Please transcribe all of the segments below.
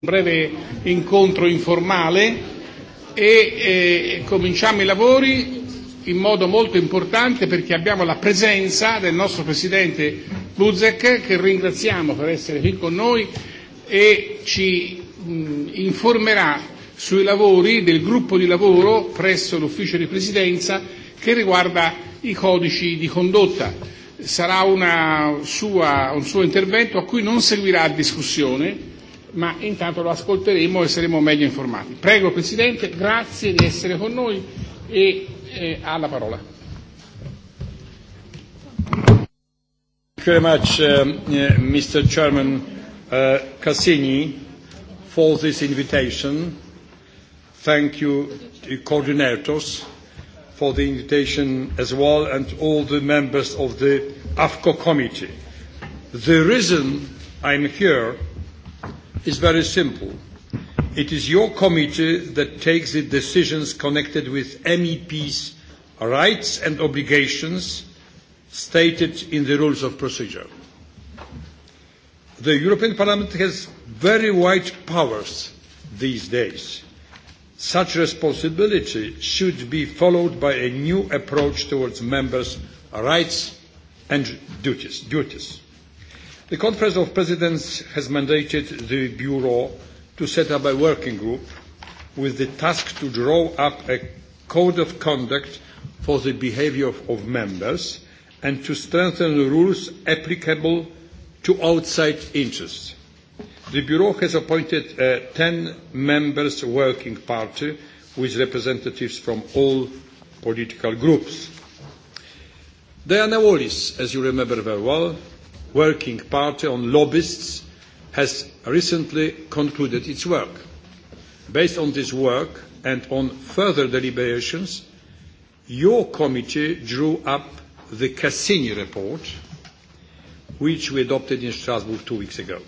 breve incontro informale e eh, cominciamo i lavori in modo molto importante perché abbiamo la presenza del nostro Presidente Buzek che ringraziamo per essere qui con noi e ci mh, informerà sui lavori del gruppo di lavoro presso l'ufficio di presidenza che riguarda i codici di condotta. Sarà una sua, un suo intervento a cui non seguirà discussione ma intanto lo ascolteremo e saremo meglio informati. Prego Presidente, grazie di essere con noi e eh, la parola. very much, um, uh, uh Mr. Chairman uh, Cassini, for this invitation. Thank you, to coordinators, for the invitation as well, and all the members of the AFCO committee. The reason I'm here is very simple. It is your committee that takes the decisions connected with MEPs' rights and obligations stated in the rules of procedure. The European Parliament has very wide powers these days. Such responsibility should be followed by a new approach towards members' rights and duties. duties. The Conference of Presidents has mandated the Bureau to set up a working group with the task to draw up a code of conduct for the behaviour of, of members and to strengthen the rules applicable to outside interests. The Bureau has appointed a 10 members working party with representatives from all political groups. Diana Wallis, as you remember very well, Working Party on Lobbyists has recently concluded its work. Based on this work and on further deliberations, your committee drew up the Cassini report, which we adopted in Strasbourg two weeks ago.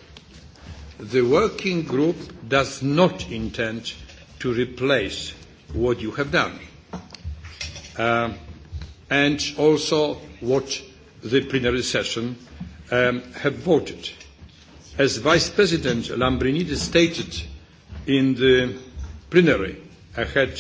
The working group does not intend to replace what you have done, uh, and also what the plenary session um, have voted. As Vice President Lambrinidis stated in the plenary ahead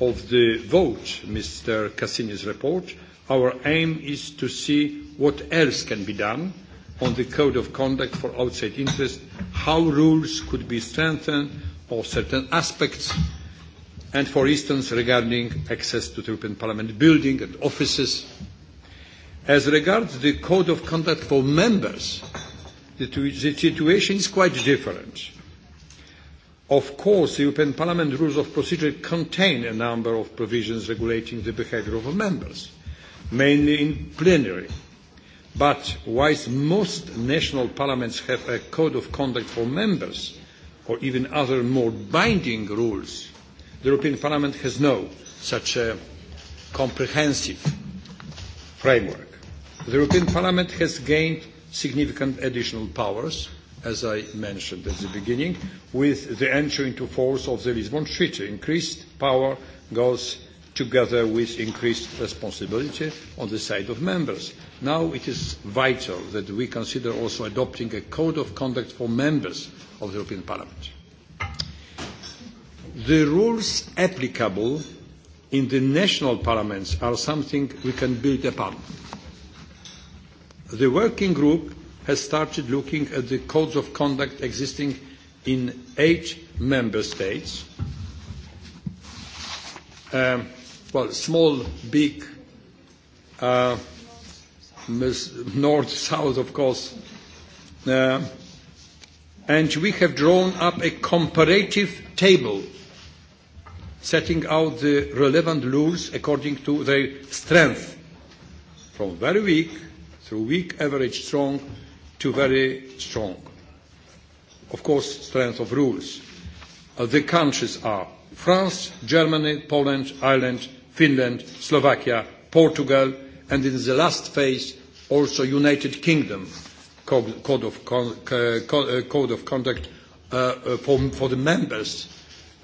of the vote, Mr. Cassini's report, our aim is to see what else can be done on the code of conduct for outside interest, how rules could be strengthened or certain aspects, and for instance regarding access to the European Parliament building and offices, As regards the code of conduct for members, the, the situation is quite different. Of course, the European Parliament rules of procedure contain a number of provisions regulating the behaviour of members, mainly in plenary. But whilst most national parliaments have a code of conduct for members, or even other more binding rules, the European Parliament has no such a comprehensive framework. The European Parliament has gained significant additional powers, as I mentioned at the beginning, with the entry into force of the Lisbon Treaty. Increased power goes together with increased responsibility on the side of members. Now it is vital that we consider also adopting a code of conduct for members of the European Parliament. The rules applicable in the national parliaments are something we can build upon the working group has started looking at the codes of conduct existing in eight member states. Um, well, small, big, uh, north, south, of course. Uh, and we have drawn up a comparative table setting out the relevant rules according to their strength, from very weak through weak, average, strong to very strong. Of course, strength of rules. Uh, the countries are France, Germany, Poland, Ireland, Finland, Slovakia, Portugal, and in the last phase, also United Kingdom code, code, of, uh, code of conduct uh, uh, for, for the members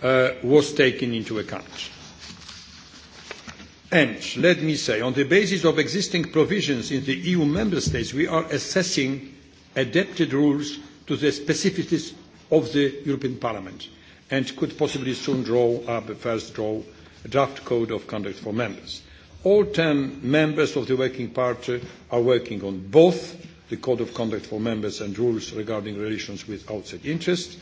uh, was taken into account. And let me say, on the basis of existing provisions in the EU member states, we are assessing adapted rules to the specificities of the European Parliament and could possibly soon draw up a first draw, a draft code of conduct for members. All ten members of the working party are working on both the code of conduct for members and rules regarding relations with outside interests.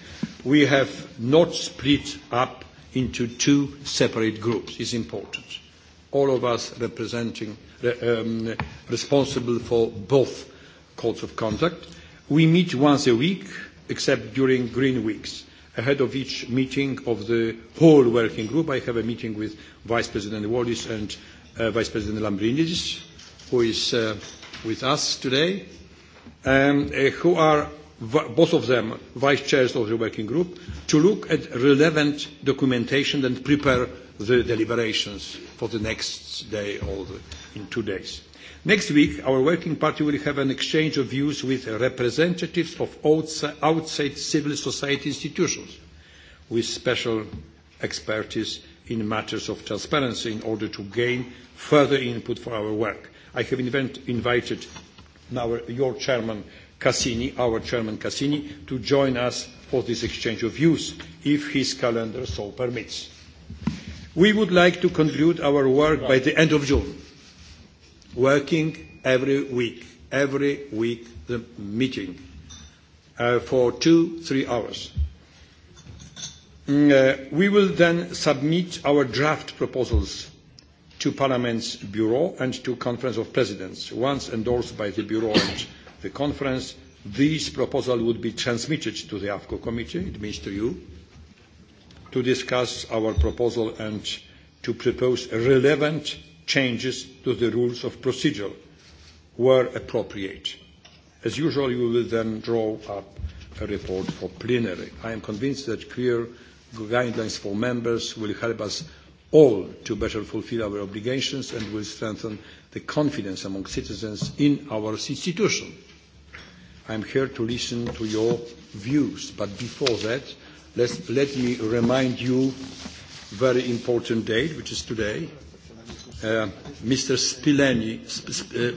We have not split up into two separate groups. It's important all of us representing, um, responsible for both codes of conduct. We meet once a week, except during green weeks. Ahead of each meeting of the whole working group, I have a meeting with Vice President Wallis and uh, Vice President Lambrinidis, who is uh, with us today, and uh, who are both of them vice chairs of the working group, to look at relevant documentation and prepare the deliberations for the next day or the, in two days. Next week, our working party will have an exchange of views with representatives of outside civil society institutions with special expertise in matters of transparency in order to gain further input for our work. I have invent, invited our, your chairman Cassini, our chairman Cassini, to join us for this exchange of views if his calendar so permits. We would like to conclude our work by the end of June, working every week, every week the meeting uh, for two, three hours. Mm, uh, we will then submit our draft proposals to Parliament's Bureau and to Conference of Presidents. Once endorsed by the Bureau and the Conference, these proposals would be transmitted to the AFCO Committee, it means to you, to discuss our proposal and to propose relevant changes to the rules of procedure where appropriate. As usual, you will then draw up a report for plenary. I am convinced that clear guidelines for members will help us all to better fulfil our obligations and will strengthen the confidence among citizens in our institution. I am here to listen to your views, but before that, let me remind you very important date, which is today. Uh, Mr. Spileni, Sp uh,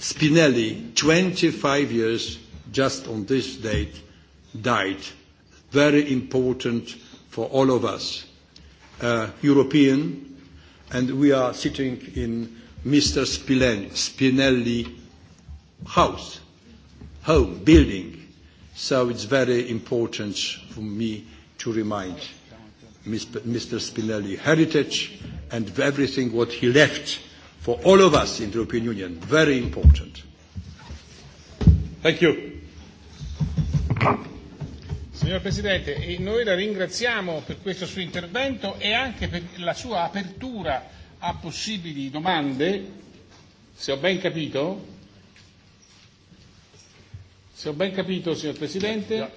Spinelli, 25 years just on this date, died. Very important for all of us, uh, European, and we are sitting in Mr. Spinelli, Spinelli house, home, building So it's very important for me to remind Mr. Spinelli heritage and everything what he left for all of us in the European Union. Very important. Thank you. Signor Presidente, e noi la ringraziamo per questo suo intervento e anche per la sua apertura a possibili domande, se ho ben capito, Se ho ben capito, signor Presidente,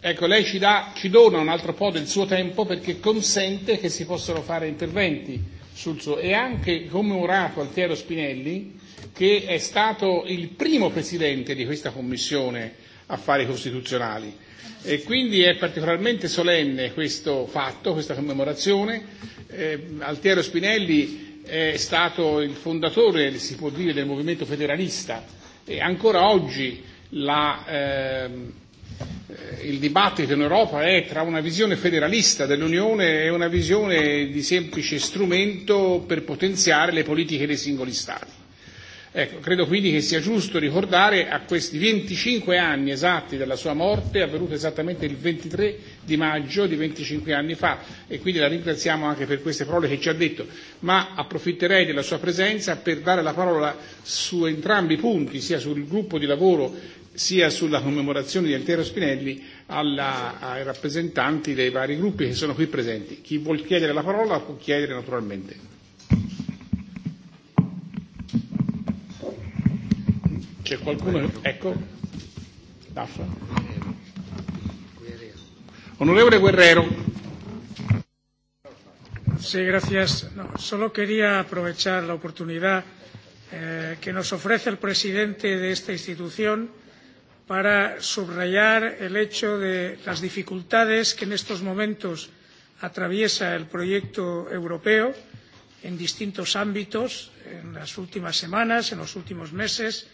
ecco, lei ci, da, ci dona un altro po' del suo tempo perché consente che si possano fare interventi sul suo e anche commemorato Altiero Spinelli, che è stato il primo Presidente di questa Commissione affari costituzionali. E quindi è particolarmente solenne questo fatto, questa commemorazione. Eh, Altiero Spinelli è stato il fondatore, si può dire, del movimento federalista E ancora oggi la, ehm, eh, il dibattito in Europa è tra una visione federalista dell'Unione e una visione di semplice strumento per potenziare le politiche dei singoli Stati. Ecco, credo quindi che sia giusto ricordare a questi 25 anni esatti della sua morte, avvenuta esattamente il 23 di maggio di 25 anni fa, e quindi la ringraziamo anche per queste parole che ci ha detto, ma approfitterei della sua presenza per dare la parola su entrambi i punti, sia sul gruppo di lavoro sia sulla commemorazione di Altero Spinelli alla, ai rappresentanti dei vari gruppi che sono qui presenti. Chi vuol chiedere la parola può chiedere naturalmente. C'è qualcuno? Ecco. Dafa. Onorevole Guerrero. Sí, gracias. No, solo quería aprovechar la oportunidad eh, que nos ofrece el presidente de esta institución para subrayar el hecho de las dificultades que en estos momentos atraviesa el proyecto europeo en distintos ámbitos en las últimas semanas en los últimos meses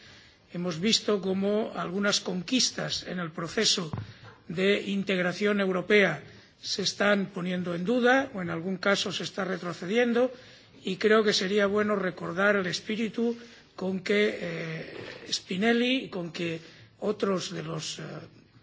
hemos visto cómo algunas conquistas en el proceso de integración europea se están poniendo en duda o en algún caso se está retrocediendo y creo que sería bueno recordar el espíritu con que eh, Spinelli y con que otros de los eh,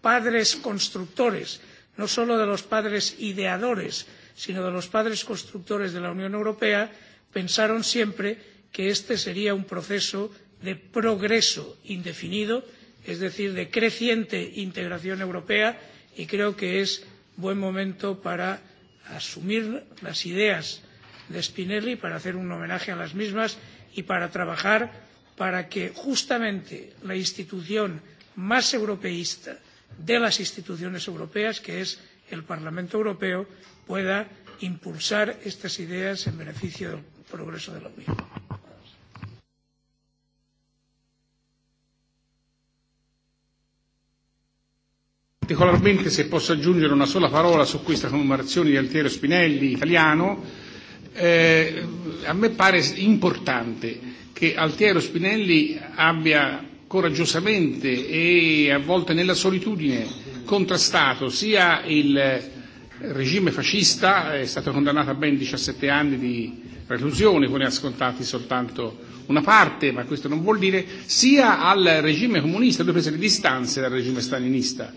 padres constructores, no solo de los padres ideadores, sino de los padres constructores de la Unión Europea, pensaron siempre que este sería un proceso de progreso indefinido es decir de creciente integración europea y creo que es buen momento para asumir las ideas de spinelli para hacer un homenaje a las mismas y para trabajar para que justamente la institución más europeísta de las instituciones europeas que es el parlamento europeo pueda impulsar estas ideas en beneficio del progreso de la unión. Particolarmente se posso aggiungere una sola parola su questa commemorazione di Altiero Spinelli, italiano, eh, a me pare importante che Altiero Spinelli abbia coraggiosamente e a volte nella solitudine contrastato sia il regime fascista, è stato condannato a ben 17 anni di reclusione, poi ne ha scontati soltanto una parte, ma questo non vuol dire, sia al regime comunista, dove prese le distanze dal regime stalinista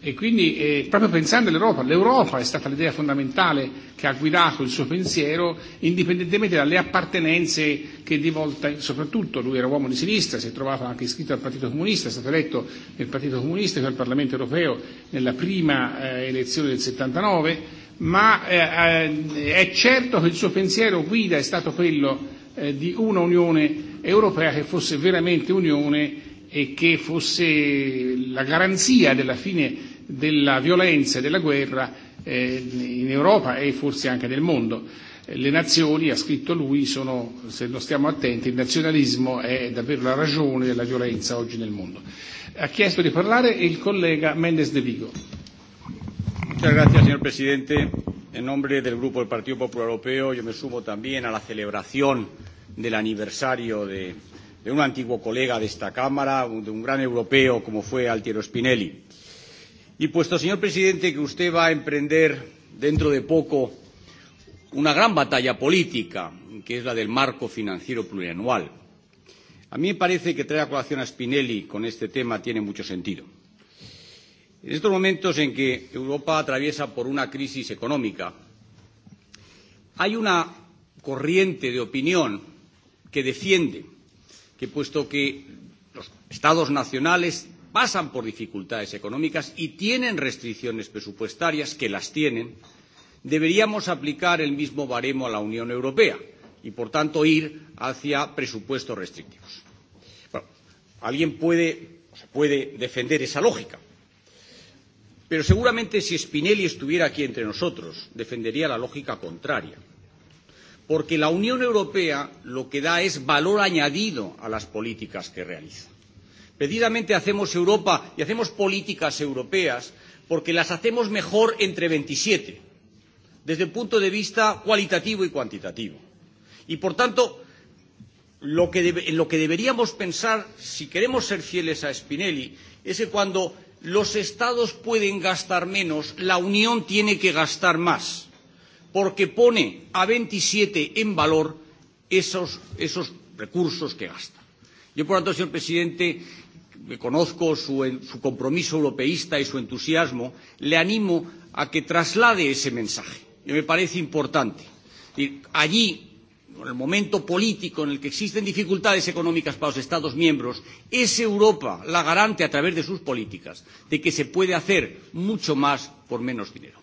E quindi, eh, proprio pensando all'Europa, l'Europa è stata l'idea fondamentale che ha guidato il suo pensiero, indipendentemente dalle appartenenze che di volta, soprattutto lui era uomo di sinistra, si è trovato anche iscritto al Partito Comunista, è stato eletto nel Partito Comunista e al Parlamento Europeo nella prima eh, elezione del 79, ma eh, eh, è certo che il suo pensiero guida è stato quello eh, di una Unione europea che fosse veramente Unione Europea e che fosse la garanzia della fine della violenza e della guerra eh, in Europa e forse anche nel mondo. Le nazioni, ha scritto lui, sono, se non stiamo attenti, il nazionalismo è davvero la ragione della violenza oggi nel mondo. Ha chiesto di parlare il collega Mendes de Vigo. Muchas gracias, señor presidente. En nombre del Grupo del Partido Popular Europeo, yo me sumo también a la celebración del aniversario de, de un antiguo colega de esta Cámara, de un gran europeo como fue Altiero Spinelli. Y puesto, señor presidente, que usted va a emprender dentro de poco una gran batalla política, que es la del marco financiero plurianual, a mí me parece que traer a colación a Spinelli con este tema tiene mucho sentido. En estos momentos en que Europa atraviesa por una crisis económica, hay una corriente de opinión que defiende que puesto que los estados nacionales pasan por dificultades económicas y tienen restricciones presupuestarias, que las tienen, deberíamos aplicar el mismo baremo a la Unión Europea y, por tanto, ir hacia presupuestos restrictivos. Bueno, alguien puede, o se puede defender esa lógica, pero seguramente si Spinelli estuviera aquí entre nosotros, defendería la lógica contraria porque la Unión Europea lo que da es valor añadido a las políticas que realiza. Precisamente hacemos Europa y hacemos políticas europeas porque las hacemos mejor entre 27, desde el punto de vista cualitativo y cuantitativo. Y, por tanto, lo que debe, en lo que deberíamos pensar, si queremos ser fieles a Spinelli, es que cuando los Estados pueden gastar menos, la Unión tiene que gastar más porque pone a 27 en valor esos, esos recursos que gasta. Yo, por lo tanto, señor presidente, conozco su, su compromiso europeísta y su entusiasmo, le animo a que traslade ese mensaje. Y me parece importante. Y allí, en el momento político en el que existen dificultades económicas para los Estados miembros, es Europa la garante a través de sus políticas de que se puede hacer mucho más por menos dinero.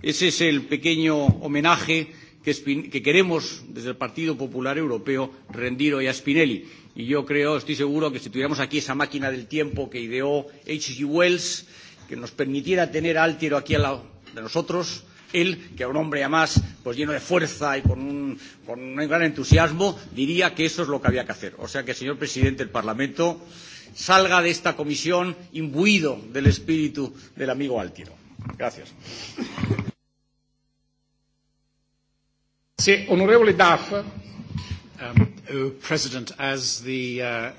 Ese es el pequeño homenaje que, que queremos desde el Partido Popular Europeo rendir hoy a Spinelli. Y yo creo, estoy seguro, que si tuviéramos aquí esa máquina del tiempo que ideó H.G. Wells, que nos permitiera tener a Altiero aquí al lado de nosotros, él, que era un hombre además pues, lleno de fuerza y con un, con un gran entusiasmo, diría que eso es lo que había que hacer. O sea que, señor presidente del Parlamento, salga de esta comisión imbuido del espíritu del amigo Altiero. Gracias. Sí, honorable Duff. Um, oh, President, as the uh,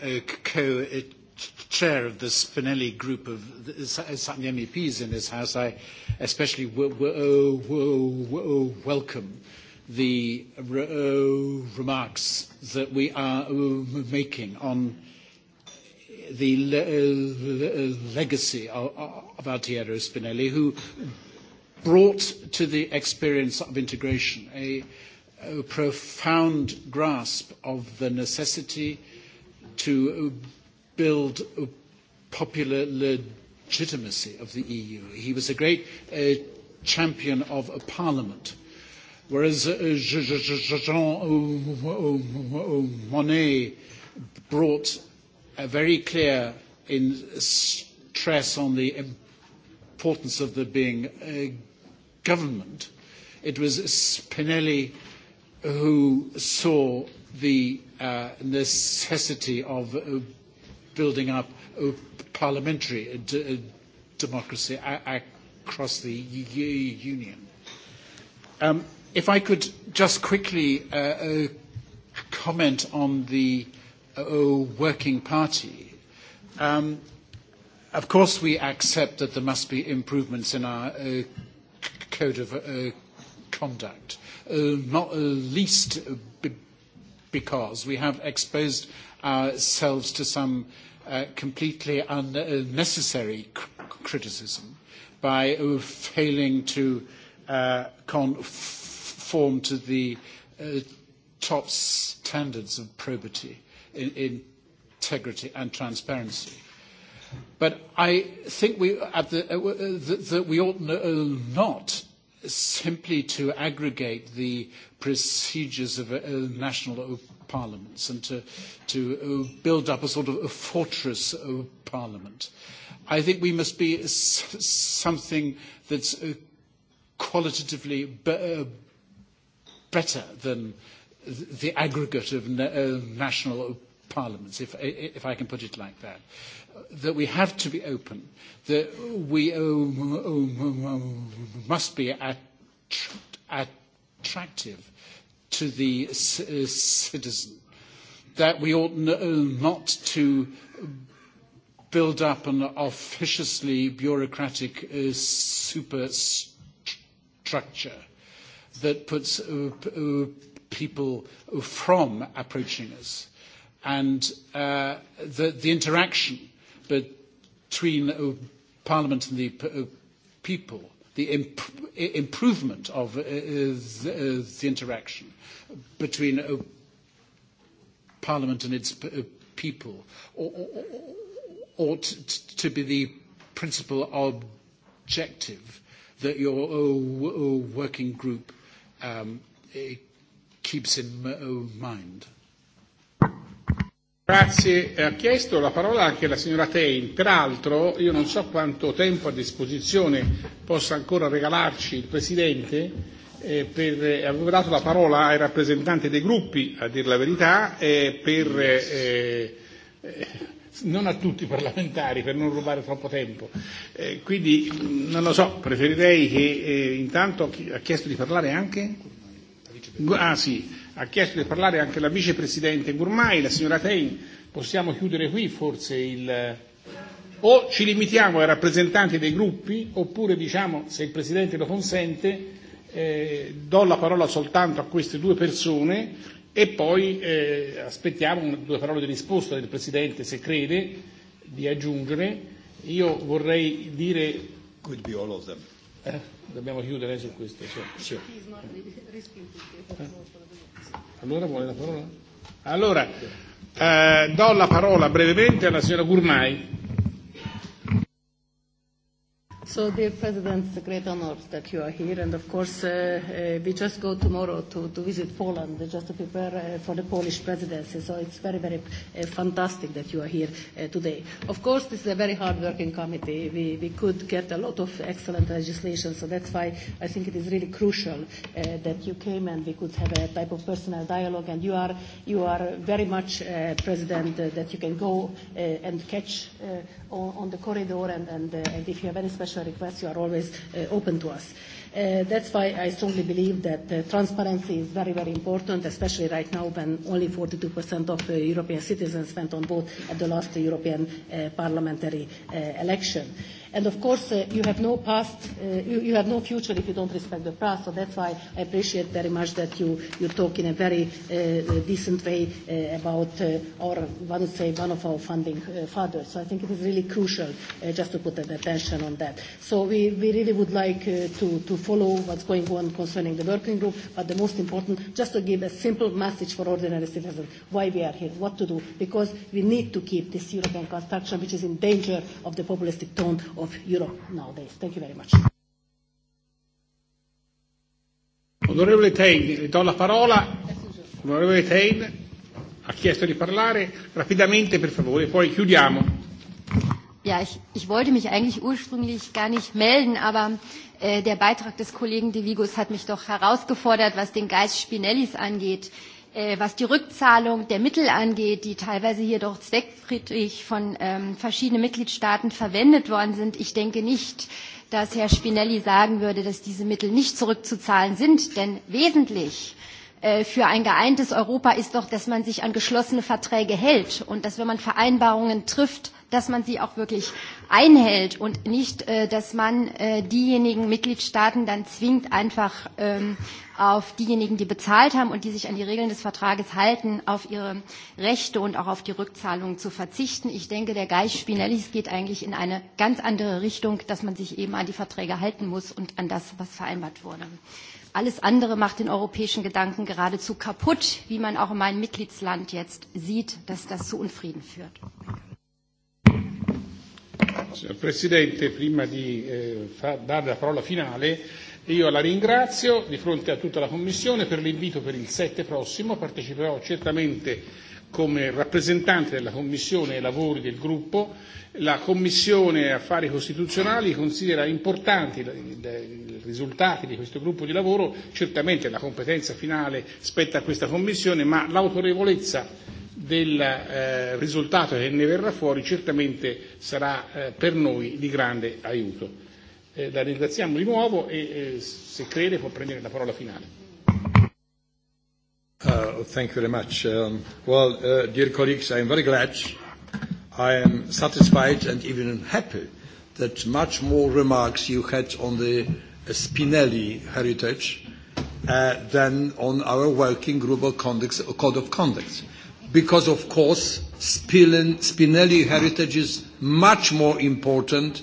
co-chair uh, of the Spinelli group of the, MEPs in this House, I especially welcome the remarks that we are uh, making on the le legacy of, of Altiero Spinelli, who brought to the experience of integration a, a profound grasp of the necessity to build popular legitimacy of the EU. He was a great uh, champion of a parliament, whereas Jean Monnet brought Uh, very clear in stress on the importance of there being a government. It was Spinelli who saw the uh, necessity of uh, building up a parliamentary uh, uh, democracy across the Union. Um, if I could just quickly comment on the working party, um, of course we accept that there must be improvements in our uh, code of uh, conduct, uh, not uh, least because we have exposed ourselves to some uh, completely unnecessary criticism by uh, failing to conform to the top standards of probity in, integrity and transparency. But I think we, at the, uh, uh that, that we ought uh, not simply to aggregate the procedures of uh, national uh, parliaments and to, to uh, build up a sort of a fortress of parliament. I think we must be s- something that's uh, qualitatively uh, better than the aggregate of na- uh, national parliaments parliaments, if, if I can put it like that, that we have to be open, that we oh, must be att attractive to the uh, citizen, that we ought uh, not to build up an officiously bureaucratic uh, superstructure that puts uh, uh, people from approaching us and uh, the, the interaction between uh, Parliament and the uh, people, the imp- improvement of uh, the, uh, the interaction between uh, Parliament and its uh, people ought to be the principal objective that your uh, uh, working group um, uh, keeps in mind. Grazie, eh, ha chiesto la parola anche la signora Tein. Peraltro io non so quanto tempo a disposizione possa ancora regalarci il Presidente, eh, per, eh, avevo dato la parola ai rappresentanti dei gruppi, a dire la verità, eh, per, eh, eh, non a tutti i parlamentari per non rubare troppo tempo. Eh, quindi non lo so, preferirei che eh, intanto chi, ha chiesto di parlare anche. Ah sì, ha chiesto di parlare anche la vicepresidente Gurmai, la signora Tein. Possiamo chiudere qui forse il... O ci limitiamo ai rappresentanti dei gruppi, oppure diciamo, se il Presidente lo consente, eh, do la parola soltanto a queste due persone e poi eh, aspettiamo due parole di risposta del Presidente, se crede, di aggiungere. Io vorrei dire... Could be all of them. Eh? Dobbiamo chiudere su questo, sì. sì. Allora vuole la parola? Allora, eh, do la parola brevemente alla signora Gurmai. So, dear President, it's a great honor that you are here. And of course, uh, uh, we just go tomorrow to, to visit Poland just to prepare uh, for the Polish presidency. So it's very, very uh, fantastic that you are here uh, today. Of course, this is a very hard-working committee. We, we could get a lot of excellent legislation. So that's why I think it is really crucial uh, that you came and we could have a type of personal dialogue. And you are, you are very much, uh, President, uh, that you can go uh, and catch uh, on, on the corridor. And, and, uh, and if you have any special financial requests, you are always uh, open to us. Uh, that's why I strongly believe that uh, transparency is very, very important, especially right now when only 42% of uh, European citizens went on vote at the last European uh, parliamentary uh, election. Uh, And of course, uh, you have no past, uh, you, you have no future if you don't respect the past. So that's why I appreciate very much that you, you talk in a very uh, decent way uh, about uh, our, one say, one of our funding uh, fathers. So I think it is really crucial uh, just to put an attention on that. So we, we really would like uh, to, to follow what's going on concerning the working group, but the most important, just to give a simple message for ordinary citizens why we are here, what to do, because we need to keep this European construction, which is in danger of the populistic tone of of Europe nowadays. Thank you very much. Onorevole Tain, le do la parola. Onorevole Tain ha chiesto di parlare rapidamente, per favore, poi chiudiamo. Ja, ich, ich wollte mich eigentlich ursprünglich gar nicht melden, aber äh, der Beitrag des Kollegen De Vigos hat mich doch herausgefordert, was den Geist Spinellis angeht. Äh, Äh, was die Rückzahlung der Mittel angeht, die teilweise hier doch zweckfriedlich von ähm, verschiedenen Mitgliedstaaten verwendet worden sind, ich denke nicht, dass Herr Spinelli sagen würde, dass diese Mittel nicht zurückzuzahlen sind, denn wesentlich äh, für ein geeintes Europa ist doch, dass man sich an geschlossene Verträge hält und dass, wenn man Vereinbarungen trifft, dass man sie auch wirklich einhält und nicht, äh, dass man äh, diejenigen Mitgliedstaaten dann zwingt, einfach ähm, auf diejenigen, die bezahlt haben und die sich an die Regeln des Vertrages halten, auf ihre Rechte und auch auf die Rückzahlungen zu verzichten. Ich denke, der Geist Spinellis geht eigentlich in eine ganz andere Richtung, dass man sich eben an die Verträge halten muss und an das, was vereinbart wurde. Alles andere macht den europäischen Gedanken geradezu kaputt, wie man auch in meinem Mitgliedsland jetzt sieht, dass das zu Unfrieden führt. Signor Presidente, prima di eh, dare la parola finale, io la ringrazio di fronte a tutta la Commissione per l'invito per il 7 prossimo, parteciperò certamente come rappresentante della Commissione ai lavori del gruppo, la Commissione Affari Costituzionali considera importanti i risultati di questo gruppo di lavoro, certamente la competenza finale spetta a questa Commissione, ma l'autorevolezza del eh, risultato che ne verrà fuori certamente sarà eh, per noi di grande aiuto. Eh, la ringraziamo di nuovo e eh, se crede può prendere la parola finale. Uh, thank you very much. Um, well, uh, dear colleagues, I am very glad, I am satisfied and even happy that much more remarks you had on the Spinelli heritage uh, than on our working group of conduct, code of conduct because of course Spinelli heritage is much more important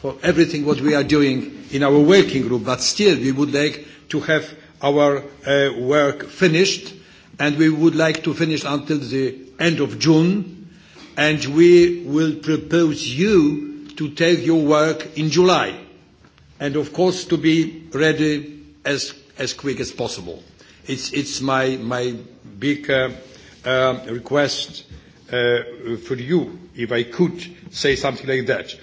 for everything what we are doing in our working group, but still we would like to have our uh, work finished and we would like to finish until the end of June and we will propose you to take your work in July and of course to be ready as, as quick as possible. It's, it's my, my big uh, Uh, request uh, for you, if I could say something like that.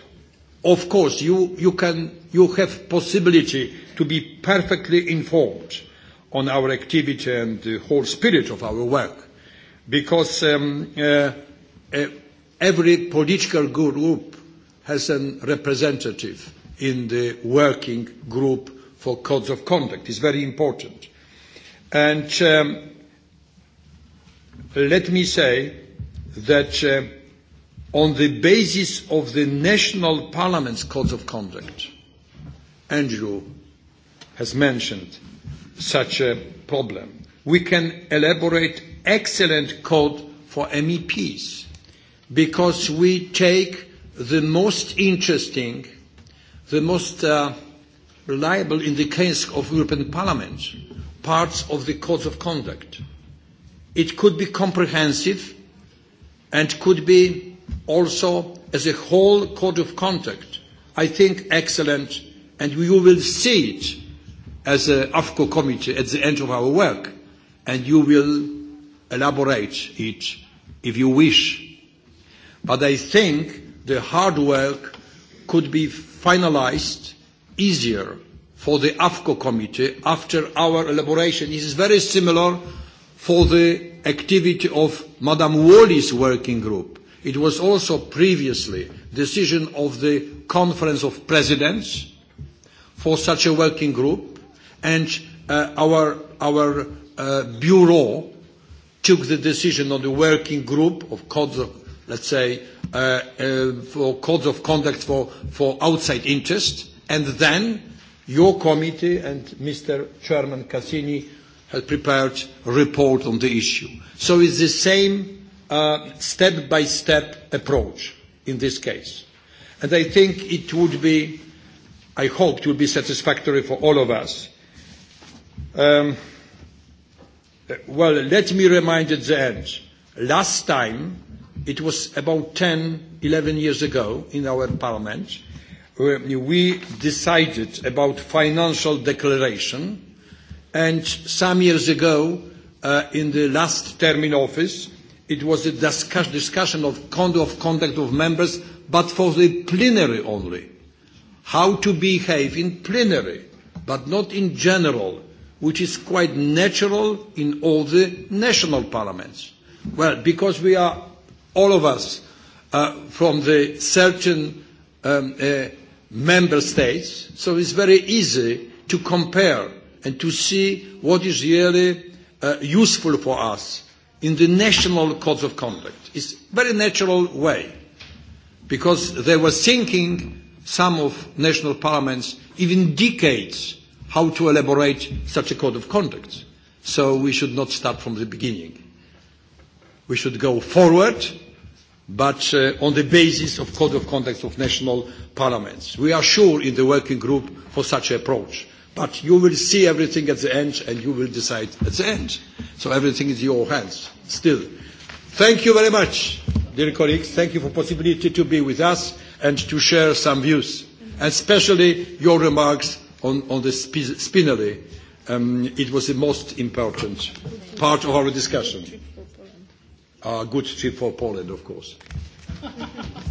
Of course, you, you, can, you have possibility to be perfectly informed on our activity and the whole spirit of our work, because um, uh, uh, every political group has a representative in the working group for codes of conduct. It's very important. And um, let me say that uh, on the basis of the national parliament's code of conduct, Andrew has mentioned such a problem. We can elaborate excellent code for MEPs because we take the most interesting, the most uh, reliable in the case of European Parliament, parts of the code of conduct It could be comprehensive and could be also as a whole code of conduct. I think excellent, and you will see it as an AFCO committee at the end of our work, and you will elaborate it if you wish. But I think the hard work could be finalized easier for the AFCO committee after our elaboration. It is very similar for the activity of Madame Wally's working group. It was also previously decision of the Conference of Presidents for such a working group, and uh, our, our uh, bureau took the decision on the working group of codes of, let's say, uh, uh, for codes of conduct for, for outside interest, and then your committee and Mr. Chairman Cassini had prepared a report on the issue. So it's the same uh, step-by-step uh, -step approach in this case. And I think it would be, I hope it would be satisfactory for all of us. Um, well, let me remind at the end. Last time, it was about 10, 11 years ago in our parliament, we decided about financial declaration And some years ago, uh, in the last term in office, it was a discuss discussion of code of conduct of members, but for the plenary only. How to behave in plenary, but not in general, which is quite natural in all the national parliaments. Well, because we are, all of us, uh, from the certain um, uh, member states, so it's very easy to compare and to see what is really uh, useful for us in the national codes of conduct. It's a very natural way, because they were thinking, some of national parliaments, even decades, how to elaborate such a code of conduct. So we should not start from the beginning. We should go forward, but uh, on the basis of code of conduct of national parliaments. We are sure in the working group for such an approach. But you will see everything at the end and you will decide at the end. So everything is in your hands still. Thank you very much, dear colleagues. Thank you for the possibility to be with us and to share some views, especially your remarks on, on the Spinelli. Um, it was the most important part of our discussion. A uh, good trip for Poland, of course.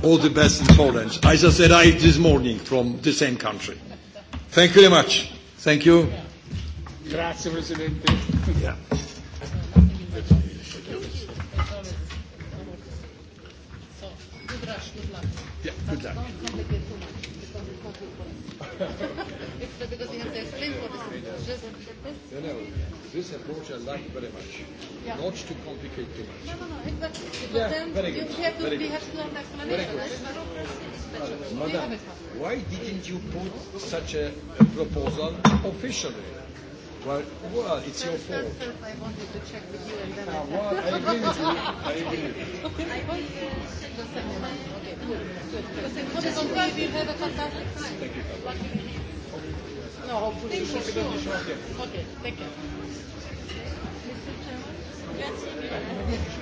All the best in Poland. I just arrived this morning from the same country. Thank you very much. Thank you. Grazie Presidente. Yeah. Yeah, good luck. No, no. This approach I like very much. Yeah. Not to complicate too much. No, no, no. Exactly. Because yeah, then very you good. have to very good. have to explanation. Very good. Madam, why didn't you put such a, a proposal officially? Well, well, it's your fault. First, first, I wanted to check with you and then uh, Well, I agree with you. I agree with you. I want to check with someone. Okay, good, good. Because I put it on time, you have a fantastic Thank you. No, hopefully you should be sure. Okay, thank you. Mr. Chairman? Grazie.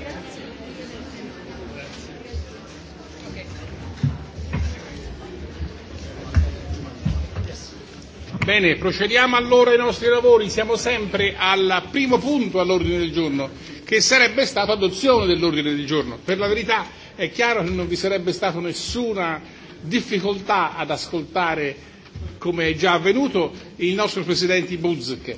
Bene, procediamo allora ai nostri lavori. Siamo sempre al primo punto all'ordine del giorno, che sarebbe stato adozione dell'ordine del giorno. Per la verità è chiaro che non vi sarebbe stata nessuna difficoltà ad ascoltare, come è già avvenuto, il nostro Presidente Buzek.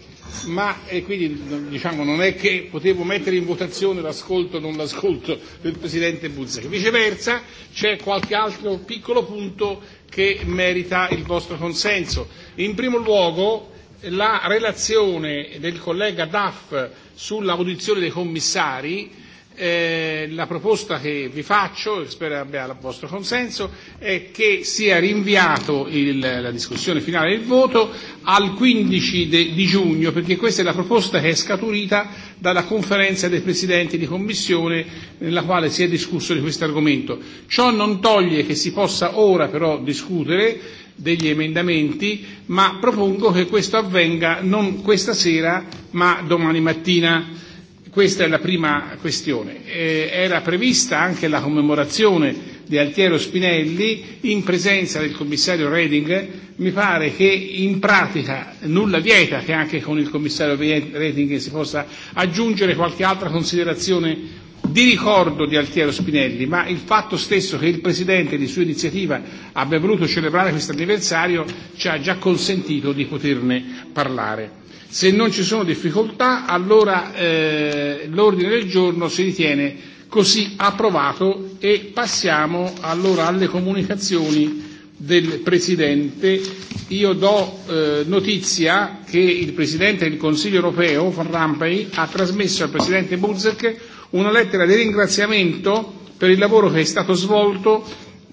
Ma e quindi diciamo, non è che potevo mettere in votazione l'ascolto o non l'ascolto del Presidente Buzek. Viceversa c'è qualche altro piccolo punto che merita il vostro consenso. In primo luogo la relazione del collega Duff sull'audizione dei commissari eh, la proposta che vi faccio, e spero abbia il vostro consenso, è che sia rinviato il, la discussione finale del voto al 15 de, di giugno, perché questa è la proposta che è scaturita dalla conferenza dei presidenti di commissione nella quale si è discusso di questo argomento. Ciò non toglie che si possa ora però discutere degli emendamenti, ma propongo che questo avvenga non questa sera ma domani mattina Questa è la prima questione. Eh, era prevista anche la commemorazione di Altiero Spinelli in presenza del commissario Reding. Mi pare che in pratica nulla vieta che anche con il commissario Reding si possa aggiungere qualche altra considerazione di ricordo di Altiero Spinelli, ma il fatto stesso che il Presidente di sua iniziativa abbia voluto celebrare questo anniversario ci ha già consentito di poterne parlare. Se non ci sono difficoltà, allora eh, l'ordine del giorno si ritiene così approvato e passiamo allora alle comunicazioni del Presidente. Io do eh, notizia che il Presidente del Consiglio europeo, Van Rampey, ha trasmesso al Presidente Buzek una lettera di ringraziamento per il lavoro che è stato svolto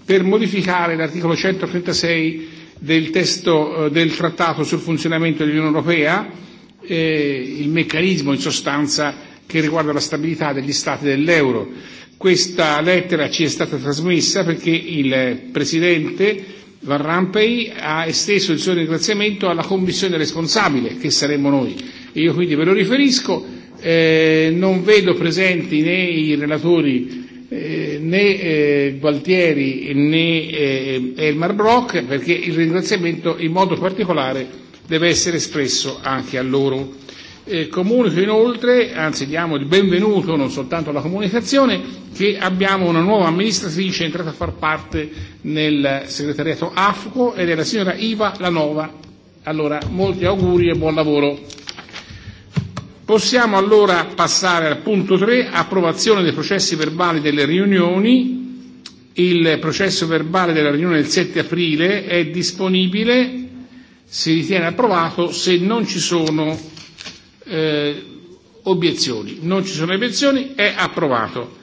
per modificare l'articolo 136 del testo eh, del Trattato sul funzionamento dell'Unione Europea, eh, il meccanismo in sostanza che riguarda la stabilità degli Stati dell'euro. Questa lettera ci è stata trasmessa perché il Presidente Van Rampey ha esteso il suo ringraziamento alla Commissione responsabile, che saremmo noi. Io quindi ve lo riferisco, eh, non vedo presenti né i relatori eh, né eh, Gualtieri né eh, Elmar Brock perché il ringraziamento in modo particolare deve essere espresso anche a loro. Eh, comunico inoltre, anzi diamo il benvenuto non soltanto alla comunicazione, che abbiamo una nuova amministratrice entrata a far parte nel segretariato AFCO ed è la signora Iva Lanova. Allora, molti auguri e buon lavoro. Possiamo allora passare al punto 3, approvazione dei processi verbali delle riunioni. Il processo verbale della riunione del 7 aprile è disponibile, si ritiene approvato se non ci sono eh, obiezioni. Non ci sono obiezioni, è approvato.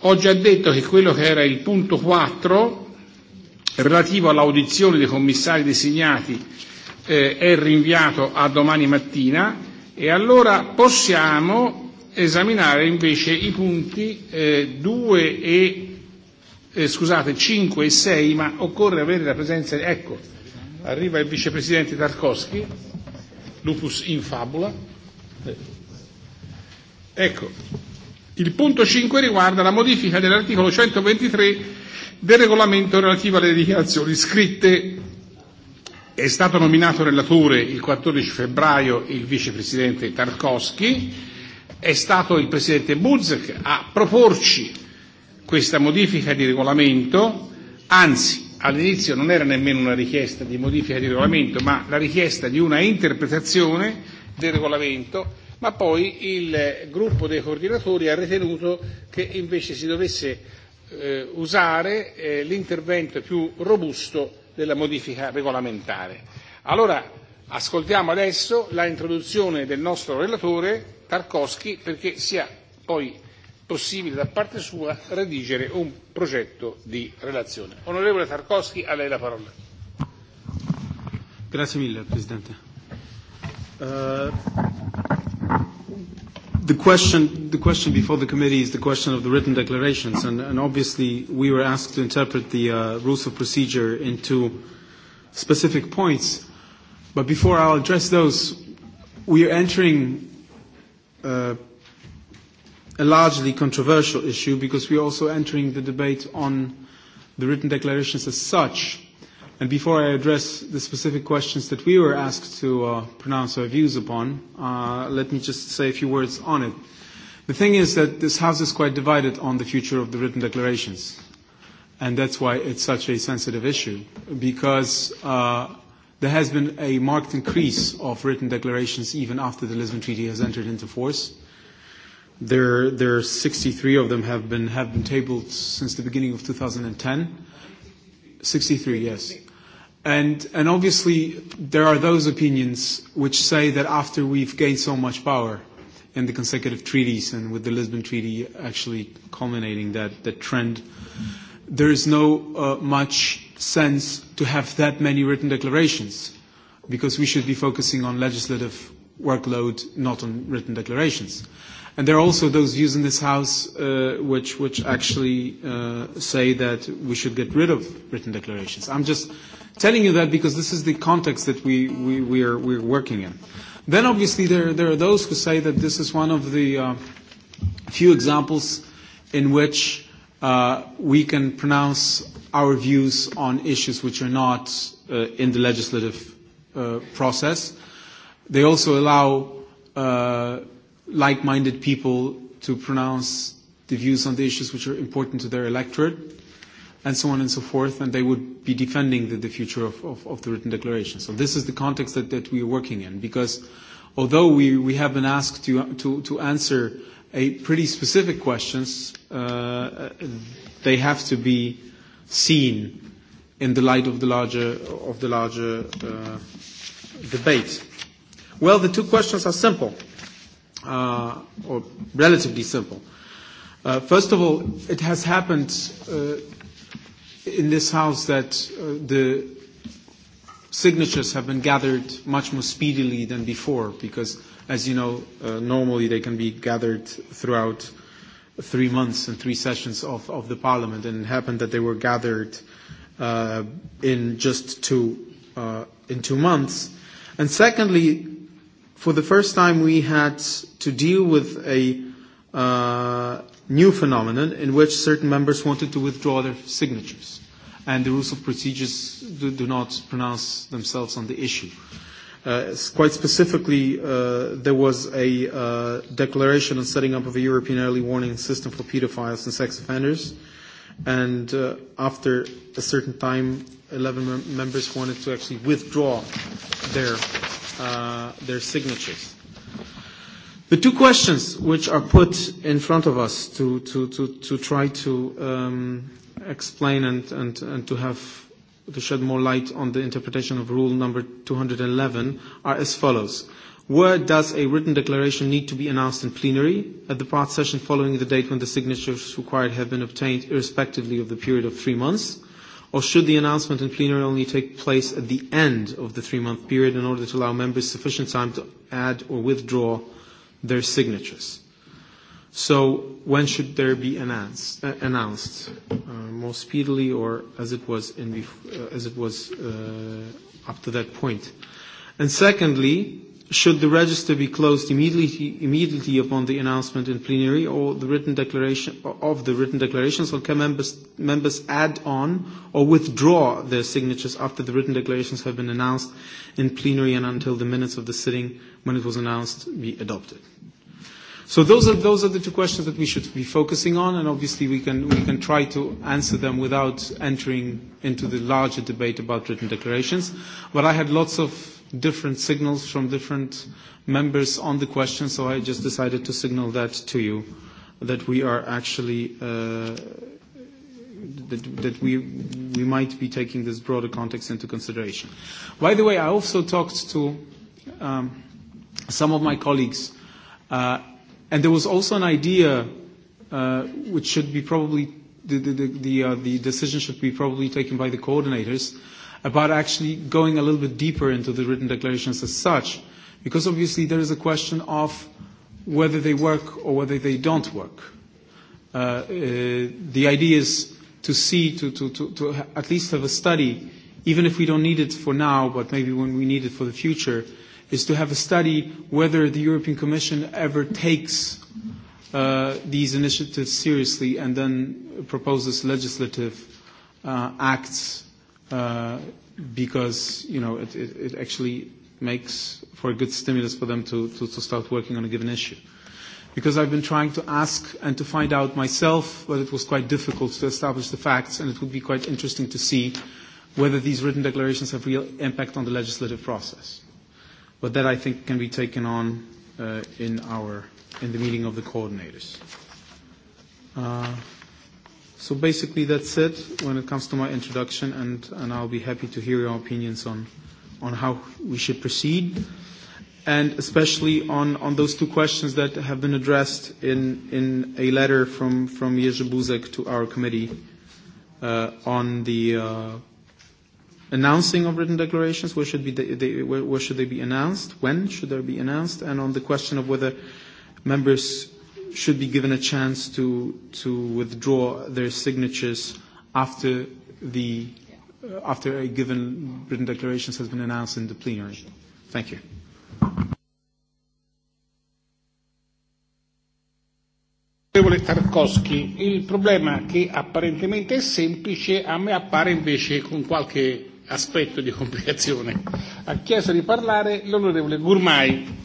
Ho già detto che quello che era il punto 4 relativo all'audizione dei commissari designati eh, è rinviato a domani mattina E allora possiamo esaminare invece i punti eh, e eh, scusate 5 e 6, ma occorre avere la presenza ecco, arriva il vicepresidente Tarkovsky, lupus in fabula. Ecco, il punto 5 riguarda la modifica dell'articolo 123 del regolamento relativo alle dichiarazioni scritte È stato nominato relatore il 14 febbraio il vicepresidente Tarkovsky, è stato il presidente Buzek a proporci questa modifica di regolamento, anzi all'inizio non era nemmeno una richiesta di modifica di regolamento, ma la richiesta di una interpretazione del regolamento, ma poi il gruppo dei coordinatori ha ritenuto che invece si dovesse eh, usare eh, l'intervento più robusto della modifica regolamentare. Allora, ascoltiamo adesso l'introduzione del nostro relatore Tarkovsky perché sia poi possibile da parte sua redigere un progetto di relazione. Onorevole Tarkovsky, a lei la parola. Grazie mille, Presidente. Uh, The question, the question before the committee is the question of the written declarations, and, and obviously we were asked to interpret the uh, rules of procedure into specific points. But before I'll address those, we are entering uh, a largely controversial issue because we are also entering the debate on the written declarations as such. And before I address the specific questions that we were asked to uh, pronounce our views upon, uh, let me just say a few words on it. The thing is that this House is quite divided on the future of the written declarations. And that's why it's such a sensitive issue, because uh, there has been a marked increase of written declarations even after the Lisbon Treaty has entered into force. There, there are 63 of them have been, have been tabled since the beginning of 2010. 63, yes. And, and obviously, there are those opinions which say that after we've gained so much power in the consecutive treaties and with the Lisbon Treaty actually culminating that, that trend, there is no uh, much sense to have that many written declarations because we should be focusing on legislative workload, not on written declarations. And there are also those views in this House uh, which, which actually uh, say that we should get rid of written declarations. I'm just telling you that because this is the context that we, we, we are we're working in. Then obviously there, there are those who say that this is one of the uh, few examples in which uh, we can pronounce our views on issues which are not uh, in the legislative uh, process. They also allow uh, like-minded people to pronounce the views on the issues which are important to their electorate, and so on and so forth, and they would be defending the, the future of, of, of the written declaration. So this is the context that, that we are working in, because although we, we have been asked to, to, to answer a pretty specific questions, uh, they have to be seen in the light of the larger, of the larger uh, debate. Well, the two questions are simple uh, or relatively simple. Uh, first of all, it has happened uh, in this House that uh, the signatures have been gathered much more speedily than before because, as you know, uh, normally they can be gathered throughout three months and three sessions of, of the Parliament, and it happened that they were gathered uh, in just two, uh, in two months. And secondly, for the first time we had to deal with a uh, new phenomenon in which certain members wanted to withdraw their signatures. And the rules of procedures do, do not pronounce themselves on the issue. Uh, quite specifically, uh, there was a uh, declaration on setting up of a European early warning system for pedophiles and sex offenders. And uh, after a certain time, 11 mem- members wanted to actually withdraw their uh, their signatures. The two questions which are put in front of us to, to, to, to try to um, explain and, and, and to have to shed more light on the interpretation of rule number 211 are as follows. Where does a written declaration need to be announced in plenary? At the part session following the date when the signatures required have been obtained, irrespectively of the period of three months or should the announcement in plenary only take place at the end of the three-month period in order to allow members sufficient time to add or withdraw their signatures? So when should there be announced, uh, announced uh, more speedily or as it was, in bef- uh, as it was uh, up to that point? And secondly, should the register be closed immediately, immediately upon the announcement in plenary or the written declaration of the written declarations, or can members, members add on or withdraw their signatures after the written declarations have been announced in plenary and until the minutes of the sitting when it was announced be adopted? So those are those are the two questions that we should be focusing on, and obviously we can we can try to answer them without entering into the larger debate about written declarations. But I had lots of different signals from different members on the question, so I just decided to signal that to you, that we are actually, uh, that, that we, we might be taking this broader context into consideration. By the way, I also talked to um, some of my colleagues, uh, and there was also an idea uh, which should be probably, the, the, the, uh, the decision should be probably taken by the coordinators, about actually going a little bit deeper into the written declarations as such, because obviously there is a question of whether they work or whether they don't work. Uh, uh, the idea is to see, to, to, to, to at least have a study, even if we don't need it for now, but maybe when we need it for the future, is to have a study whether the European Commission ever takes uh, these initiatives seriously and then proposes legislative uh, acts Uh, because you know it, it, it actually makes for a good stimulus for them to, to, to start working on a given issue. Because I've been trying to ask and to find out myself, but it was quite difficult to establish the facts, and it would be quite interesting to see whether these written declarations have real impact on the legislative process. But that I think can be taken on uh, in our in the meeting of the coordinators. Uh, So basically, that's it when it comes to my introduction, and, and I'll be happy to hear your opinions on, on how we should proceed, and especially on, on those two questions that have been addressed in, in a letter from, from Jerzy Buzek to our committee uh, on the uh, announcing of written declarations, where should, be they, they, where, where should they be announced, when should they be announced, and on the question of whether members should be given a chance to, to withdraw their signatures after, the, uh, after a given written declaration has been announced in the plenary. Thank you. Onorevole Tarkovsky, il problema che apparentemente è semplice a me appare invece con qualche aspetto di complicazione. Ha chiesto di parlare l'onorevole Gurmai.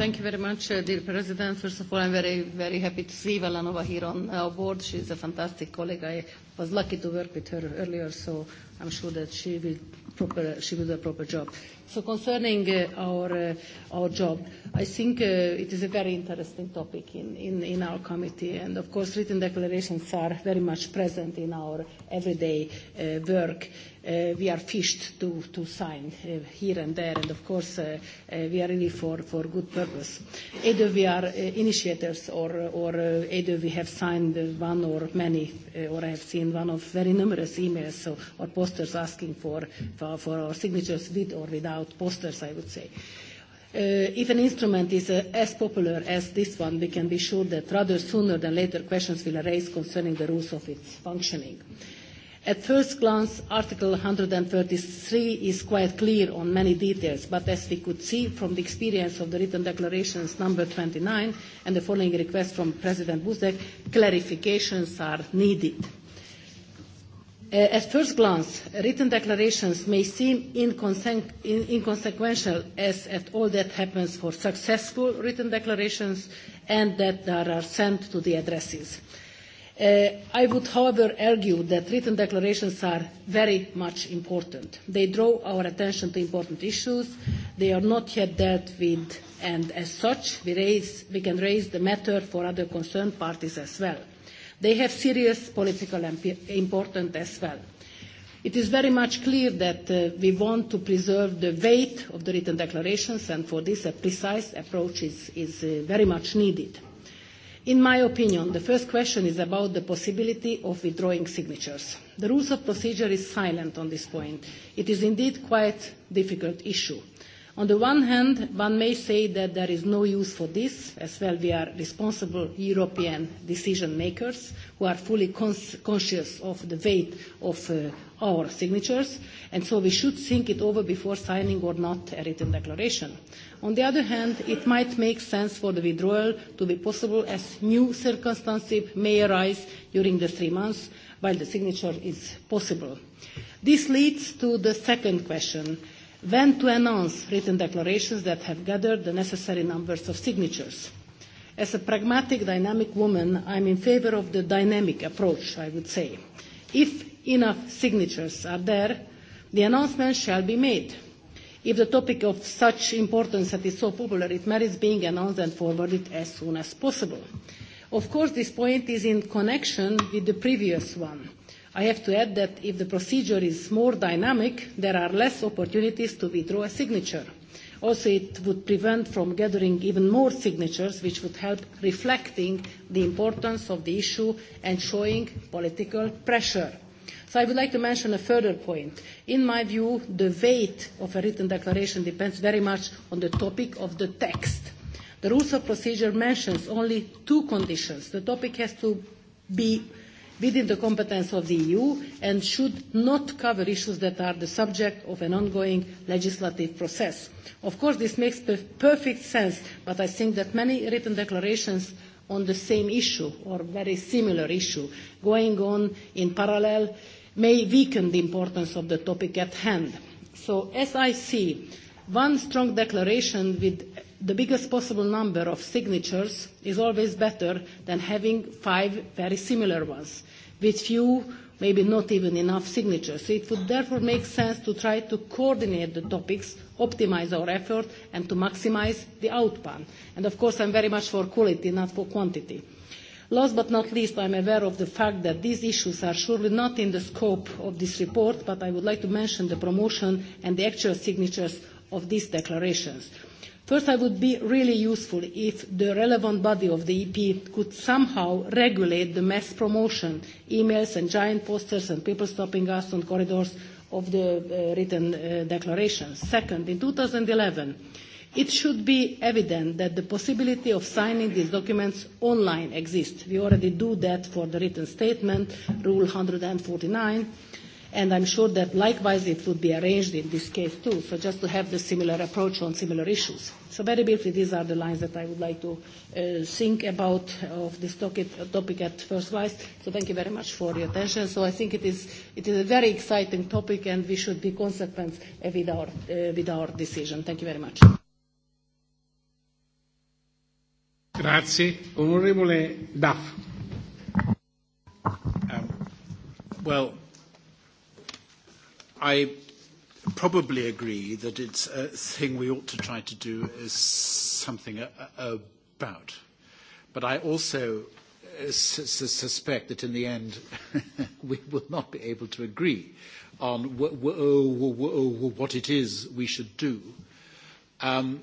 Thank you very much, uh, dear President. First of all, I'm very, very happy to see Valanova here on our uh, board. She's a fantastic colleague. I was lucky to work with her earlier, so I'm sure that she will proper she will do a proper job. So concerning uh, our uh, our job, I think uh, it is a very interesting topic in, in, in our committee, and of course, written declarations are very much present in our everyday uh, work. Uh, we are fished to, to sign uh, here and there, and of course, uh, uh, we are really for, for good purpose. Either we are uh, initiators, or, or uh, either we have signed one or many, uh, or I have seen one of very numerous emails so, or post posters asking for, for, for our signatures with or without posters, I would say. Uh, if an instrument is uh, as popular as this one, we can be sure that rather sooner than later questions will arise concerning the rules of its functioning. At first glance, Article 133 is quite clear on many details, but as we could see from the experience of the written declarations number 29 and the following request from President Buzek, clarifications are needed. Eh, at first glance, written declarations may seem inconse- inconsequential as at all that happens for successful written declarations and that they are sent to the addresses. Uh, I would, however, argue that written declarations are very much important. They draw our attention to important issues. They are not yet dealt with, and as such, we, raise, we can raise the matter for other concerned parties as well. They have serious political importance as well. It is very much clear that uh, we want to preserve the weight of the written declarations, and for this, a precise approach is, is uh, very much needed. In my opinion, the first question is about the possibility of withdrawing signatures. The rules of procedure is silent on this point. It is indeed quite a difficult issue. On the one hand, one may say that there is no use for this, as well we are responsible European decision makers who are fully cons conscious of the weight of uh, our signatures, and so we should think it over before signing or not a written declaration. On the other hand, it might make sense for the withdrawal to be possible as new circumstances may arise during the three months while the signature is possible. This leads to the second question when to announce written declarations that have gathered the necessary numbers of signatures. As a pragmatic, dynamic woman, I'm in favor of the dynamic approach, I would say. If enough signatures are there, the announcement shall be made. If the topic of such importance that is so popular, it merits being announced and forwarded as soon as possible. Of course, this point is in connection with the previous one. I have to add that if the procedure is more dynamic, there are less opportunities to withdraw a signature. Also, it would prevent from gathering even more signatures, which would help reflecting the importance of the issue and showing political pressure. So I would like to mention a further point. In my view, the weight of a written declaration depends very much on the topic of the text. The rules of procedure mentions only two conditions. The topic has to be within the competence of the EU and should not cover issues that are the subject of an ongoing legislative process. Of course, this makes perfect sense, but I think that many written declarations on the same issue or very similar issue going on in parallel may weaken the importance of the topic at hand. So as I see, one strong declaration with the biggest possible number of signatures is always better than having five very similar ones with few, maybe not even enough signatures. So it would therefore make sense to try to coordinate the topics, optimize our effort, and to maximize the outcome. And of course, I'm very much for quality, not for quantity. Last but not least, I'm aware of the fact that these issues are surely not in the scope of this report, but I would like to mention the promotion and the actual signatures of these declarations. First, I would be really useful if the relevant body of the EP could somehow regulate the mass promotion, emails and giant posters and people stopping us on corridors of the uh, written uh, Second, in 2011, it should be evident that the possibility of signing these documents online exists. We already do that for the written statement, Rule 149 And I'm sure that likewise it would be arranged in this case too, so just to have the similar approach on similar issues. So very briefly, these are the lines that I would like to uh, think about of this topic at first glance. So thank you very much for your attention. So I think it is, it is a very exciting topic and we should be consequent uh, with our, uh, with our decision. Thank you very much. Grazie. Onorevole Duff. Um, well, I probably agree that it's a thing we ought to try to do something about. But I also uh, suspect that in the end we will not be able to agree on oh, oh, what it is we should do. Um,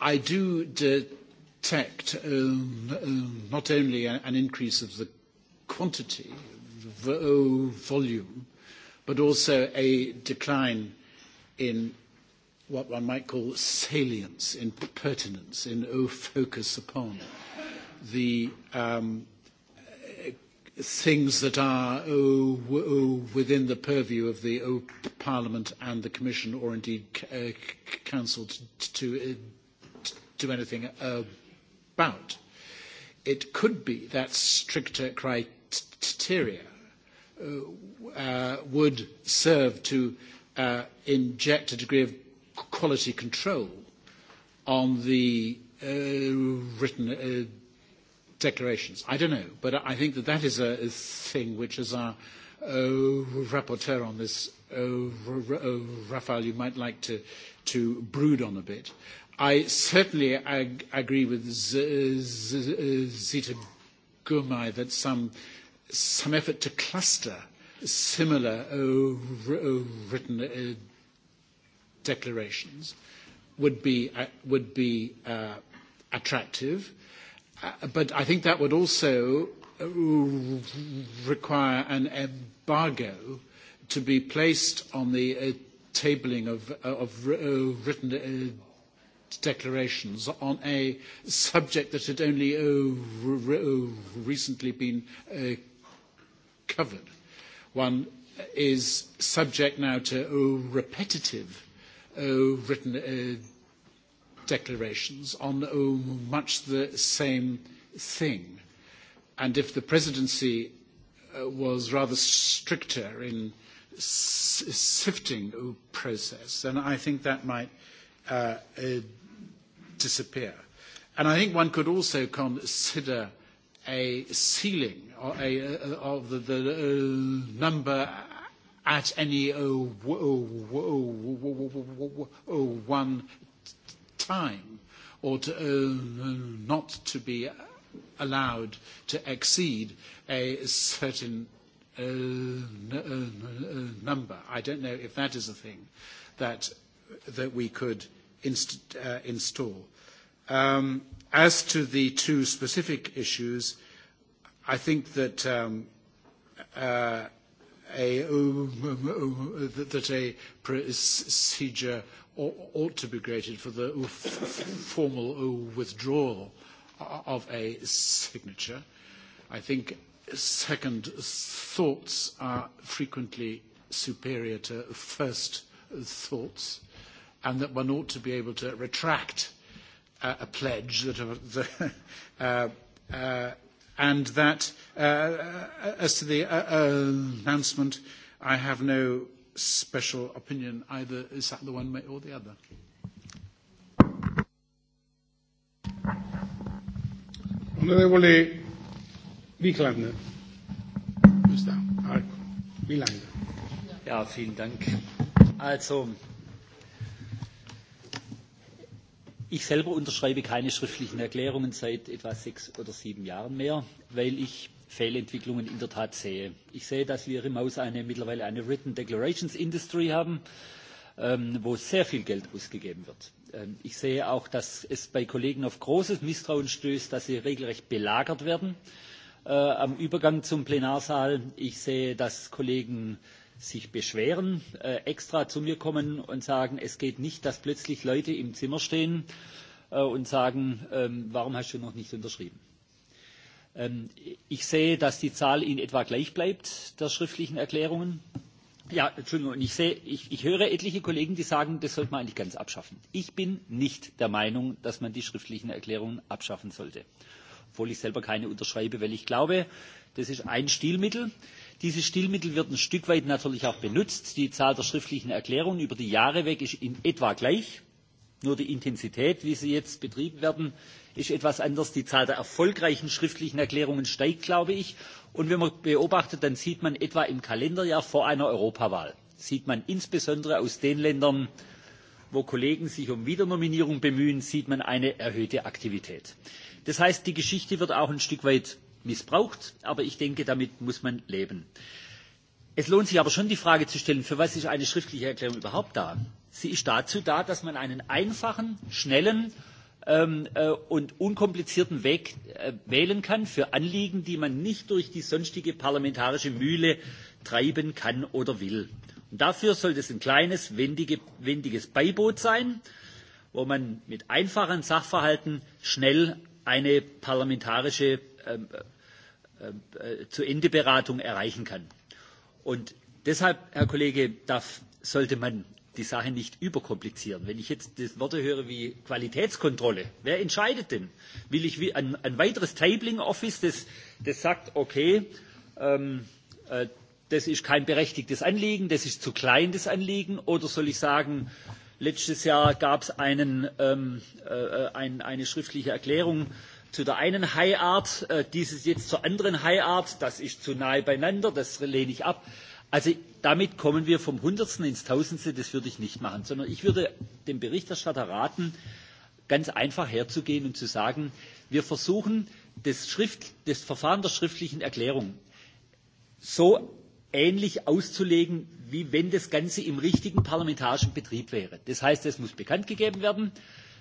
I do detect um, um not only an increase of the quantity, the oh, volume, but also a decline in what one might call salience, in pertinence, in oh, focus upon the um, things that are oh, oh, within the purview of the oh, Parliament and the Commission, or indeed uh, Council, to uh, do anything about. It could be that stricter criteria uh, Uh, uh, would serve to uh, inject a degree of quality control on the uh, written uh, declarations. I don't know, but I think that that is a, a thing which, as our uh, rapporteur on this, Raphael, you might like to, to brood on a bit. I certainly ag- agree with Z- Z- Zita Gumai that some some effort to cluster similar uh, uh, written uh, declarations would be, uh, would be uh, attractive. Uh, but I think that would also require an embargo to be placed on the tabling of, of written declarations on a subject that had only recently been covered. One is subject now to oh, repetitive oh, written uh, declarations on oh, much the same thing. And if the presidency uh, was rather stricter in sifting the oh, process, then I think that might uh, uh, disappear. And I think one could also consider a ceiling of the, uh, number at any one time or uh, not to be allowed to exceed a certain uh, number. I don't know if that is a thing that, we could install. Um, as to the two specific issues, I think that um, uh, a um, um, um, that a procedure ought to be created for the formal withdrawal of a signature. I think second thoughts are frequently superior to first thoughts, and that one ought to be able to retract a, a pledge that, uh, uh, uh and that uh, uh, as to the uh, announcement, I have no special opinion either. Is that the one or the other? Onorevole Wiklander. Ja, vielen Dank. Also, Ich selber unterschreibe keine schriftlichen Erklärungen seit etwa sechs oder sieben Jahren mehr, weil ich Fehlentwicklungen in der Tat sehe. Ich sehe, dass wir im Haus eine, mittlerweile eine Written Declarations Industry haben, ähm, wo sehr viel Geld ausgegeben wird. Ähm, ich sehe auch, dass es bei Kollegen auf großes Misstrauen stößt, dass sie regelrecht belagert werden äh, am Übergang zum Plenarsaal. Ich sehe, dass Kollegen äh, sich beschweren, äh, extra zu mir kommen und sagen, es geht nicht, dass plötzlich Leute im Zimmer stehen äh, und sagen, ähm, warum hast du noch nicht unterschrieben? Ähm, ich sehe, dass die Zahl in etwa gleich bleibt der schriftlichen Erklärungen. Ja, Entschuldigung, ich, sehe, ich, ich höre etliche Kollegen, die sagen, das sollte man eigentlich ganz abschaffen. Ich bin nicht der Meinung, dass man die schriftlichen Erklärungen abschaffen sollte, obwohl ich selber keine unterschreibe, weil ich glaube, das ist ein Stilmittel. Äh, Diese Stilmittel wird ein Stück weit natürlich auch benutzt. Die Zahl der schriftlichen Erklärungen über die Jahre weg ist in etwa gleich. Nur die Intensität, wie sie jetzt betrieben werden, ist etwas anders. Die Zahl der erfolgreichen schriftlichen Erklärungen steigt, glaube ich. Und wenn man beobachtet, dann sieht man etwa im Kalenderjahr vor einer Europawahl, sieht man insbesondere aus den Ländern, wo Kollegen sich um Wiedernominierung bemühen, sieht man eine erhöhte Aktivität. Das heißt, die Geschichte wird auch ein Stück weit missbraucht. Aber ich denke, damit muss man leben. Es lohnt sich aber schon die Frage zu stellen, für was ist eine schriftliche Erklärung überhaupt da? Sie ist dazu da, dass man einen einfachen, schnellen ähm, äh, und unkomplizierten Weg äh, wählen kann für Anliegen, die man nicht durch die sonstige parlamentarische Mühle treiben kann oder will. Und dafür sollte es ein kleines, wendige, wendiges Beiboot sein, wo man mit einfachen Sachverhalten schnell eine parlamentarische Ähm, ähm, äh, zu Ende Beratung erreichen kann. Und deshalb, Herr Kollege, darf, sollte man die Sache nicht überkomplizieren. Wenn ich jetzt das Worte höre wie Qualitätskontrolle, wer entscheidet denn? Will ich wie ein, ein weiteres Tabling Office, das, das sagt, okay, ähm, äh, das ist kein berechtigtes Anliegen, das ist zu klein das Anliegen, oder soll ich sagen, letztes Jahr gab es ähm, äh, äh, ein, eine schriftliche Erklärung, äh, zu der einen High Art, äh, dieses jetzt zur anderen High Art, das ist zu nahe beieinander, das lehne ich ab. Also damit kommen wir vom Hundertsten ins Tausendste, das würde ich nicht machen, sondern ich würde dem Berichterstatter raten, ganz einfach herzugehen und zu sagen, wir versuchen das, Schrift, das Verfahren der schriftlichen Erklärung so ähnlich auszulegen, wie wenn das Ganze im richtigen parlamentarischen Betrieb wäre. Das heißt, es muss bekannt gegeben werden. Äh,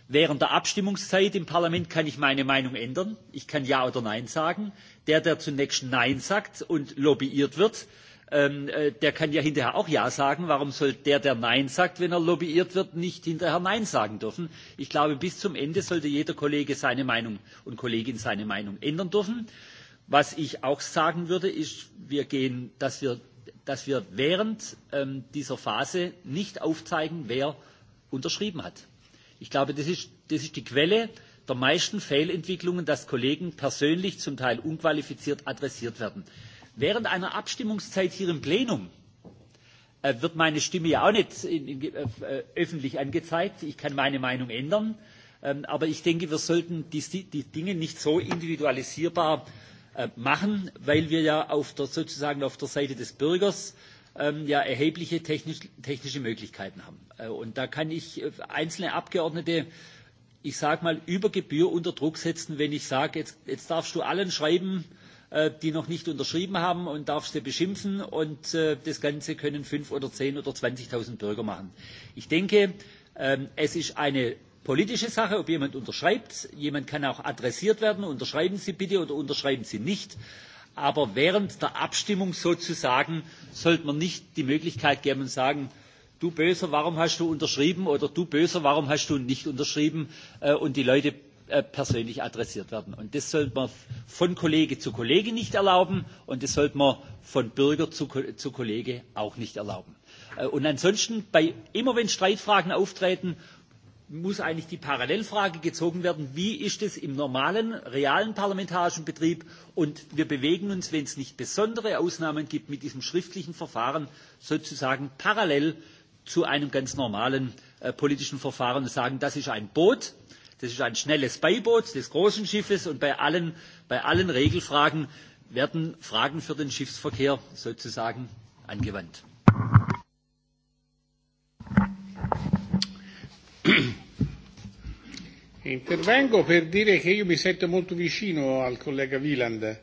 Während der Abstimmungszeit im Parlament kann ich meine Meinung ändern. Ich kann Ja oder Nein sagen. Der, der zunächst Nein sagt und lobbyiert wird, ähm, äh, der kann ja hinterher auch Ja sagen. Warum soll der, der Nein sagt, wenn er lobbyiert wird, nicht hinterher Nein sagen dürfen? Ich glaube, bis zum Ende sollte jeder Kollege seine Meinung und Kollegin seine Meinung ändern dürfen. Was ich auch sagen würde, ist, wir gehen, dass wir, dass wir während ähm, dieser Phase nicht aufzeigen, wer unterschrieben hat. Ich glaube, das ist, das ist die Quelle der meisten Fehlentwicklungen, dass Kollegen persönlich zum Teil unqualifiziert adressiert werden. Während einer Abstimmungszeit hier im Plenum äh, wird meine Stimme ja auch nicht in, in, äh, öffentlich angezeigt. Ich kann meine Meinung ändern. Ähm, aber ich denke, wir sollten die, die Dinge nicht so individualisierbar äh, machen, weil wir ja auf der, sozusagen auf der Seite des Bürgers äh, ähm, ja erhebliche technisch, technische Möglichkeiten haben. Äh, und da kann ich äh, einzelne Abgeordnete ich sage mal, über Gebühr unter Druck setzen, wenn ich sage, jetzt, jetzt darfst du allen schreiben, äh, die noch nicht unterschrieben haben und darfst sie beschimpfen und äh, das Ganze können fünf oder zehn oder 20.000 Bürger machen. Ich denke, ähm, es ist eine politische Sache, ob jemand unterschreibt. Jemand kann auch adressiert werden, unterschreiben Sie bitte oder unterschreiben Sie nicht aber während der Abstimmung sozusagen sollte man nicht die Möglichkeit geben und sagen, du Böser, warum hast du unterschrieben oder du Böser, warum hast du nicht unterschrieben äh, und die Leute äh, persönlich adressiert werden. Und das sollte man von Kollege zu Kollege nicht erlauben und das sollte man von Bürger zu, zu Kollege auch nicht erlauben. Äh, und ansonsten, bei, immer wenn Streitfragen auftreten, muss eigentlich die Parallelfrage gezogen werden, wie ist es im normalen, realen parlamentarischen Betrieb? Und wir bewegen uns, wenn es nicht besondere Ausnahmen gibt, mit diesem schriftlichen Verfahren sozusagen parallel zu einem ganz normalen äh, politischen Verfahren und sagen, das ist ein Boot, das ist ein schnelles Beiboot des großen Schiffes und bei allen, bei allen Regelfragen werden Fragen für den Schiffsverkehr sozusagen angewandt. Intervengo per dire che io mi sento molto vicino al collega Wieland.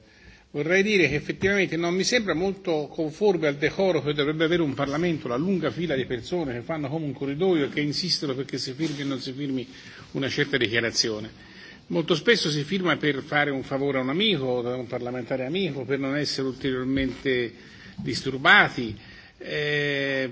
Vorrei dire che effettivamente non mi sembra molto conforme al decoro che dovrebbe avere un Parlamento, la lunga fila di persone che fanno come un corridoio e che insistono perché si firmi o e non si firmi una certa dichiarazione. Molto spesso si firma per fare un favore a un amico, a un parlamentare amico, per non essere ulteriormente disturbati. Eh,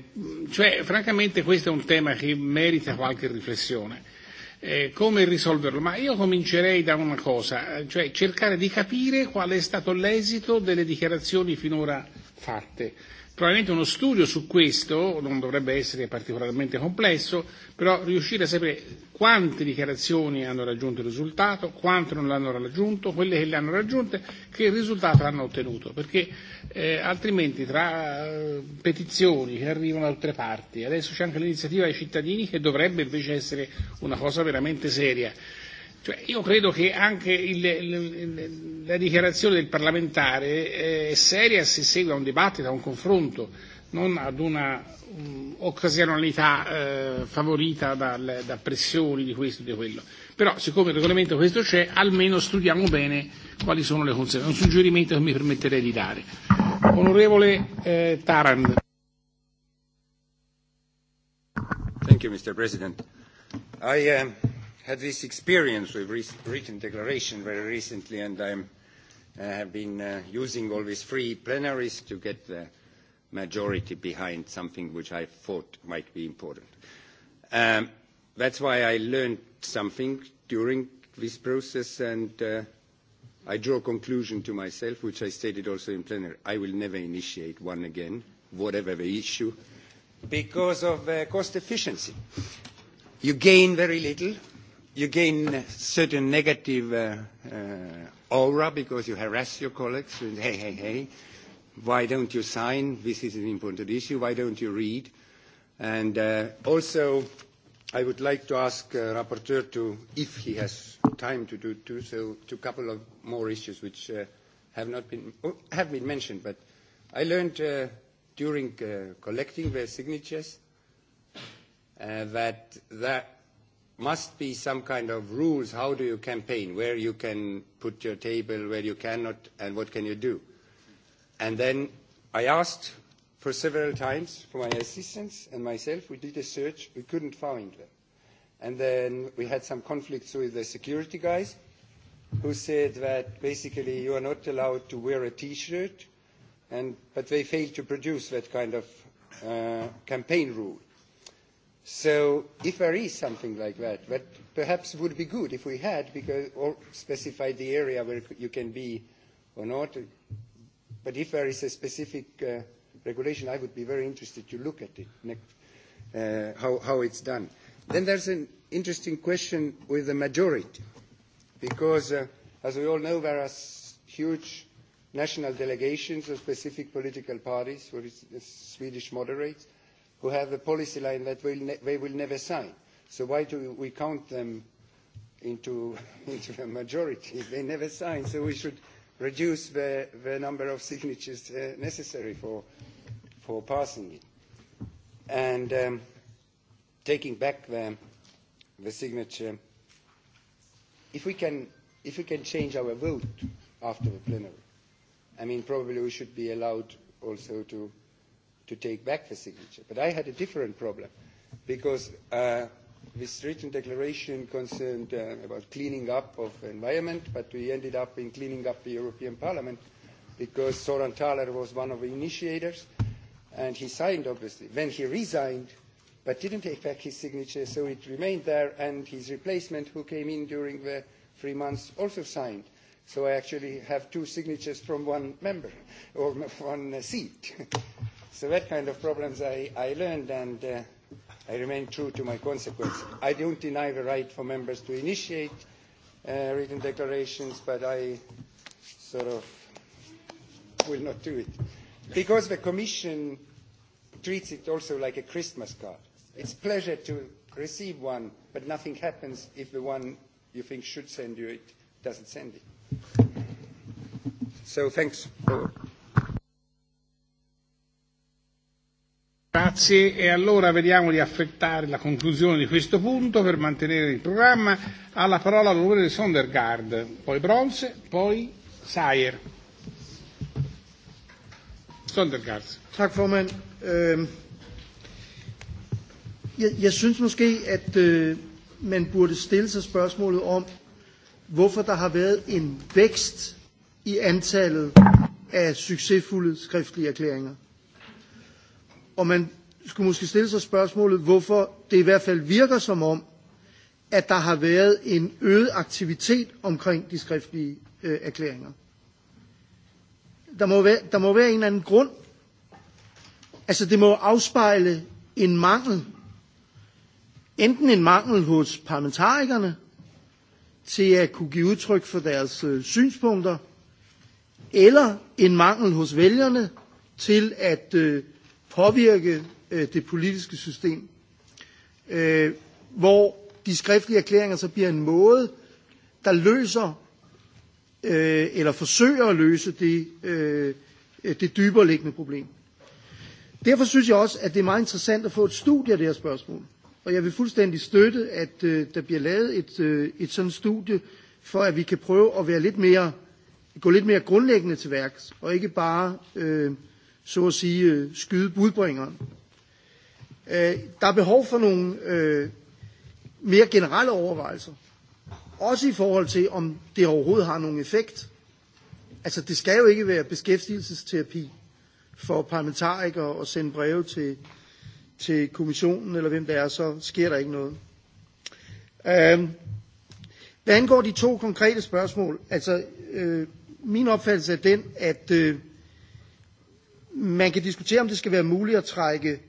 cioè, francamente questo è un tema che merita qualche riflessione eh, come risolverlo, ma io comincerei da una cosa, eh, cioè cercare di capire qual è stato l'esito delle dichiarazioni finora fatte probabilmente uno studio su questo non dovrebbe essere particolarmente complesso, però riuscire a sapere quante dichiarazioni hanno raggiunto il risultato, quante non l'hanno raggiunto, quelle che le hanno raggiunte, che risultato hanno ottenuto, perché eh, altrimenti tra eh, petizioni che arrivano da altre parti, adesso c'è anche l'iniziativa dei cittadini che dovrebbe invece essere una cosa veramente seria, Cioè, io credo che anche il, il, la dichiarazione del parlamentare è seria se segue a un dibattito, a un confronto, non ad una um, occasionalità eh, favorita dal, da pressioni di questo e di quello. Però, siccome il regolamento questo c'è, almeno studiamo bene quali sono le conseguenze. È Un suggerimento che mi permetterei di dare. Onorevole eh, Tarand. Thank you, Mr. President. I, um... Uh had this experience with written declaration very recently, and I uh, have been uh, using all these free plenaries to get the majority behind something which I thought might be important. Um, that's why I learned something during this process, and uh, I draw a conclusion to myself, which I stated also in plenary. I will never initiate one again, whatever the issue, because of uh, cost efficiency. You gain very little you gain certain negative uh, uh, aura because you harass your colleagues and hey, hey, hey, why don't you sign? This is an important issue. Why don't you read? And uh, also, I would like to ask uh, rapporteur to, if he has time to do to so, to a couple of more issues which uh, have not been oh, have been mentioned. But I learned uh, during uh, collecting the signatures uh, that that must be some kind of rules. How do you campaign? Where you can put your table, where you cannot, and what can you do? And then I asked for several times for my assistants and myself. We did a search. We couldn't find them. And then we had some conflicts with the security guys who said that basically you are not allowed to wear a T-shirt, but they failed to produce that kind of uh, campaign rule. So if there is something like that, that perhaps would be good if we had, because or specify the area where you can be or not. But if there is a specific uh, regulation, I would be very interested to look at it, next, uh, how, how it's done. Then there's an interesting question with the majority, because uh, as we all know, there are huge national delegations of specific political parties, for the Swedish moderates, who have a policy line that will they will never sign. So why do we count them into, into a majority? They never sign, so we should reduce the, the number of signatures uh, necessary for, for passing it. And um, taking back the, the signature, if we, can, if we can change our vote after the plenary, I mean, probably we should be allowed also to to take back the signature. But I had a different problem because uh, this written declaration concerned uh, about cleaning up of the environment, but we ended up in cleaning up the European Parliament because Soran Thaler was one of the initiators, and he signed, obviously. Then he resigned, but didn't take back his signature, so it remained there, and his replacement, who came in during the three months, also signed. So I actually have two signatures from one member, or one seat. So that kind of problems I, I learned and uh, I remain true to my consequence. I don't deny the right for members to initiate uh, written declarations, but I sort of will not do it. Because the Commission treats it also like a Christmas card. It's pleasure to receive one, but nothing happens if the one you think should send you it doesn't send it. So thanks. For- Grazie e allora vediamo di affrettare la conclusione di questo punto per mantenere il programma. Ha la parola l'onorevole Sondergaard, poi Bronze, poi Sayer. Sondergaard. Tak formand. Øh, jeg, jeg synes måske, at øh, man burde stille sig spørgsmålet om, hvorfor der har været en vækst i antallet af succesfulde skriftlige erklæringer. Og man skulle måske stille sig spørgsmålet, hvorfor det i hvert fald virker som om, at der har været en øget aktivitet omkring de skriftlige øh, erklæringer. Der må, være, der må være en eller anden grund. Altså det må afspejle en mangel. Enten en mangel hos parlamentarikerne til at kunne give udtryk for deres øh, synspunkter, eller en mangel hos vælgerne til at øh, påvirke øh, det politiske system, øh, hvor de skriftlige erklæringer så bliver en måde, der løser øh, eller forsøger at løse det, øh, det dybere liggende problem. Derfor synes jeg også, at det er meget interessant at få et studie af det her spørgsmål. Og jeg vil fuldstændig støtte, at øh, der bliver lavet et, øh, et sådan studie, for at vi kan prøve at være lidt mere, gå lidt mere grundlæggende til værks, og ikke bare, øh, så at sige, øh, skyde budbringeren. Øh, der er behov for nogle øh, mere generelle overvejelser. Også i forhold til, om det overhovedet har nogen effekt. Altså, det skal jo ikke være beskæftigelsesterapi for parlamentarikere at sende breve til, til kommissionen, eller hvem det er, så sker der ikke noget. Øhm, hvad angår de to konkrete spørgsmål, altså øh, min opfattelse er den, at øh, man kan diskutere, om det skal være muligt at trække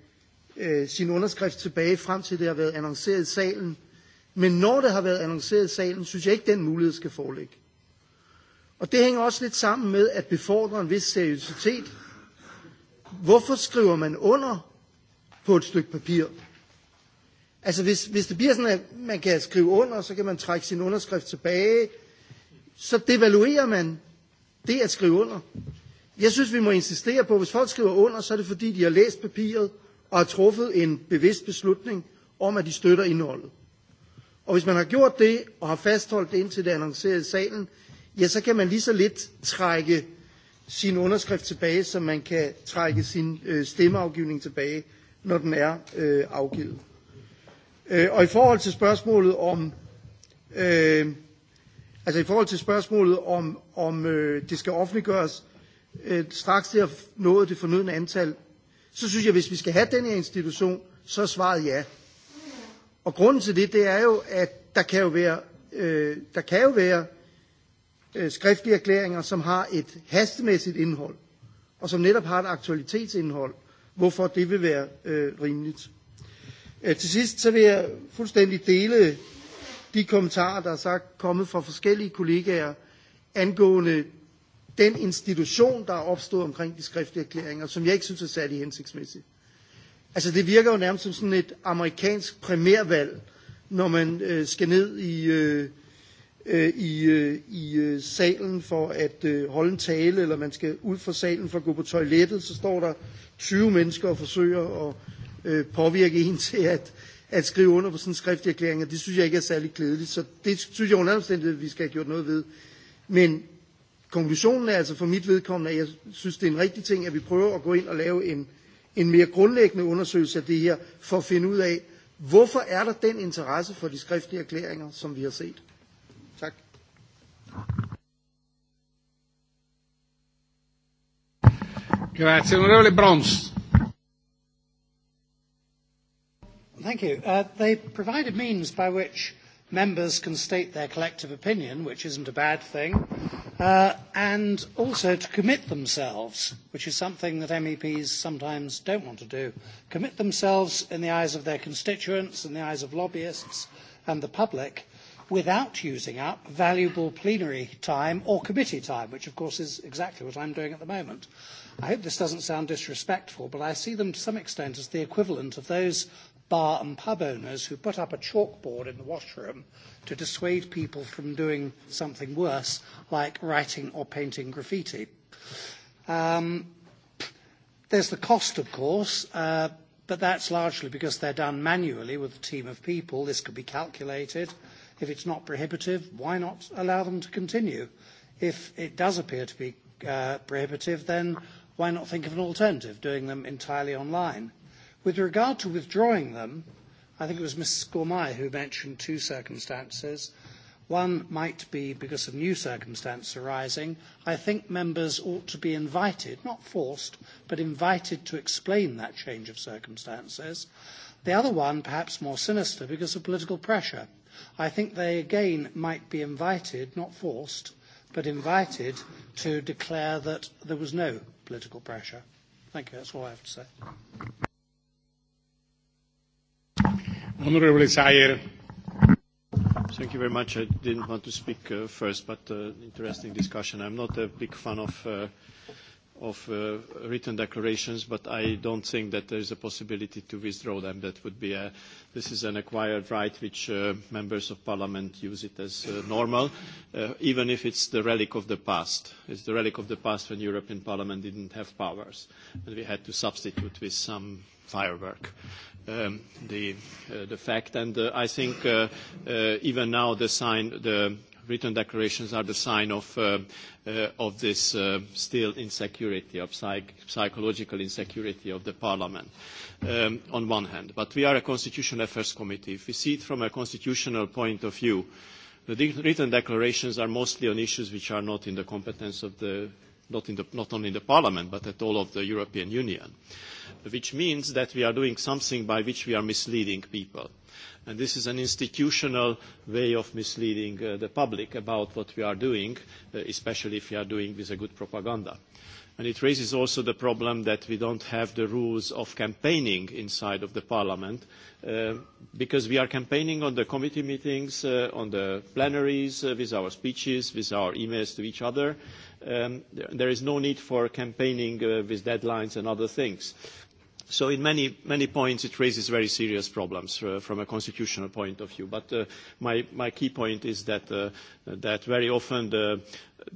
Øh, sin underskrift tilbage, frem til det har været annonceret i salen. Men når det har været annonceret i salen, synes jeg ikke, den mulighed skal foreligge. Og det hænger også lidt sammen med at befordre en vis seriøsitet. Hvorfor skriver man under på et stykke papir? Altså hvis, hvis det bliver sådan, at man kan skrive under, så kan man trække sin underskrift tilbage, så devaluerer man det at skrive under. Jeg synes, vi må insistere på, at hvis folk skriver under, så er det fordi, de har læst papiret, og har truffet en bevidst beslutning om, at de støtter indholdet. Og hvis man har gjort det og har fastholdt det indtil det er annoncerede i salen, ja, så kan man lige så lidt trække sin underskrift tilbage, som man kan trække sin øh, stemmeafgivning tilbage, når den er øh, afgivet. Øh, og i forhold til spørgsmålet om, øh, altså i forhold til spørgsmålet om, om øh, det skal offentliggøres øh, straks det har nået det fornødne antal så synes jeg, hvis vi skal have den her institution, så er svaret ja. Og grunden til det, det er jo, at der kan jo være, øh, der kan jo være øh, skriftlige erklæringer, som har et hastemæssigt indhold, og som netop har et aktualitetsindhold, hvorfor det vil være øh, rimeligt. Øh, til sidst så vil jeg fuldstændig dele de kommentarer, der er sagt, kommet fra forskellige kollegaer angående den institution, der er opstået omkring de skriftlige erklæringer, som jeg ikke synes er særlig hensigtsmæssig. Altså det virker jo nærmest som sådan et amerikansk primærvalg, når man øh, skal ned i, øh, øh i, øh, i øh, salen for at øh, holde en tale, eller man skal ud fra salen for at gå på toilettet, så står der 20 mennesker og forsøger at øh, påvirke en til at, at skrive under på sådan en skriftlig erklæring, og det synes jeg ikke er særlig glædeligt. Så det synes jeg under omstændighed, vi skal have gjort noget ved. Men konklusionen er altså for mit vedkommende, at jeg synes, det er en rigtig ting, at vi prøver at gå ind og lave en, en mere grundlæggende undersøgelse af det her, for at finde ud af, hvorfor er der den interesse for de skriftlige erklæringer, som vi har set. Tak. Grazie, Brons. Thank you. Uh, they provided means by which members can state their collective opinion, which isn't a bad thing, uh, and also to commit themselves, which is something that MEPs sometimes don't want to do, commit themselves in the eyes of their constituents, in the eyes of lobbyists and the public, without using up valuable plenary time or committee time, which of course is exactly what I'm doing at the moment. I hope this doesn't sound disrespectful, but I see them to some extent as the equivalent of those bar and pub owners who put up a chalkboard in the washroom to dissuade people from doing something worse, like writing or painting graffiti. Um, there's the cost, of course, uh, but that's largely because they're done manually with a team of people. This could be calculated. If it's not prohibitive, why not allow them to continue? If it does appear to be uh, prohibitive, then why not think of an alternative, doing them entirely online? With regard to withdrawing them, I think it was Mrs. Gourmay who mentioned two circumstances. One might be because of new circumstance arising. I think members ought to be invited, not forced, but invited to explain that change of circumstances. The other one, perhaps more sinister, because of political pressure. I think they again might be invited, not forced, but invited to declare that there was no political pressure. Thank you. That's all I have to say. Honorable Sayer. Thank you very much. I didn't want to speak uh, first, but uh, interesting discussion. I'm not a big fan of, uh, of uh, written declarations, but I don't think that there is a possibility to withdraw them. That would be a, this is an acquired right which uh, members of parliament use it as uh, normal, uh, even if it's the relic of the past. It's the relic of the past when European Parliament didn't have powers, and we had to substitute with some firework um, the, uh, the fact. And uh, I think uh, uh, even now the sign, the written declarations are the sign of, uh, uh, of this uh, still insecurity, of psych psychological insecurity of the parliament um, on one hand. But we are a constitutional affairs committee. If we see it from a constitutional point of view, the written declarations are mostly on issues which are not in the competence of the not, in the, not only in the Parliament, but at all of the European Union, which means that we are doing something by which we are misleading people. And this is an institutional way of misleading uh, the public about what we are doing, uh, especially if we are doing with a good propaganda. Uh, And it raises also the problem that we don't have the rules of campaigning inside of the parliament, uh, because we are campaigning on the committee meetings, uh, on the plenaries, uh, with our speeches, with our emails to each other. Um, there is no need for campaigning uh, with deadlines and other things. So in many, many points, it raises very serious problems uh, from a constitutional point of view. But uh, my, my key point is that, uh, that very often the,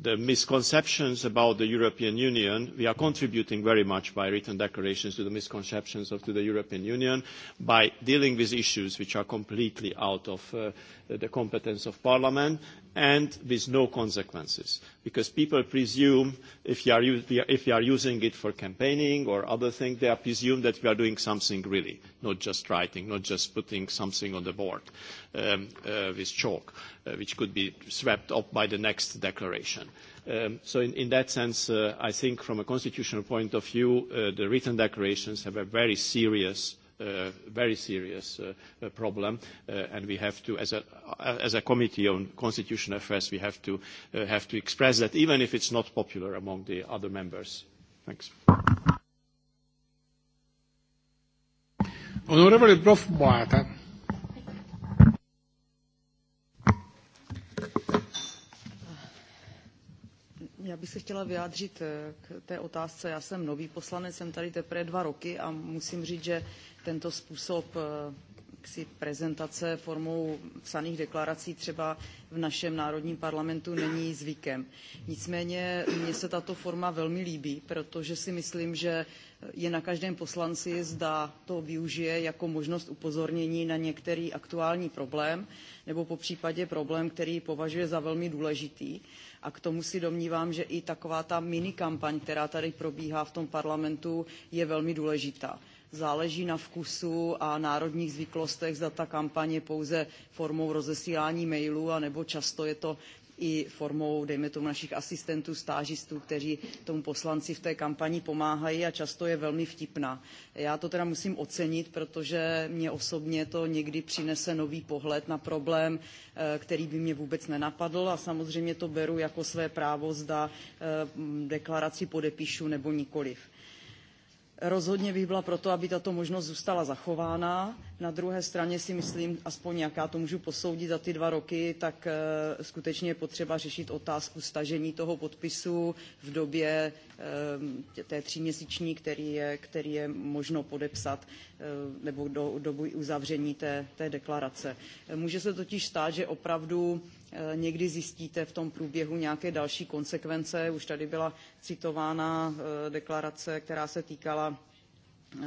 the misconceptions about the European Union, we are contributing very much by written declarations to the misconceptions of to the European Union by dealing with issues which are completely out of uh, the competence of Parliament and with no consequences. Because people presume if you, are, if you are using it for campaigning or other things, they are presume that you are doing something really, not just writing, not just putting something on the board um, uh, with chalk, uh, which could be swept up by the next declaration. Um, so in, in that sense, uh, I think from a constitutional point of view, uh, the written declarations have a very serious very serious uh, problem, uh, and we have to, as a, uh, as a committee on constitutional affairs, we have to uh, have to express that, even if it's not popular among the other members. Thanks. Onorevole Prof. Boata. Já bych se chtěla vyjádřit eh, k té otázce. Já jsem nový poslanec, jsem tady teprve dva roky a musím říct, že tento způsob eh, jaksi prezentace formou psaných deklarací třeba v našem národním parlamentu není zvykem. Nicméně mně se tato forma velmi líbí, protože si myslím, že je na každém poslanci, zda to využije jako možnost upozornění na některý aktuální problém nebo popřípadě problém, který považuje za velmi důležitý a k tomu si domnívám, že i taková ta minikampaň, která tady probíhá v tom parlamentu, je velmi důležitá záleží na vkusu a národních zvyklostech, zda ta kampaň je pouze formou rozesílání mailů, anebo často je to i formou, dejme tomu, našich asistentů, stážistů, kteří tomu poslanci v té kampani pomáhají a často je velmi vtipná. Já to teda musím ocenit, protože mě osobně to někdy přinese nový pohled na problém, eh, který by mě vůbec nenapadl a samozřejmě to beru jako své právo, zda eh, deklaraci podepíšu nebo nikoliv. Rozhodně bych byla proto, aby tato možnost zůstala zachována. Na druhé straně si myslím, aspoň jak já to můžu posoudit za ty dva roky, tak eh, skutečně je potřeba řešit otázku stažení toho podpisu v době eh, té tříměsíční, který je, který je možno podepsat eh, nebo do dobu uzavření té, té deklarace. Může se totiž stát, že opravdu Eh, někdy zjistíte v tom průběhu nějaké další konsekvence. Už tady byla citována eh, deklarace, která se týkala eh,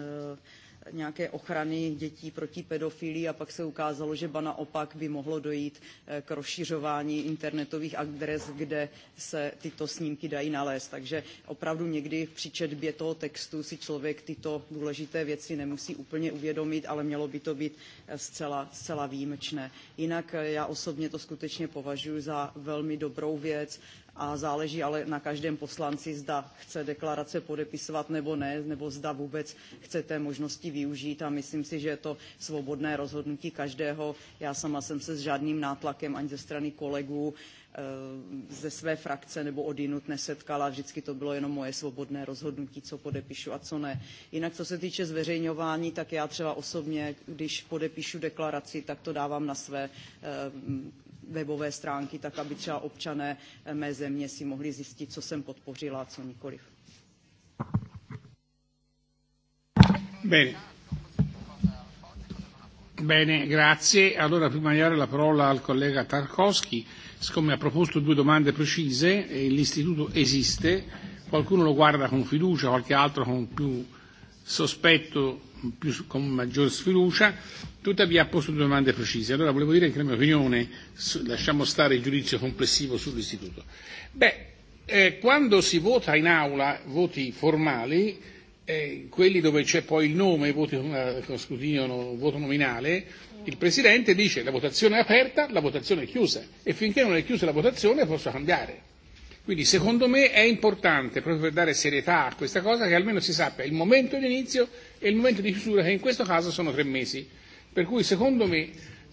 nějaké ochrany dětí proti pedofilii a pak se ukázalo, že ba naopak by mohlo dojít eh, k rozšiřování internetových adres, kde se tyto snímky dají nalézt. Takže opravdu někdy při četbě toho textu si člověk tyto důležité věci nemusí úplně uvědomit, ale mělo by to být eh, zcela, zcela výjimečné. Jinak eh, já osobně to skutečně považuji za velmi dobrou věc a záleží ale na každém poslanci, zda chce deklarace podepisovat nebo ne, nebo zda vůbec chce té možnosti využít a myslím si, že je to svobodné rozhodnutí každého. Já sama jsem se s žádným nátlakem ani ze strany kolegů eh, ze své frakce nebo odinut nesetkala. Vždycky to bylo jenom moje svobodné rozhodnutí, co podepíšu a co ne. Jinak, co se týče zveřejňování, tak já třeba osobně, když podepíšu deklaraci, tak to dávám na své eh, webové stránky, tak aby třeba občané mé země si mohli zjistit, co jsem podpořila a co nikoliv. Bene. Bene, grazie. Allora prima di dare la parola al collega Tarkovsky, siccome ha proposto due domande precise, e l'istituto esiste, qualcuno lo guarda con fiducia, qualche altro con più sospetto più, con maggior sfiducia, tuttavia ha posto due domande precise. Allora volevo dire che la mia opinione, lasciamo stare il giudizio complessivo sull'istituto. Beh, eh, quando si vota in aula voti formali, eh, quelli dove c'è poi il nome, voti con scrutinio, no, voto nominale, il Presidente dice la votazione è aperta, la votazione è chiusa e finché non è chiusa la votazione posso cambiare Quindi secondo me è importante, proprio per dare serietà a questa cosa, che almeno si sappia il momento di inizio e il momento di chiusura, che in questo caso sono tre mesi. Per cui secondo me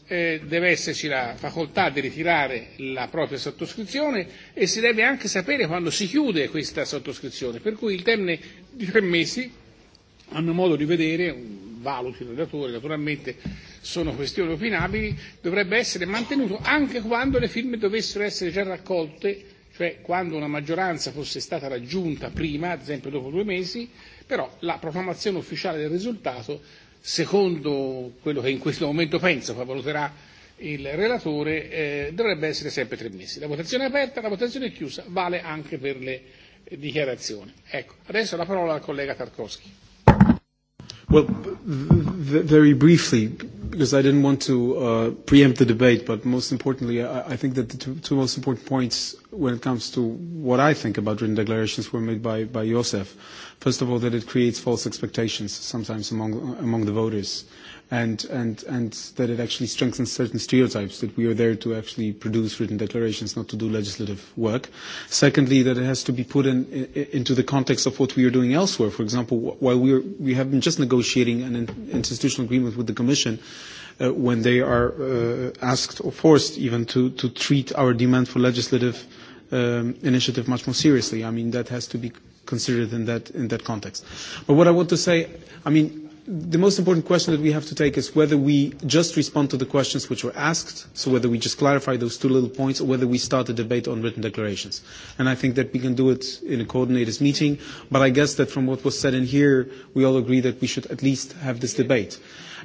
eh, deve esserci la facoltà di ritirare la propria sottoscrizione e si deve anche sapere quando si chiude questa sottoscrizione. Per cui il termine di tre mesi, a mio modo di vedere, valuti il redatori, naturalmente sono questioni opinabili, dovrebbe essere mantenuto anche quando le firme dovessero essere già raccolte cioè quando una maggioranza fosse stata raggiunta prima, ad esempio dopo due mesi, però la proclamazione ufficiale del risultato, secondo quello che in questo momento penso, poi valuterà il relatore, eh, dovrebbe essere sempre tre mesi. La votazione è aperta, la votazione è chiusa, vale anche per le eh, dichiarazioni. Ecco, adesso la parola al collega Tarkovsky. Well, very briefly, because I didn't want to uh, preempt the debate, but most importantly, I, I think that the two, two most important points when it comes to what I think about written declarations were made by, by Josef. First of all, that it creates false expectations sometimes among, among the voters, and, and, and that it actually strengthens certain stereotypes that we are there to actually produce written declarations, not to do legislative work. Secondly, that it has to be put in, in, into the context of what we are doing elsewhere. For example, while we, are, we have been just negotiating an institutional agreement with the Commission, Uh, when they are uh, asked or forced even to, to treat our demand for legislative Um, initiative much more seriously. I mean, that has to be considered in that, in that context. But what I want to say, I mean, the most important question that we have to take is whether we just respond to the questions which were asked, so whether we just clarify those two little points, or whether we start a debate on written declarations. And I think that we can do it in a coordinators meeting, but I guess that from what was said in here, we all agree that we should at least have this debate.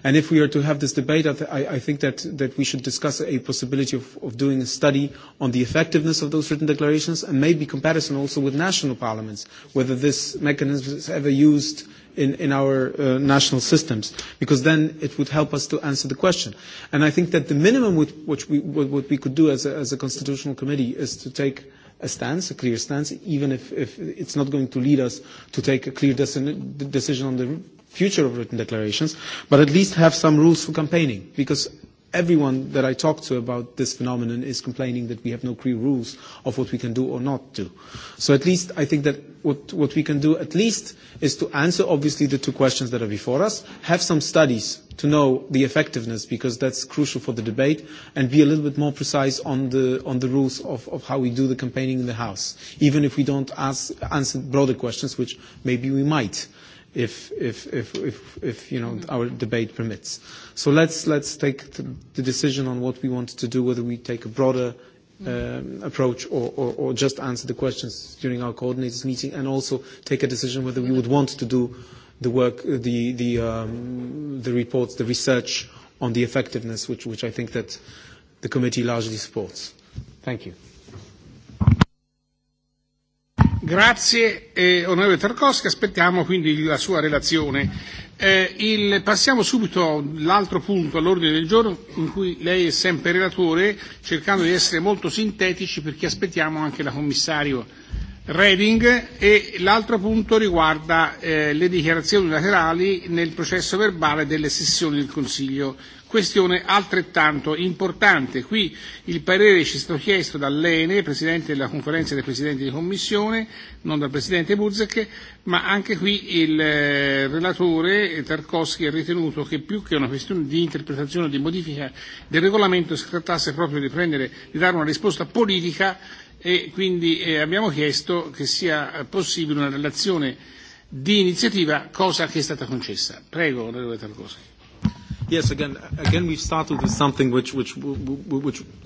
And if we are to have this debate, I, th I think that, that we should discuss a possibility of, of doing a study on the effectiveness of those written declarations and maybe comparison also with national parliaments, whether this mechanism is ever used in, in our uh, national systems, because then it would help us to answer the question. And I think that the minimum with, which we, what we could do as a, as a constitutional committee is to take a stance, a clear stance, even if, if it's not going to lead us to take a clear decision on the future of written declarations, but at least have some rules for campaigning, because everyone that I talk to about this phenomenon is complaining that we have no clear rules of what we can do or not do. So at least I think that what, what we can do at least is to answer obviously the two questions that are before us, have some studies to know the effectiveness because that's crucial for the debate and be a little bit more precise on the, on the rules of, of how we do the campaigning in the House, even if we don't ask, answer broader questions, which maybe we might if, if, if, if, if you know, our debate permits. So let's, let's take the decision on what we want to do, whether we take a broader mm-hmm. um, approach or, or, or just answer the questions during our coordinators meeting and also take a decision whether we would want to do the work, the, the, um, the reports, the research on the effectiveness, which, which I think that the committee largely supports. Thank you. Grazie eh, onorevole Tarkovsky, aspettiamo quindi la sua relazione. Eh, il, passiamo subito all'altro punto all'ordine del giorno in cui lei è sempre relatore, cercando di essere molto sintetici perché aspettiamo anche la commissario Reding e l'altro punto riguarda eh, le dichiarazioni laterali nel processo verbale delle sessioni del Consiglio questione altrettanto importante. Qui il parere ci è stato chiesto dall'ENE, Presidente della Conferenza dei Presidenti di Commissione, non dal Presidente Buzek, ma anche qui il eh, relatore Tarkovsky ha ritenuto che più che una questione di interpretazione o di modifica del regolamento si trattasse proprio di, prendere, di dare una risposta politica e quindi eh, abbiamo chiesto che sia possibile una relazione di iniziativa, cosa che è stata concessa. Prego, onorevole Tarkovsky. Yes, again, again, we've started with something which,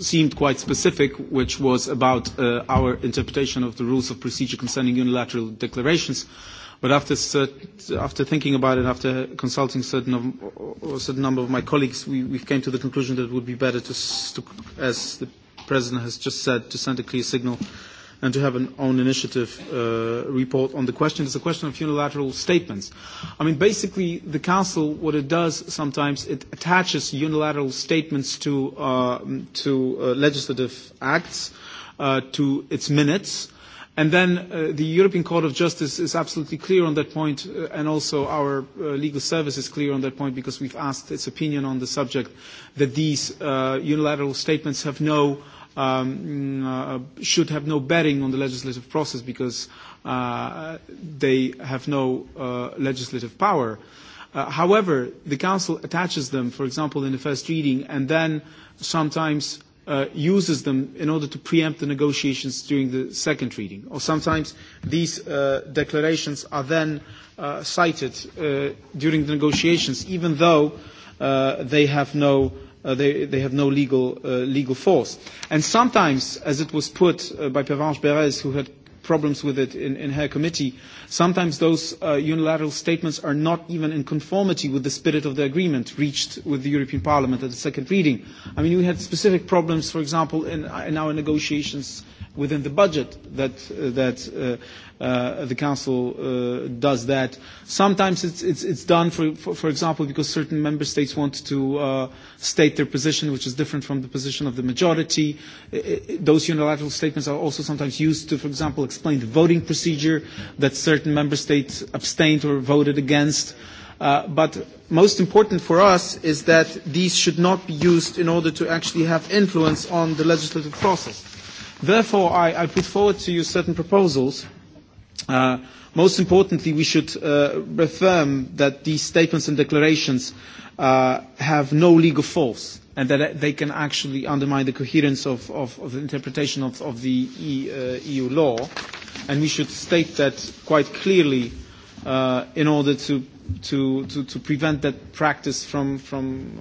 seemed quite specific, which was about uh, our interpretation of the rules of procedure concerning unilateral declarations. But after, thinking about it, after consulting a certain number of my colleagues, we, came to the conclusion that it would be better to, as the President has just said, to send a clear signal and to have an own initiative uh, report on the question. It's a question of unilateral statements. I mean, basically, the Council, what it does sometimes, it attaches unilateral statements to, uh, to uh, legislative acts, uh, to its minutes, And then uh, the European Court of Justice is absolutely clear on that point, uh, and also our uh, legal service is clear on that point because we've asked its opinion on the subject that these uh, unilateral statements have no um, mm, uh, should have no bearing on the legislative process because uh, they have no uh, legislative power. Uh, however, the Council attaches them, for example, in the first reading, and then sometimes uh, uses them in order to preempt the negotiations during the second reading. Or sometimes these uh, declarations are then uh, cited uh, during the negotiations, even though uh, they have no Uh, they, they have no legal, uh, legal force. And sometimes, as it was put uh, by Pervenche Beres, who had problems with it in, in her committee, sometimes those uh, unilateral statements are not even in conformity with the spirit of the agreement reached with the European Parliament at the second reading. I mean, we had specific problems, for example, in, in our negotiations within the budget that, uh, that uh, uh, the Council uh, does that. Sometimes it's, it's, it's done, for, for, for example, because certain member states want to uh, state their position, which is different from the position of the majority. It, it, those unilateral statements are also sometimes used to, for example, explain the voting procedure that certain member states abstained or voted against. Uh, but most important for us is that these should not be used in order to actually have influence on the legislative process Therefore, I, I put forward to you certain proposals. Uh, most importantly, we should uh, reaffirm that these statements and declarations uh, have no legal force and that they can actually undermine the coherence of, of, of the interpretation of, of the e, uh, EU law. And we should state that quite clearly uh, in order to, to, to, to prevent that practice from, from,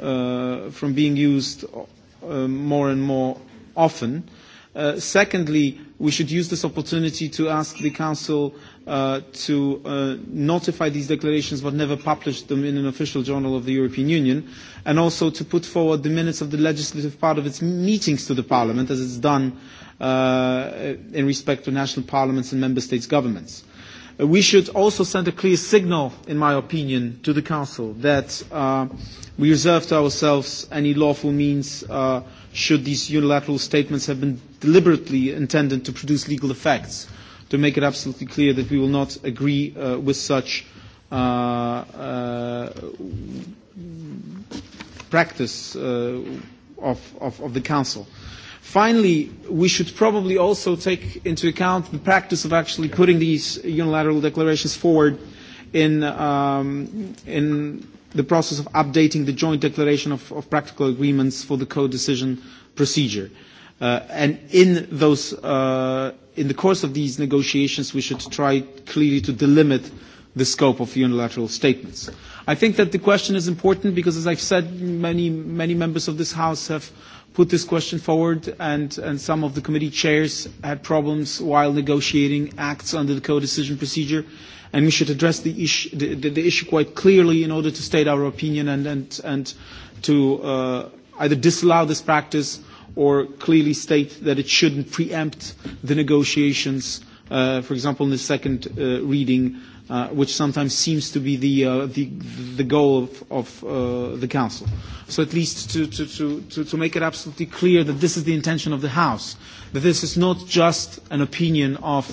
uh, from being used uh, more and more often. Uh, secondly, we should use this opportunity to ask the Council uh, to uh, notify these declarations but never publish them in an official journal of the European Union, and also to put forward the minutes of the legislative part of its meetings to the Parliament, as it's done uh, in respect to national parliaments and member states' governments. Uh, we should also send a clear signal, in my opinion, to the Council that uh, we reserve to ourselves any lawful means uh, should these unilateral statements have been deliberately intended to produce legal effects, to make it absolutely clear that we will not agree uh, with such uh, uh, practice uh, of, of, of the Council. Uh, Finally, we should probably also take into account the practice of actually putting these unilateral declarations forward in, um, in the process of updating the joint declaration of, of practical agreements for the co-decision procedure. Uh, and in those, uh, in the course of these negotiations, we should try clearly to delimit the scope of unilateral statements. I think that the question is important because, as I've said, many, many members of this House have put this question forward, and, and some of the committee chairs had problems while negotiating acts under the co-decision procedure, and we should address the issue, the, the, the issue quite clearly in order to state our opinion and, and, and to uh, either disallow this practice or clearly state that it shouldn't preempt the negotiations, uh, for example, in the second uh, reading uh, which sometimes seems to be the, uh, the, the goal of, of uh, the Council. So at least to, to, to, to, to make it absolutely clear that this is the intention of the House, that this is not just an opinion of,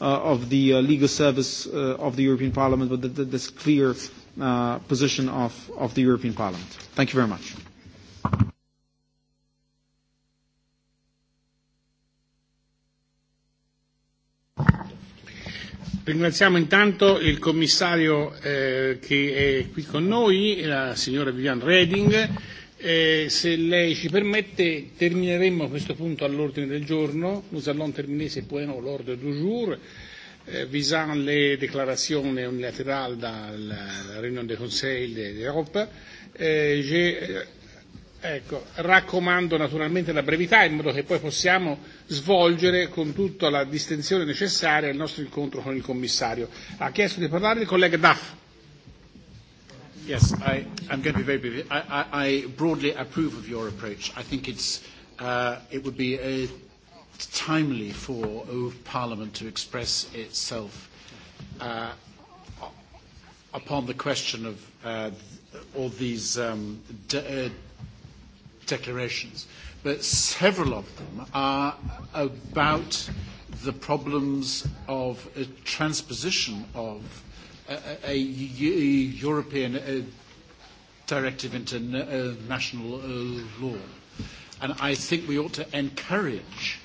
uh, of the uh, legal service uh, of the European Parliament, but that, that this clear uh, position of, of the European Parliament. Thank you very much. Ringraziamo intanto il commissario eh, che è qui con noi, la signora Vivian Reding. Eh, se lei ci permette termineremmo questo punto all'ordine del giorno. Nous salon terminer ce point à l'ordre du jour eh, visant le déclarations unilatérales dans la, la réunion du Conseil de l'Europe. Eh, J'ai Ecco, raccomando naturalmente la brevità in modo che poi possiamo svolgere con tutta la distensione necessaria il nostro incontro con il commissario. Ha chiesto di parlare il collega Duff. Yes, I, I'm going to be very brief. I, I, I broadly approve of your approach. I think it's, uh, it would be a uh, timely for uh, Parliament to express itself uh, upon the question of uh, all these um, de- uh, declarations, but several of them are about the problems of uh, transposition of a, a European uh, directive into uh, national uh, law. And I think we ought to encourage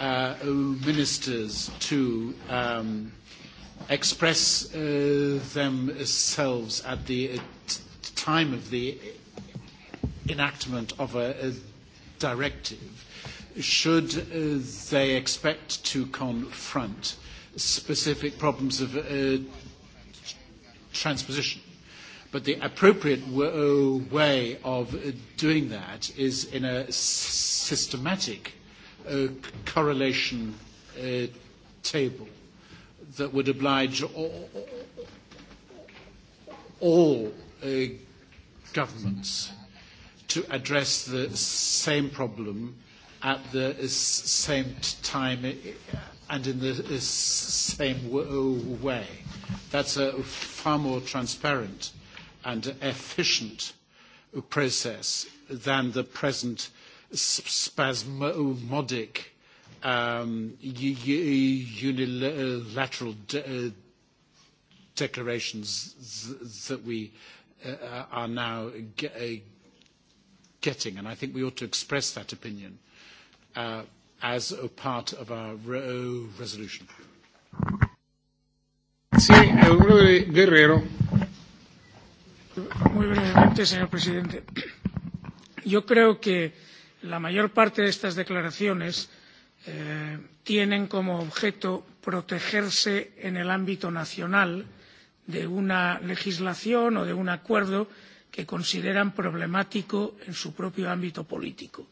ministers to um, express themselves at the time of the enactment of a, a directive, should uh, they expect to confront specific problems of uh, transposition? But the appropriate w- way of doing that is in a systematic uh, correlation uh, table that would oblige all, all uh, governments to address the same problem at the same time and in the same way. That's a far more transparent and efficient process than the present spasmodic um, unilateral de uh, declarations that we uh, are now uh, getting, and I think we ought to express that opinion uh, as a part of our re oh, resolution. Sí, Guerrero. Muy brevemente, señor presidente. Yo creo que la mayor parte de estas declaraciones eh, tienen como objeto protegerse en el ámbito nacional de una legislación o de un acuerdo que que consideran problemático en su propio ámbito político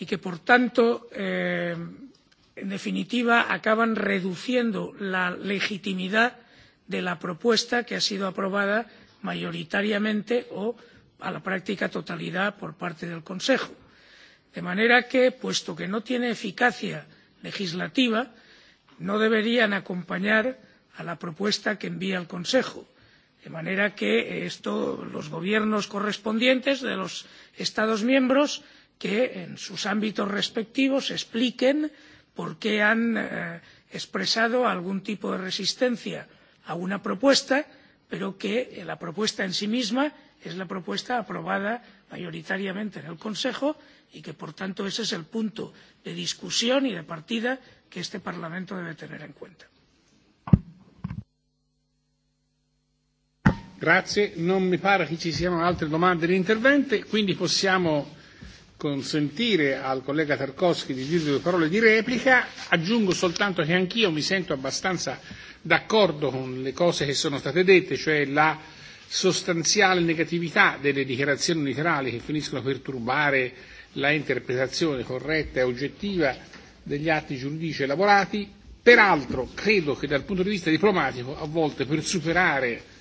y que por tanto eh, en definitiva acaban reduciendo la legitimidad de la propuesta que ha sido aprobada mayoritariamente o a la práctica totalidad por parte del consejo de manera que puesto que no tiene eficacia legislativa no deberían acompañar a la propuesta que envía el consejo de manera que eh, esto los gobiernos correspondientes de los estados miembros que en sus ámbitos respectivos expliquen por qué han eh, expresado algún tipo de resistencia a una propuesta pero que eh, la propuesta en sí misma es la propuesta aprobada mayoritariamente en el consejo y que por tanto ese es el punto de discusión y de partida que este parlamento debe tener en cuenta. Grazie, non mi pare che ci siano altre domande di intervento, quindi possiamo consentire al collega Tarkovsky di dire due parole di replica. Aggiungo soltanto che anch'io mi sento abbastanza d'accordo con le cose che sono state dette, cioè la sostanziale negatività delle dichiarazioni unilaterali che finiscono per turbare la interpretazione corretta e oggettiva degli atti giuridici elaborati. Peraltro credo che dal punto di vista diplomatico a volte per superare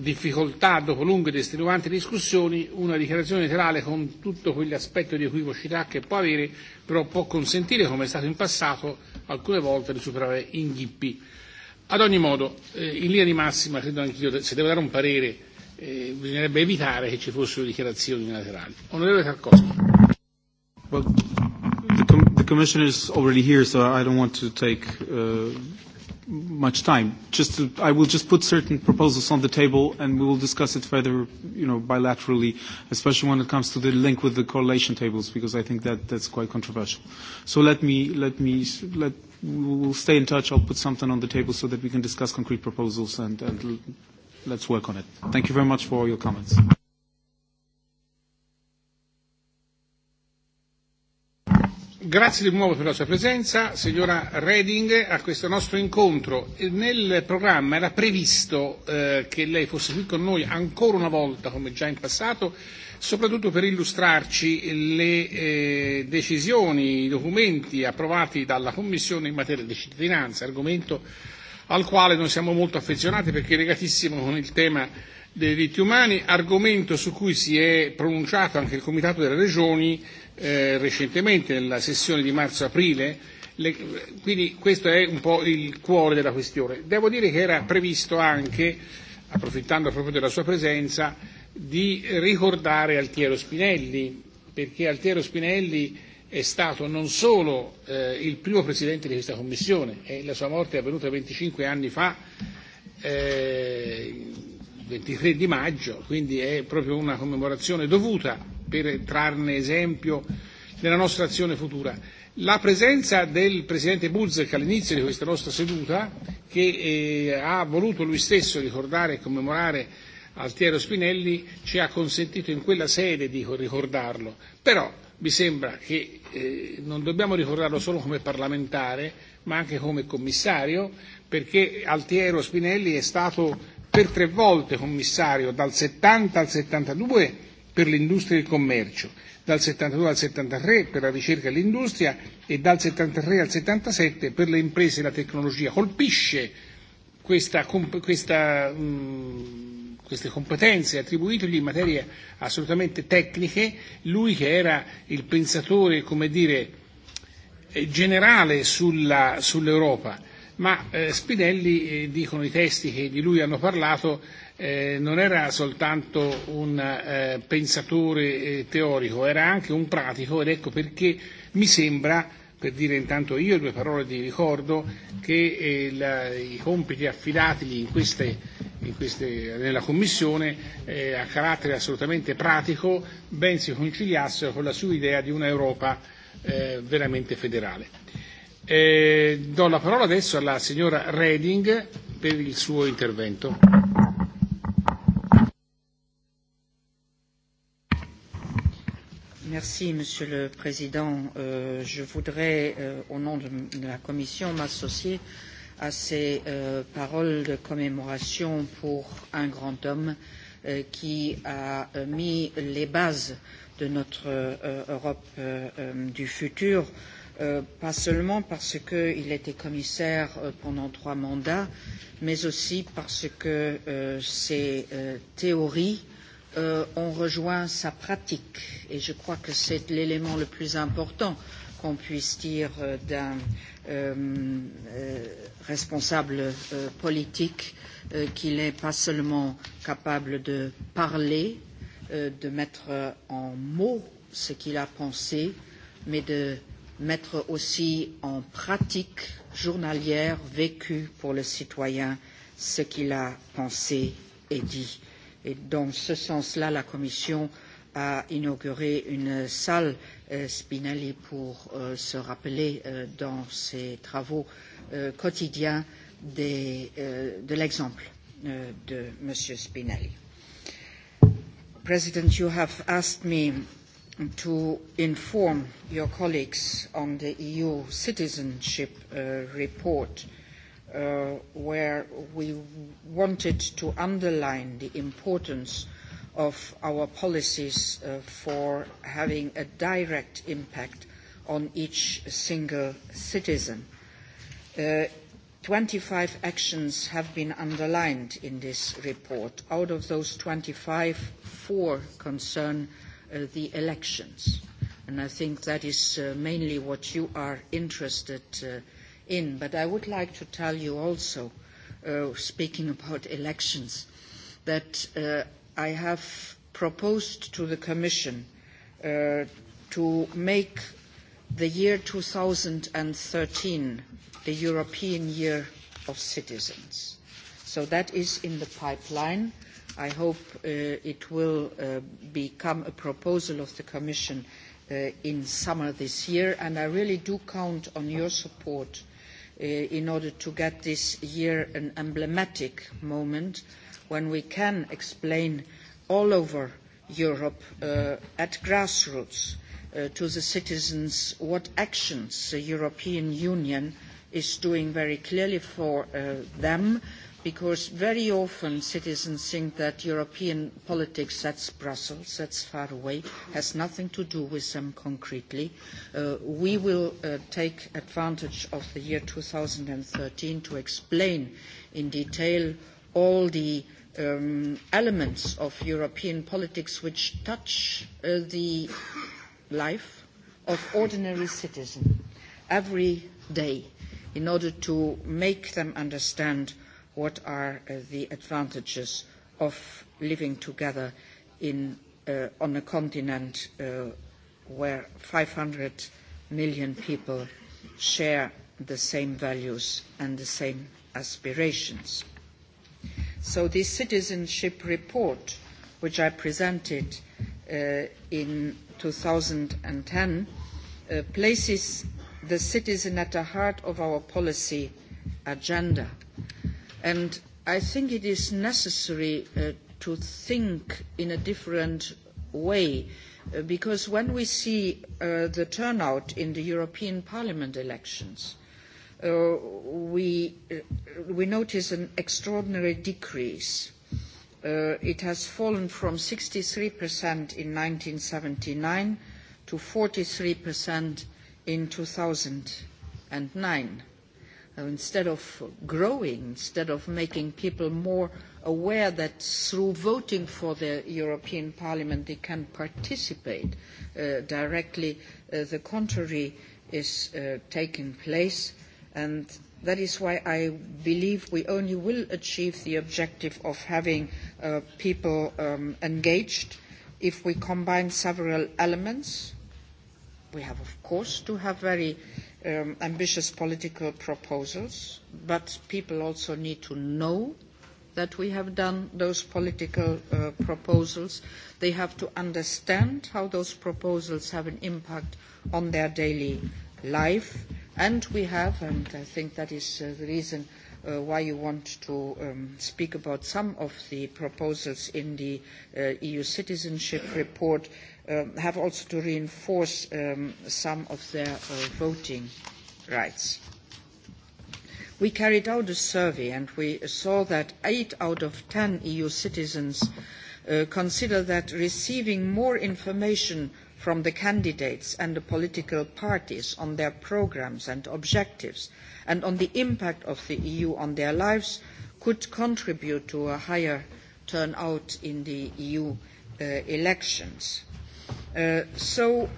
difficoltà, dopo lunghe ed estenuanti discussioni, una dichiarazione letterale con tutto quell'aspetto di equivocità che può avere, però può consentire, come è stato in passato, alcune volte di superare inghippi. Ad ogni modo, eh, in linea di massima, credo anch'io, se devo dare un parere, eh, bisognerebbe evitare che ci fossero dichiarazioni laterali. Onorevole Carcosa. Well, the, com- the Commissioner is already here, so I don't want to take uh, much time. Just to, I will just put certain proposals on the table, and we will discuss it further, you know, bilaterally, especially when it comes to the link with the correlation tables, because I think that that's quite controversial. So let me let me let we'll stay in touch. I'll put something on the table so that we can discuss concrete proposals and, and let's work on it. Thank you very much for all your comments. Grazie di nuovo per la sua presenza, signora Reding, a questo nostro incontro. Nel programma era previsto eh, che lei fosse qui con noi ancora una volta, come già in passato, soprattutto per illustrarci le eh, decisioni, i documenti approvati dalla Commissione in materia di cittadinanza, argomento al quale noi siamo molto affezionati perché è legatissimo con il tema dei diritti umani, argomento su cui si è pronunciato anche il Comitato delle Regioni eh, recentemente, nella sessione di marzo-aprile, le, quindi questo è un po' il cuore della questione. Devo dire che era previsto anche, approfittando proprio della sua presenza, di ricordare Altiero Spinelli, perché Altiero Spinelli è stato non solo eh, il primo presidente di questa commissione, e la sua morte è avvenuta 25 anni fa, eh, 23 di maggio, quindi è proprio una commemorazione dovuta, per trarne esempio nella nostra azione futura. La presenza del Presidente Buzek all'inizio di questa nostra seduta, che eh, ha voluto lui stesso ricordare e commemorare Altiero Spinelli, ci ha consentito in quella sede di ricordarlo. Però mi sembra che eh, non dobbiamo ricordarlo solo come parlamentare, ma anche come commissario, perché Altiero Spinelli è stato per tre volte commissario, dal 70 al 72 per l'industria e il commercio, dal 72 al 73 per la ricerca e l'industria e dal 73 al 77 per le imprese e la tecnologia. Colpisce questa, questa, mh, mm, queste competenze attribuitegli in materie assolutamente tecniche, lui che era il pensatore, come dire, eh, generale sulla, sull'Europa. Ma eh, Spinelli, eh, dicono i testi che di lui hanno parlato, eh, non era soltanto un eh, pensatore eh, teorico, era anche un pratico ed ecco perché mi sembra, per dire intanto io due parole di ricordo, che eh, la, i compiti affidatigli in queste, in queste, nella Commissione eh, a carattere assolutamente pratico ben si conciliassero con la sua idea di un'Europa eh, veramente federale. Eh, do la parola adesso alla signora Reding per il suo intervento. Merci, Monsieur le Président. Euh, je voudrais, euh, au nom de, de la Commission, m'associer à ces euh, paroles de commémoration pour un grand homme euh, qui a euh, mis les bases de notre euh, Europe euh, euh, du futur, euh, pas seulement parce qu'il était commissaire euh, pendant trois mandats, mais aussi parce que euh, ses euh, théories euh, on rejoint sa pratique. Et je crois que c'est l'élément le plus important qu'on puisse dire euh, d'un euh, euh, responsable euh, politique, euh, qu'il n'est pas seulement capable de parler, euh, de mettre en mots ce qu'il a pensé, mais de mettre aussi en pratique journalière, vécue pour le citoyen, ce qu'il a pensé et dit. Euh, Et dans ce sens-là, la Commission a inauguré une salle euh, Spinelli pour euh, se rappeler euh, dans ses travaux euh, quotidiens des, euh, de l'exemple euh, de M. Spinelli. President, you have asked me to inform your colleagues on the EU citizenship uh, report uh, Uh, where we wanted to underline the importance of our policies uh, for having a direct impact on each single citizen. Uh, 25 actions have been underlined in this report. Out of those 25, four concern uh, the elections. And I think that is uh, mainly what you are interested uh, in. But I would like to tell you also, uh, speaking about elections, that uh, I have proposed to the Commission uh, to make the year 2013 the European Year of Citizens. So that is in the pipeline. I hope uh, it will uh, become a proposal of the Commission uh, in summer this year, and I really do count on your support Uh, in order to get this year an emblematic moment when we can explain all over Europe uh, at grassroots uh, to the citizens what actions the European Union is doing very clearly for uh, them uh, because very often citizens think that European politics, that's Brussels, that's far away, has nothing to do with them concretely. Uh, we will uh, take advantage of the year 2013 to explain in detail all the um, elements of European politics which touch uh, the life of ordinary citizens every day in order to make them understand what are uh, the advantages of living together in, uh, on a continent uh, where 500 million people share the same values and the same aspirations. So the citizenship report, which I presented uh, in 2010, uh, places the citizen at the heart of our policy agenda. And I think it is necessary uh, to think in a different way uh, because when we see uh, the turnout in the European Parliament elections, Uh, we, uh, we notice an extraordinary decrease. Uh, it has fallen from 63% in 1979 to 43% in 2009. Uh, instead of growing, instead of making people more aware that through voting for the European Parliament they can participate uh, directly, uh, the contrary is uh, taking place. And that is why I believe we only will achieve the objective of having uh, people um, engaged if we combine several elements. We have, of course, to have very Um, ambitious political proposals, but people also need to know that we have done those political uh, proposals. They have to understand how those proposals have an impact on their daily life. And we have, and I think that is uh, the reason Uh, why you want to um, speak about some of the proposals in the uh, EU citizenship report um, have also to reinforce um, some of their uh, voting rights. We carried out a survey and we saw that eight out of ten EU citizens uh, consider that receiving more information uh, from the candidates and the political parties on their programmes and objectives and on the impact of the eu on their lives could contribute to a higher turnout in the eu uh, elections. Uh, so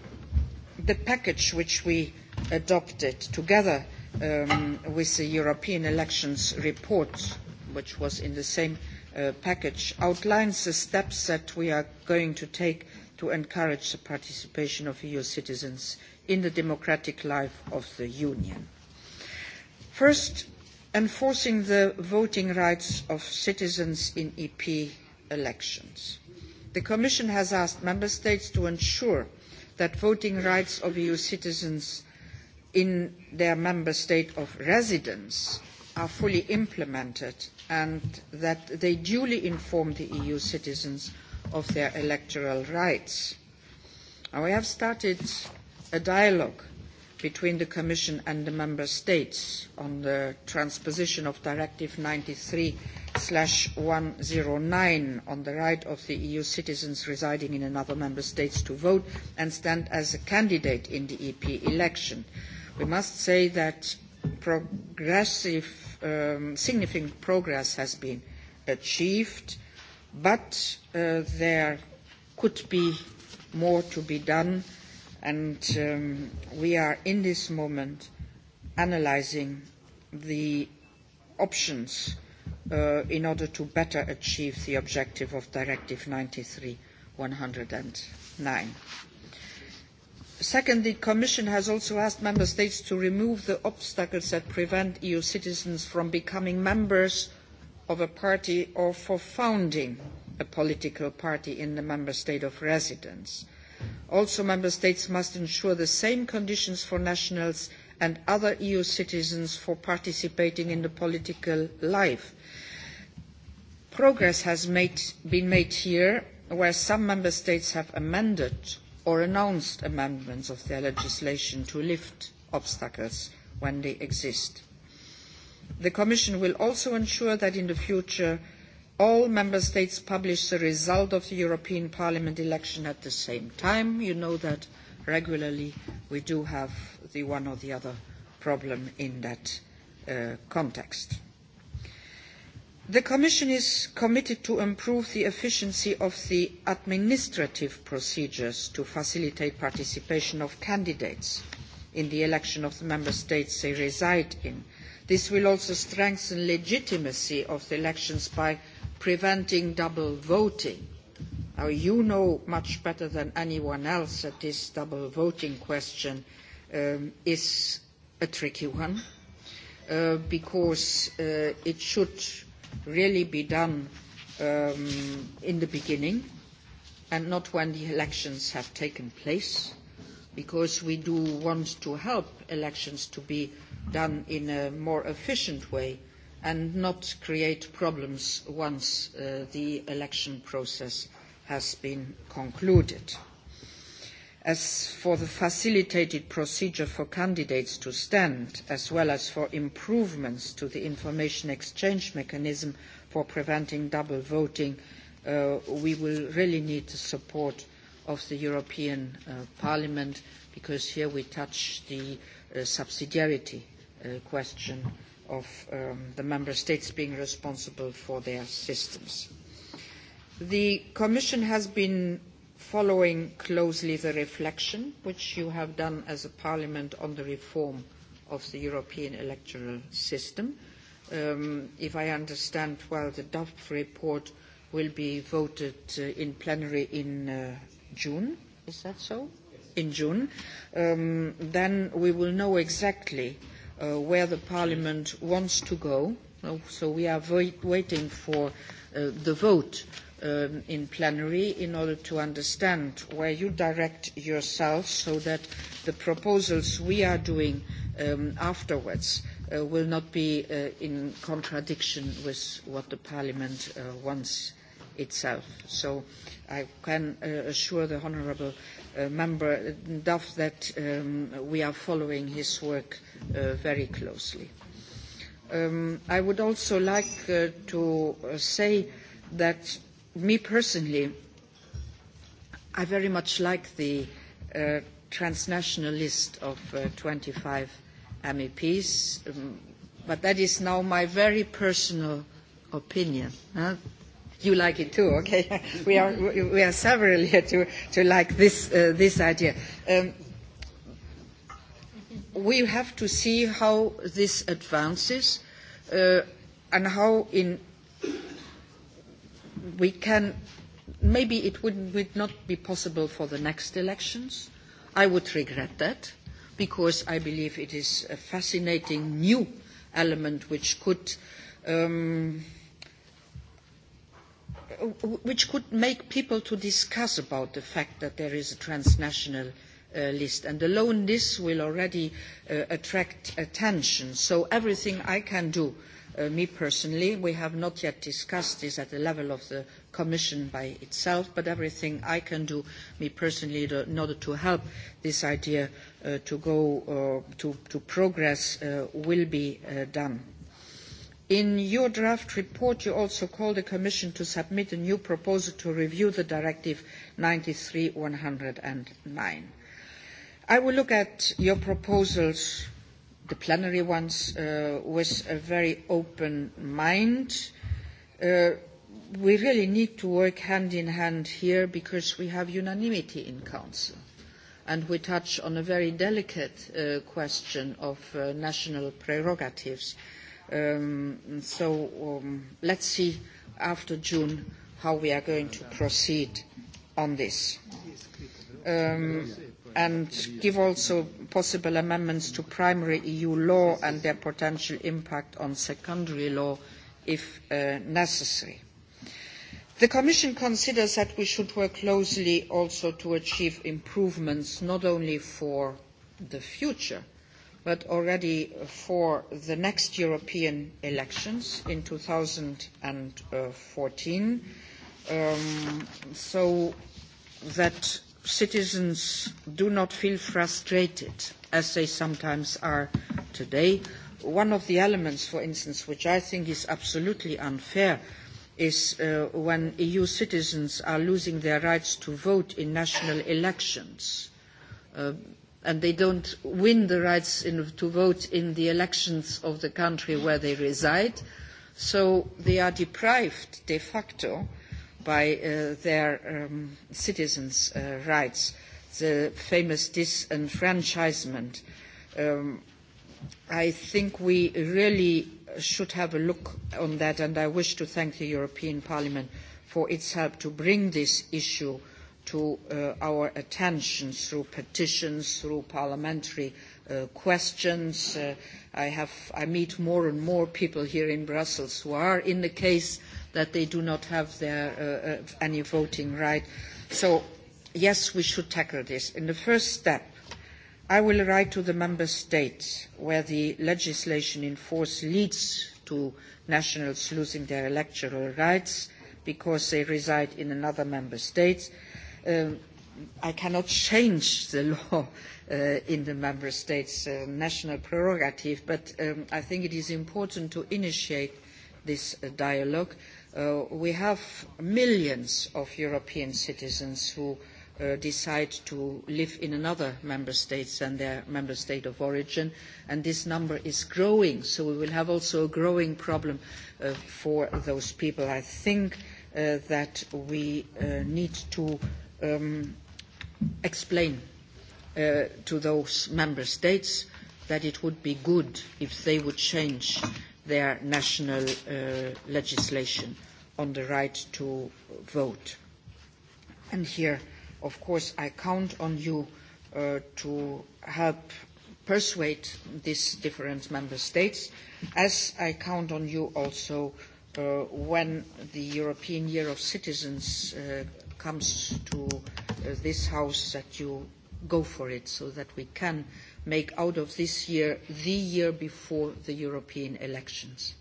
the package which we adopted together um, with the European elections report, which was in the same uh, package, outlines the steps that we are going to take to encourage the participation of EU citizens in the democratic life of the Union. First, enforcing the voting rights of citizens in EP elections. The Commission has asked Member States to ensure that voting rights of EU citizens in their member state of residence are fully implemented and that they duly inform the EU citizens of their electoral rights. We have started a dialogue between the Commission and the Member States on the transposition of Directive 93/109 on the right of the EU citizens residing in another Member State to vote and stand as a candidate in the EP election. We must say that progressive, um, significant progress has been achieved But uh, there could be more to be done, and um, we are in this moment analyzing the options uh, in order to better achieve the objective of Directive 93/109. Second, the Commission has also asked Member States to remove the obstacles that prevent EU citizens from becoming members of a party or for founding a political party in the member state of residence. Also, member states must ensure the same conditions for nationals and other EU citizens for participating in the political life. Progress has made, been made here where some member states have amended or announced amendments of their legislation to lift obstacles when they exist the commission will also ensure that in the future all member states publish the result of the european parliament election at the same time. you know that regularly we do have the one or the other problem in that uh, context. the commission is committed to improving the efficiency of the administrative procedures to facilitate participation of candidates in the election of the member states they reside in This will also strengthen the legitimacy of the elections by preventing double voting. you know much better than anyone else that this double voting question um, is a tricky one uh, because uh, it should really be done um, in the beginning and not when the elections have taken place because we do want to help elections to be done in a more efficient way and not create problems once uh, the election process has been concluded. As for the facilitated procedure for candidates to stand, as well as for improvements to the information exchange mechanism for preventing double voting, uh, we will really need the support of the European uh, Parliament because here we touch the uh, subsidiarity Uh, question of um, the member states being responsible for their systems. The Commission has been following closely the reflection which you have done as a parliament on the reform of the European electoral system. Um, if I understand well, the Duff report will be voted uh, in plenary in uh, June. Is that so? Yes. In June. Um, then we will know exactly uh, Uh, where the Parliament wants to go. Uh, so we are waiting for uh, the vote um, in plenary in order to understand where you direct yourselves, so that the proposals we are doing um, afterwards uh, will not be uh, in contradiction with what the Parliament uh, wants itself. So I can uh, assure the Honourable Uh, member Duff that um, we are following his work uh, very closely. Um, I would also like uh, to uh, say that me personally, I very much like the uh, transnational list of uh, 25 MEPs, um, but that is now my very personal opinion. Huh? You like it too, okay? we are we are several here to to like this uh, this idea. Um, we have to see how this advances uh, and how in we can maybe it would, would not be possible for the next elections. I would regret that because I believe it is a fascinating new element which could um, which could make people to discuss about the fact that there is a transnational uh, list. And alone this will already uh, attract attention. So everything I can do, uh, me personally, we have not yet discussed this at the level of the Commission by itself, but everything I can do, me personally, to, in order to help this idea uh, to go, uh, to, to, progress uh, will be done in your draft report you also call on the commission to submit a new proposal to review the directive ninety three one hundred and nine i will look at your proposals the plenary ones uh, with a very open mind uh, we really need to work hand in hand here because we have unanimity in council and we touch on a very delicate uh, question of uh, national prerogatives uh, Um, so um, let's see after June how we are going to proceed on this. Um, and give also possible amendments to primary EU law and their potential impact on secondary law if uh, necessary. The Commission considers that we should work closely also to achieve improvements not only for the future, but already for the next European elections in 2014, um, so that citizens do not feel frustrated as they sometimes are today. One of the elements, for instance, which I think is absolutely unfair is uh, when EU citizens are losing their rights to vote in national elections. Uh, and they don't win the rights to vote in the elections of the country where they reside. So they are deprived de facto by uh, their um, citizens' uh, rights, the famous disenfranchisement. Um, I think we really should have a look on that, and I wish to thank the European Parliament for its help to bring this issue uh, to uh, our attention through petitions, through parliamentary uh, questions. Uh, I, have, I meet more and more people here in Brussels who are in the case that they do not have their, uh, uh, any voting right. So, yes, we should tackle this. In the first step, I will write to the member states where the legislation in force leads to nationals losing their electoral rights because they reside in another member state Um, I cannot change the law uh, in the member states' uh, national prerogative, but um, I think it is important to initiate this uh, dialogue. Uh, we have millions of European citizens who Uh, decide to live in another member state than their member state of origin, and this number is growing. So we will have also a growing problem uh, for those people. I think uh, that we uh, need to um, explain uh, to those member states that it would be good if they would change their national uh, legislation on the right to vote. And here, of course, I count on you uh, to help persuade these different member states, as I count on you also uh, when the European Year of Citizens uh, comes to uh, this House that you go for it so that we can make out of this year the year before the European elections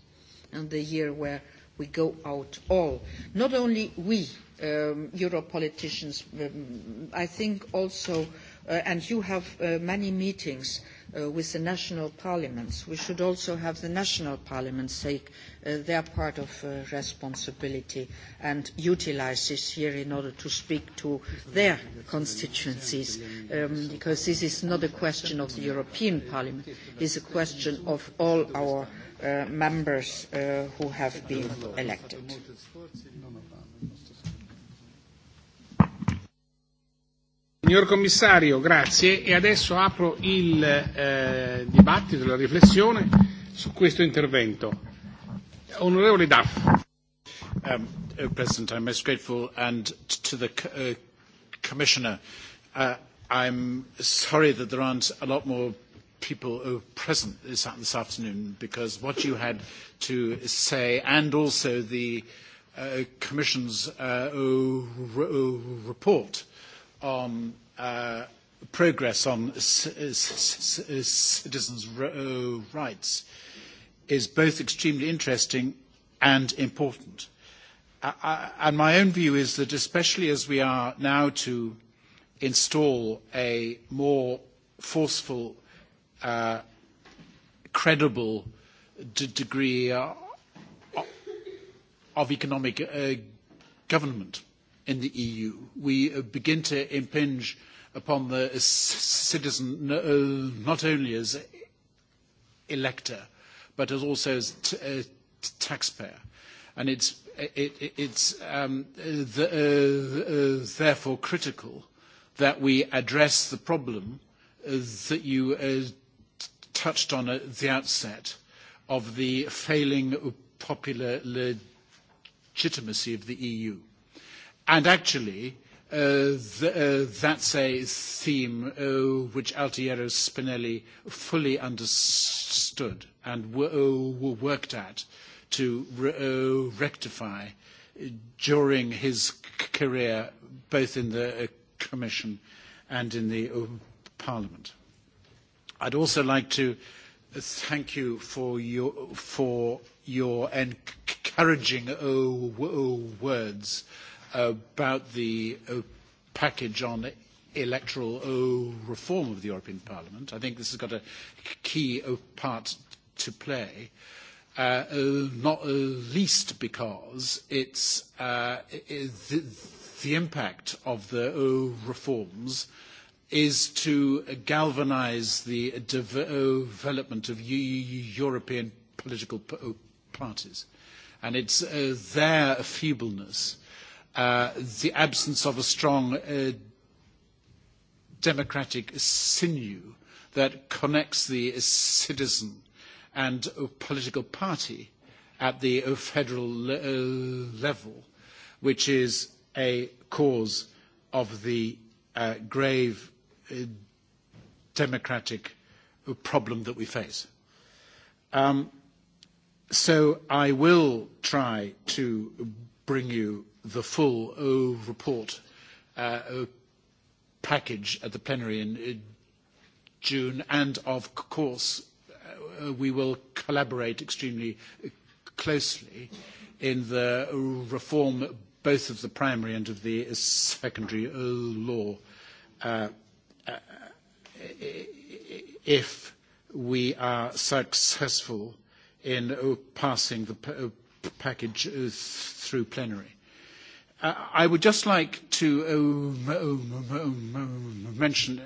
and the year where we go out all, not only we, um, Euro politicians, um, I think also uh, and you have uh, many meetings uh, with the national parliaments. We should also have the national parliaments take uh, their part of uh, responsibility and utilize this year in order to speak to their constituencies, um, because this is not a question of the European Parliament, It is a question of all our uh, members uh, who have been elected. Signor Commissario, grazie e adesso apro il eh, dibattito, la riflessione su questo intervento. Onorevole Duff. Um, uh, President, I'm most grateful and to the uh, Commissioner. Uh, I'm sorry that there aren't a lot more people who uh, are present this, this afternoon because what you had to say and also the uh, Commission's uh, report on um, uh, progress on citizens' uh, rights is both extremely interesting and important. I, and my own view is that especially as we are now to install a more forceful, uh, credible degree uh, of economic uh, government in the EU. We uh, begin to impinge upon the citizen uh, not only as elector, but as also as uh, taxpayer. And it's, it, it's um, the, uh, therefore critical that we address the problem that you uh, touched on at the outset of the failing popular legitimacy of the EU And actually, uh, th- uh, that's a theme uh, which Altiero Spinelli fully understood and w- uh, worked at to re uh, rectify during his career, both in the uh, Commission and in the Parliament. I'd also like to thank you for your, for your encouraging words about the uh, package on electoral oh, reform of the European Parliament. I think this has got a key oh, part to play, uh, uh not uh, least because it's uh, the, impact of the oh, reforms is to galvanise the development of European political parties. And it's uh, their feebleness Uh, the absence of a strong uh, democratic sinew that connects the citizen and political party at the federal le uh, level, which is a cause of the uh, grave uh, democratic problem that we face. Um, so I will try to bring you the full report uh, package at the plenary in June, and of course uh, we will collaborate extremely closely in the reform both of the primary and of the secondary law uh, if we are successful in passing the package through plenary. Uh, I would just like to um um, um, um, um, mention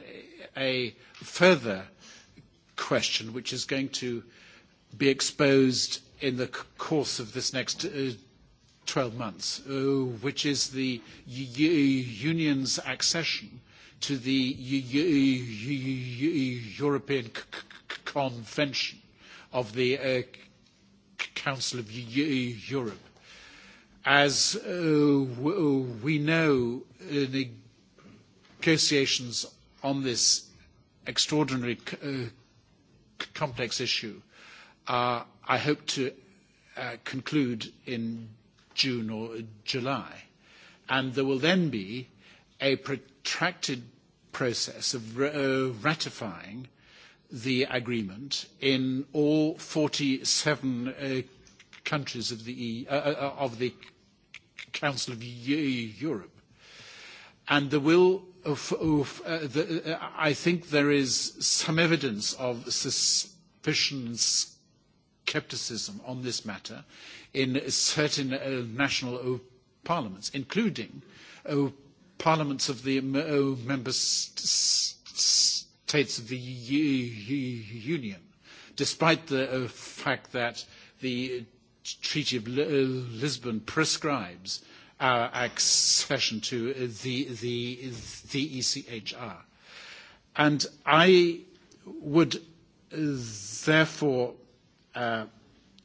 a further question, which is going to be exposed in the course of this next uh, 12 months, uh, which is the union's accession to the European Convention of the uh, Council of Europe As uh, uh, we know, uh, negotiations on this extraordinary uh, complex issue, uh, I hope to uh, conclude in June or July. And there will then be a protracted process of ratifying the agreement in all 47 uh, countries of the, EU, uh, uh, of the Council of e, Europe. And there will, uh, the, uh, I think there is some evidence of suspicion and scepticism on this matter in certain uh, national uh, parliaments, including uh, parliaments of the member states of the e, e, Union, despite the fact that the Treaty of uh, Lisbon prescribes our accession to the, the, the ECHR. And I would uh, therefore uh,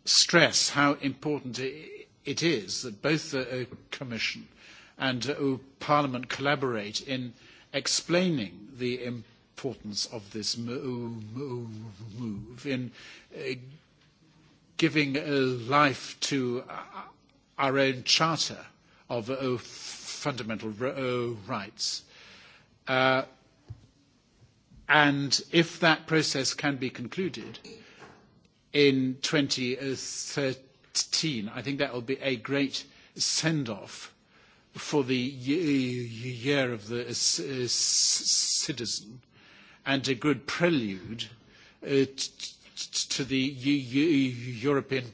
stress how important it is that both the uh, Commission and Parliament collaborate in explaining the importance of this move, in giving uh, life to uh, our own charter of uh, fundamental rights. Uh, and if that process can be concluded in 2013, I think that will be a great send-off for the year of the citizen and a good prelude to the e European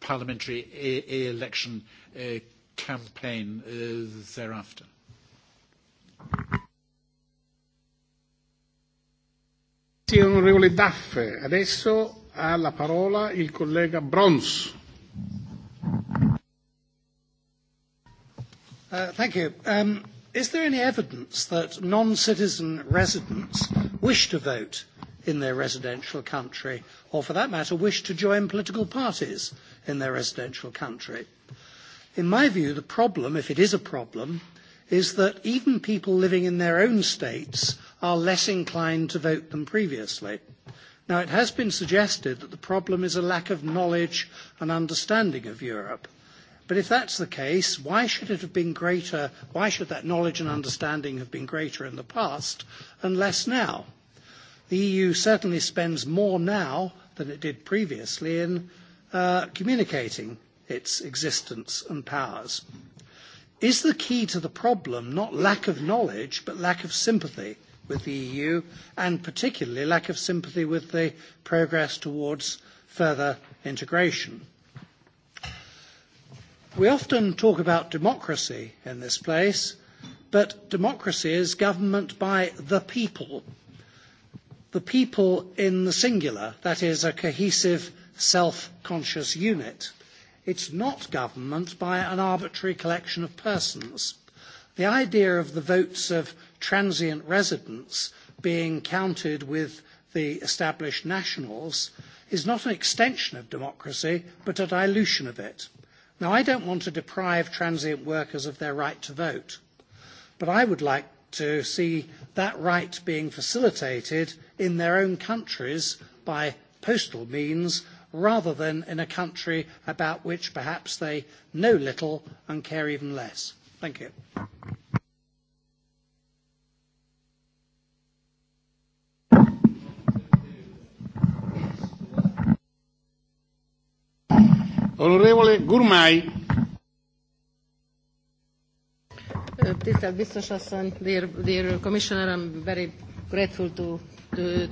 parliamentary e-, election uh, campaign uh, thereafter. onorevole Daff. Adesso ha la parola il collega Brons. Uh, thank you. Um, is there any evidence that non-citizen residents wish to vote in their residential country, or for that matter, wish to join political parties in their residential country. In my view, the problem, if it is a problem, is that even people living in their own states are less inclined to vote than previously. Now, it has been suggested that the problem is a lack of knowledge and understanding of Europe. But if that's the case, why should it have been greater? Why should that knowledge and understanding have been greater in the past and less now? The EU certainly spends more now than it did previously in uh, communicating its existence and powers. Is the key to the problem not lack of knowledge, but lack of sympathy with the EU, and particularly lack of sympathy with the progress towards further integration? We often talk about democracy in this place, but democracy is government by the people the people in the singular, that is, a cohesive, self-conscious unit. It's not government by an arbitrary collection of persons. The idea of the votes of transient residents being counted with the established nationals is not an extension of democracy, but a dilution of it. Now, I don't want to deprive transient workers of their right to vote, but I would like to see that right being facilitated in their own countries by postal means rather than in a country about which perhaps they know little and care even less. Thank you. Onorevole Gurmai. Tisztelt biztos asszony, dear, dear Commissioner, I'm very grateful to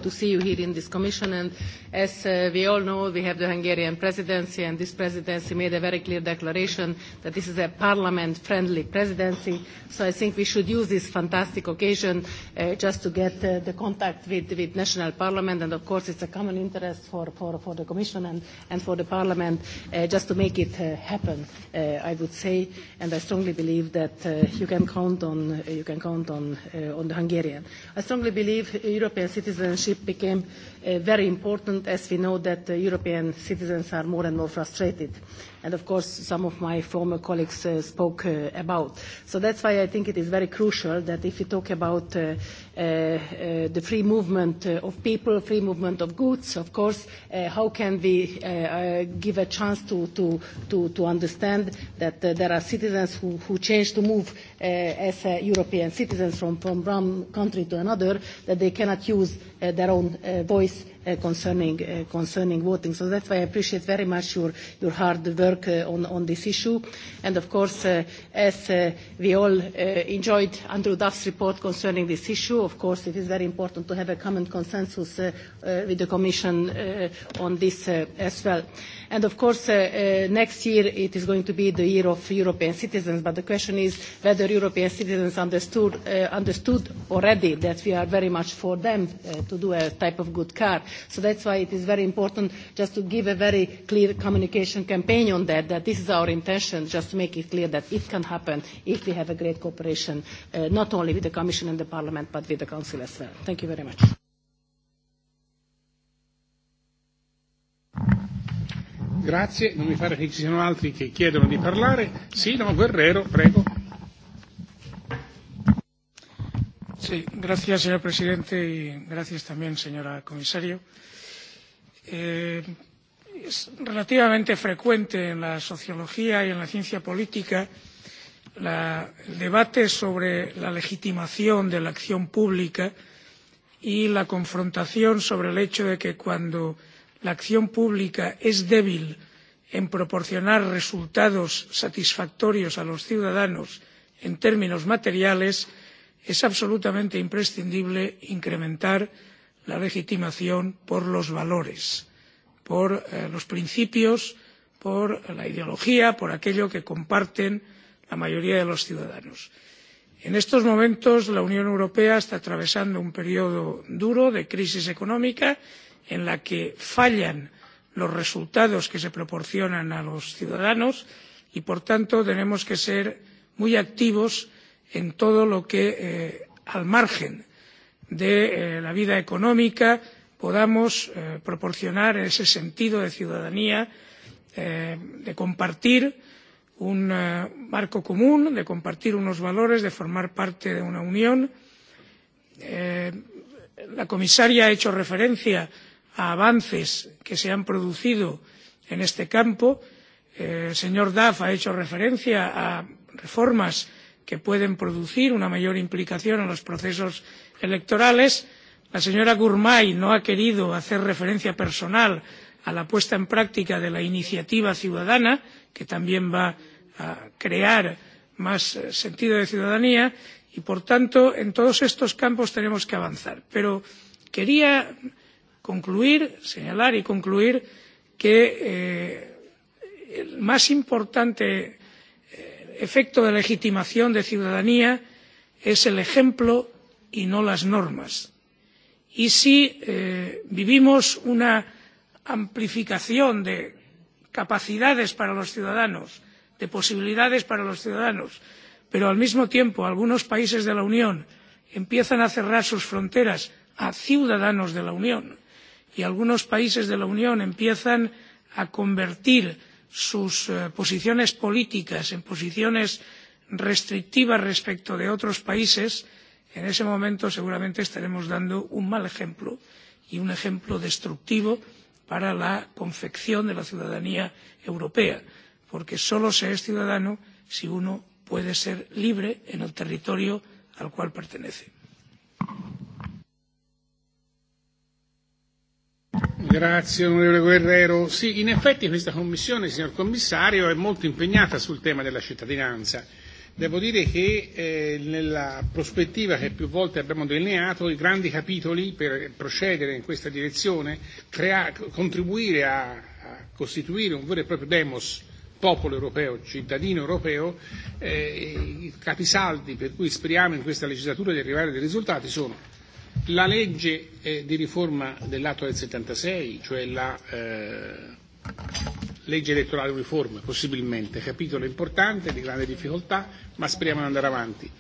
to, see you here in this commission. And as uh, we all know, we have the Hungarian presidency, and this presidency made a very clear declaration that this is a parliament-friendly presidency. So I think we should use this fantastic occasion uh, just to get uh, the contact with, with national parliament. And of course, it's a common interest for, for, for the commission and, and for the parliament uh, just to make it uh, happen, uh, I would say. And I strongly believe that uh, you can count on, you can count on, uh, on the Hungarian. I strongly believe European citizens citizenship became uh, very important as we know that uh, European citizens are more and more frustrated. And of course, some of my former colleagues uh, spoke uh, about. So that's why I think it is very crucial that if you talk about uh, uh, uh, the free movement uh, of people, free movement of goods, of course, uh, how can we uh, uh, give a chance to, to, to, to understand that uh, there are citizens who, who change to move uh, as uh, European citizens from, from one country to another, that they cannot use uh, their own uh, voice uh, concerning, uh, concerning voting. So that's why I appreciate very much your, your hard work uh, on, on this issue. And of course, uh, as uh, we all uh, enjoyed Andrew Duff's report concerning this issue, of course, it is very important to have a common consensus uh, uh, with the Commission uh, on this uh, as well. And of course, uh, uh, next year it is going to be the year of European citizens, but the question is whether European citizens understood, uh, understood already that we are very much for them uh, to do a type of good car. So that's why it is very important just to give a very clear communication campaign on that, that this is our intention, just to make it clear that it can happen if we have a great cooperation, uh, not only with the Commission and the Parliament, but with the Council as well. Thank you very much. Grazie, non mi pare che ci siano altri che chiedono di parlare. Sì, no, Guerrero, prego. Sì, grazie signor presidente, e grazie también, signora Commissario. Eh, es relativamente frecuente en la sociología y en la ciencia política la, el debate sobre la legitimación de la acción pública y la confrontación sobre el hecho de que cuando la acción pública es débil en proporcionar resultados satisfactorios a los ciudadanos en términos materiales es absolutamente imprescindible incrementar la legitimación por los valores por eh, los principios por la ideología por aquello que comparten la mayoría de los ciudadanos. en estos momentos la unión europea está atravesando un periodo duro de crisis económica y en la que fallan los resultados que se proporcionan a los ciudadanos y por tanto tenemos que ser muy activos en todo lo que eh, al margen de eh, la vida económica podamos eh, proporcionar ese sentido de ciudadanía eh, de compartir un eh, marco común de compartir unos valores de formar parte de una unión. Eh, la comisaria ha hecho referencia a a avances que se han producido en este campo el señor duff ha hecho referencia a reformas que pueden producir una mayor implicación en los procesos electorales la señora gurmai no ha querido hacer referencia personal a la puesta en práctica de la iniciativa ciudadana que también va a crear más eh, sentido de ciudadanía y por tanto en todos estos campos tenemos que avanzar. pero quería destacar concluir señalar y concluir que eh, el más importante eh, efecto de legitimación de ciudadanía es el ejemplo y no las normas y si eh, vivimos una amplificación de capacidades para los ciudadanos de posibilidades para los ciudadanos pero al mismo tiempo algunos países de la unión empiezan a cerrar sus fronteras a ciudadanos de la unión y algunos países de la unión empiezan a convertir sus eh, posiciones políticas en posiciones restrictivas respecto de otros países en ese momento seguramente estaremos dando un mal ejemplo y un ejemplo destructivo para la confección de la ciudadanía europea porque solo se es ciudadano si uno puede ser libre en el territorio al cual pertenece. Grazie onorevole Guerrero. Sì, in effetti questa Commissione, signor Commissario, è molto impegnata sul tema della cittadinanza. Devo dire che eh, nella prospettiva che più volte abbiamo delineato, i grandi capitoli per procedere in questa direzione, crea- contribuire a, a costituire un vero e proprio demos popolo europeo, cittadino europeo, eh, i capisaldi per cui speriamo in questa legislatura di arrivare a dei risultati sono La legge eh, di riforma dell'atto del 76, cioè la eh, legge elettorale uniforme, possibilmente, capitolo importante, di grande difficoltà, ma speriamo di andare avanti.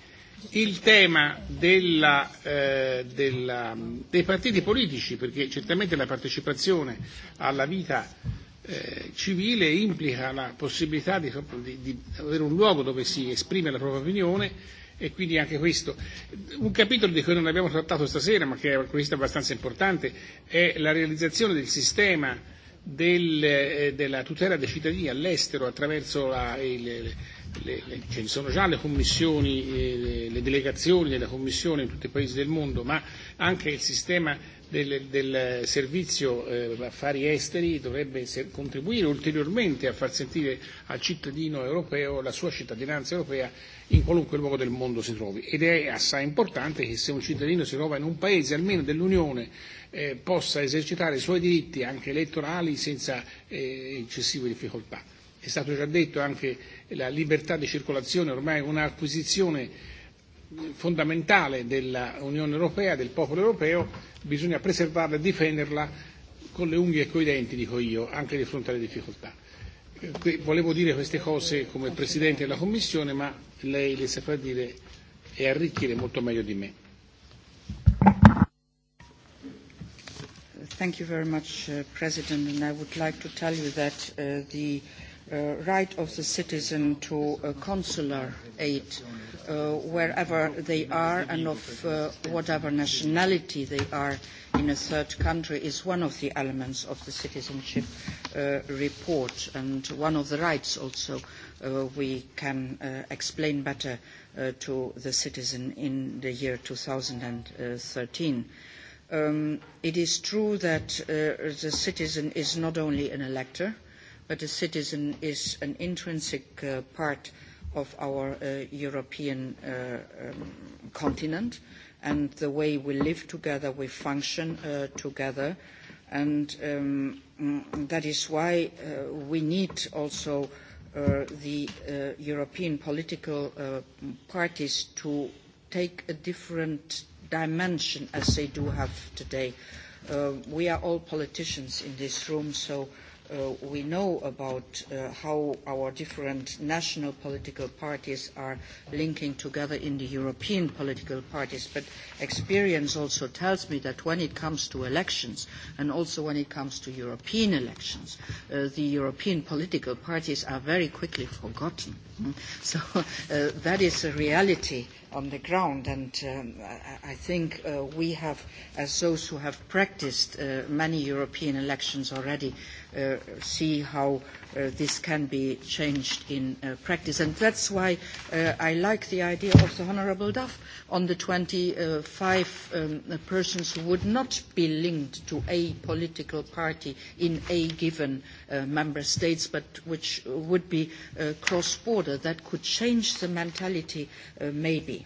Il tema della, eh, della, dei partiti politici, perché certamente la partecipazione alla vita eh, civile implica la possibilità di, di, di avere un luogo dove si esprime la propria opinione e quindi anche questo. Un capitolo di cui non abbiamo trattato stasera, ma che è questo abbastanza importante, è la realizzazione del sistema del, eh, della tutela dei cittadini all'estero attraverso la, il, le, le, cioè ci sono già le commissioni, eh, le, le delegazioni della Commissione in tutti i paesi del mondo, ma anche il sistema del, del servizio eh, affari esteri dovrebbe ser- contribuire ulteriormente a far sentire al cittadino europeo la sua cittadinanza europea in qualunque luogo del mondo si trovi. Ed è assai importante che se un cittadino si trova in un paese, almeno dell'Unione, eh, possa esercitare i suoi diritti anche elettorali senza eh, eccessive difficoltà è stato già detto anche la libertà di circolazione ormai è un'acquisizione fondamentale dell'Unione Europea, del popolo europeo, bisogna preservarla e difenderla con le unghie e coi denti, dico io, anche di fronte alle difficoltà. Eh, volevo dire queste cose come Presidente della Commissione, ma lei le saprà dire e arricchire molto meglio di me. Thank you very much, uh, President, and I would like to tell you that uh, the uh, right of the citizen to uh, consular aid uh, wherever they are and of uh, whatever nationality they are in a third country is one of the elements of the citizenship uh, report and one of the rights also uh, we can uh, explain better uh, to the citizen in the year 2013. Um, it is true that uh, the citizen is not only an elector, uh, but a citizen is an intrinsic uh, part of our uh, European uh, um, continent and the way we live together, we function uh, together. And um, mm, that is why uh, we need also uh, the uh, European political uh, parties to take a different dimension as they do have today. Uh, we are all politicians in this room, so uh, Uh, we know about uh, how our different national political parties are linking together in the European political parties, but experience also tells me that when it comes to elections, and also when it comes to European elections, uh, the European political parties are very quickly forgotten. Mm. So uh, that is a reality on the ground. And um, I, think uh, we have, as those who have practiced uh, many European elections already, uh, uh, see how uh, this can be changed in uh, practice. And that's why uh, I like the idea of the Honourable Duff on the 25 um, persons who would not be linked to a political party in a given uh, member states, but which would be uh, cross-border. That could change the mentality, uh, maybe.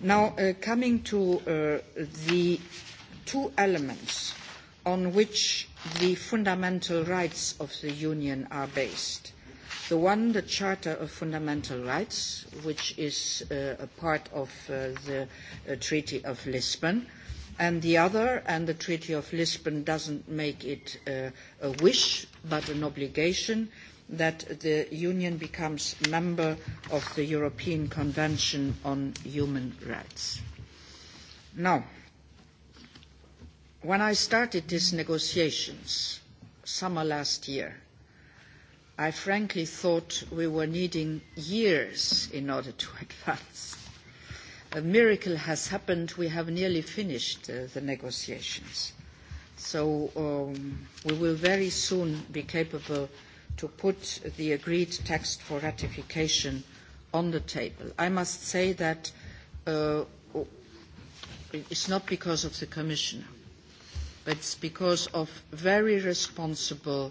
Now, uh, coming to uh, the two elements on which the fundamental rights of the Union are based. The one, the Charter of Fundamental Rights, which is uh, a part of uh, the uh, Treaty of Lisbon, and the other, and the Treaty of Lisbon doesn't make it uh, a wish, but an obligation, that the Union becomes member of the European Convention on Human Rights. Now, When I started these negotiations summer last year, I frankly thought we were needing years in order to advance. A miracle has happened. We have nearly finished uh, the negotiations. So um, we will very soon be capable to put the agreed text for ratification on the table. I must say that uh, it's not because of the Commissioner but it's because of very responsible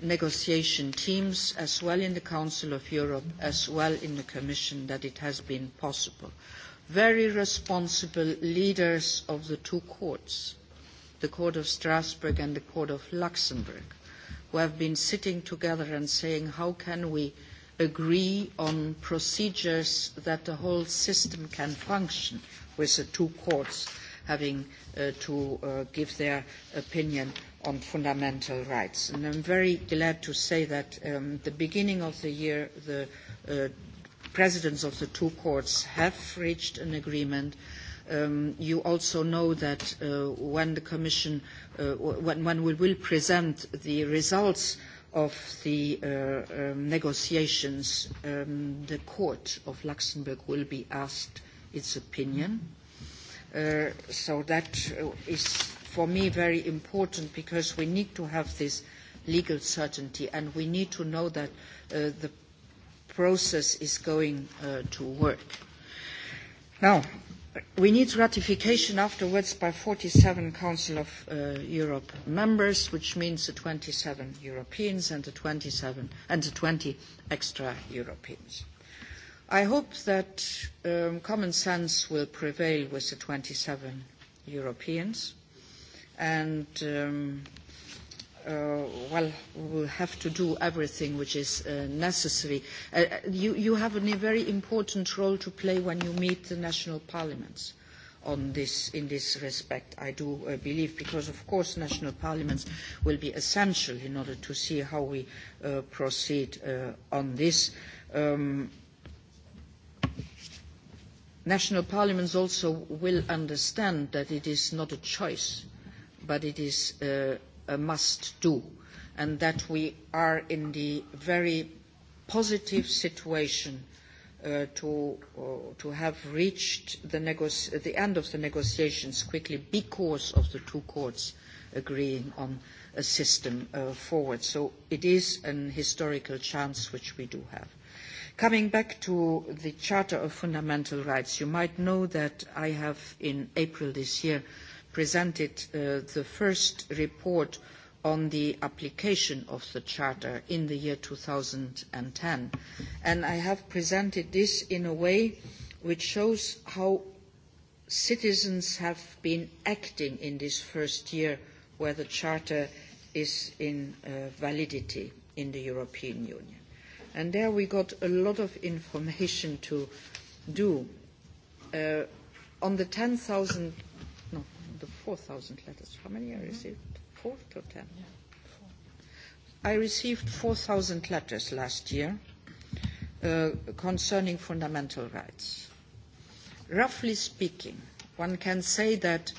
negotiation teams as well in the Council of Europe as well in the Commission that it has been possible. Very responsible leaders of the two courts, the Court of Strasbourg and the Court of Luxembourg, who have been sitting together and saying how can we agree on procedures that the whole system can function with the two courts having uh, to uh, give their opinion on fundamental rights. And I'm very glad to say that um, at the beginning of the year, the uh, presidents of the two courts have reached an agreement Um, you also know that uh, when the Commission, uh, when, when we will present the results of the uh, um, negotiations, um, the Court of Luxembourg will be asked its opinion. Uh, so that is for me very important because we need to have this legal certainty and we need to know that uh, the process is going uh, to work. Now, we need ratification afterwards by 47 Council of uh, Europe members, which means the 27 Europeans and the 27 and the 20 extra Europeans. I hope that um, common sense will prevail with the 27 Europeans, and um, uh, well, we will have to do everything which is uh, necessary. Uh, you, you have a very important role to play when you meet the national parliaments on this in this respect, I do uh, believe, because of course national parliaments will be essential in order to see how we uh, proceed uh, on this. Um, National parliaments also will understand that it is not a choice, but it is uh, a must-do, and that we are in the very positive situation uh, to, uh, to have reached the, the, end of the negotiations quickly because of the two courts agreeing on a system uh, forward. So it is an historical chance which we do have. Coming back to the Charter of Fundamental Rights, you might know that I have in April this year presented uh, the first report on the application of the Charter in the year 2010. And I have presented this in a way which shows how citizens have been acting in this first year where the Charter is in uh, validity in the European Union. And there we got a lot of information to do. Uh, on the 10,000, no, the 4,000 letters, how many I mm-hmm. received? Four to ten. Yeah, four. I received 4,000 letters last year uh, concerning fundamental rights. Roughly speaking, one can say that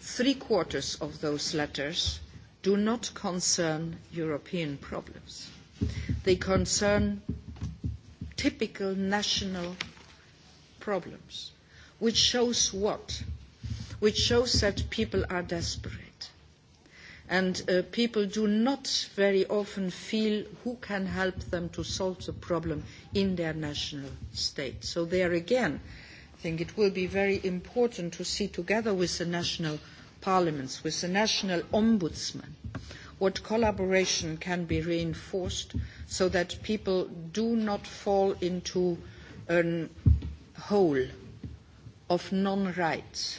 three quarters of those letters do not concern European problems They concern typical national problems, which shows what? Which shows that people are desperate. And uh, people do not very often feel who can help them to solve the problem in their national state. So there again, I think it will be very important to see together with the national parliaments, with the national ombudsman, what collaboration can be reinforced so that people do not fall into a hole of non-rights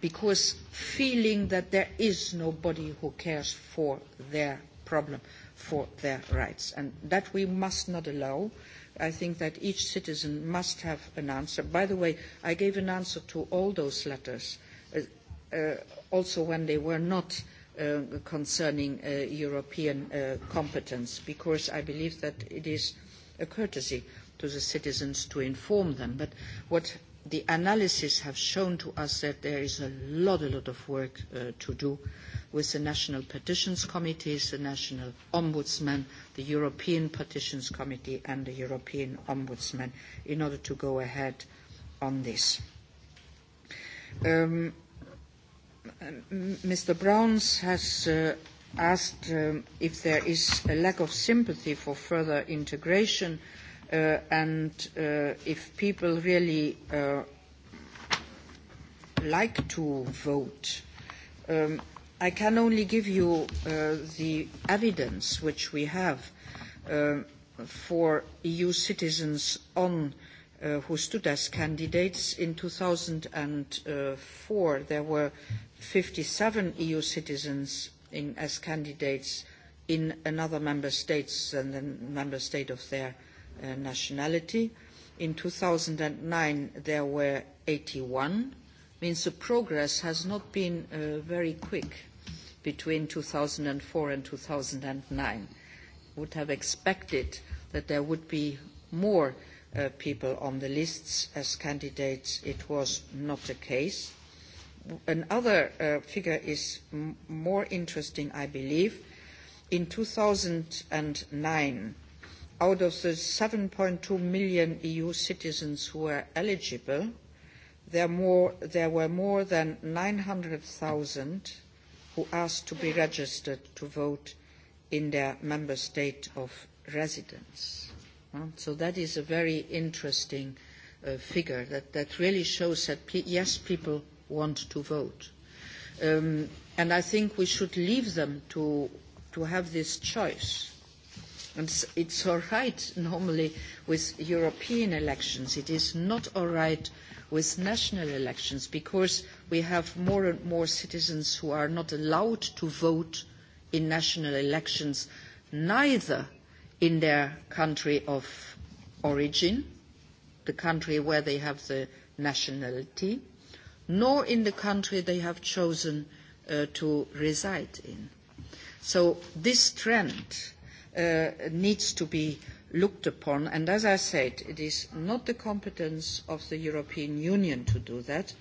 because feeling that there is nobody who cares for their problem, for their rights. And that we must not allow. I think that each citizen must have an answer. By the way, I gave an answer to all those letters, uh, uh, also when they were not Uh, concerning uh, European uh, competence, because I believe that it is a courtesy to the citizens to inform them. But what the analysis have shown to us that there is a lot, a lot of work uh, to do with the national petitions committees, the national ombudsman, the European petitions committee and the European ombudsman in order to go ahead on this. Um, Uh, Mr. Browns has uh, asked um, if there is a lack of sympathy for further integration uh, and uh, if people really uh, like to vote. Um, I can only give you uh, the evidence which we have uh, for EU citizens on uh, who stood as candidates in 2004. Uh, there were 57 EU citizens in, as candidates in another member state than the member state of their uh, nationality. In 2009, there were 81. Means the progress has not been uh, very quick between 2004 and 2009. Would have expected that there would be more uh, people on the lists as candidates. It was not the case another uh, figure is m- more interesting, I believe. In 2009, out of the 7.2 million EU citizens who were eligible, there, more, there were more than 900,000 who asked to be registered to vote in their member state of residence. So that is a very interesting uh, figure that, that really shows that, yes, people want to vote. Um, and I think we should leave them to, to have this choice. And it's, it's all right normally with European elections. It is not all right with national elections because we have more and more citizens who are not allowed to vote in national elections, neither in their country of origin, the country where they have the nationality, nor in the country they have chosen uh, to reside in. So this trend uh, needs to be looked upon, and as I said, it is not the competence of the European Union to do that,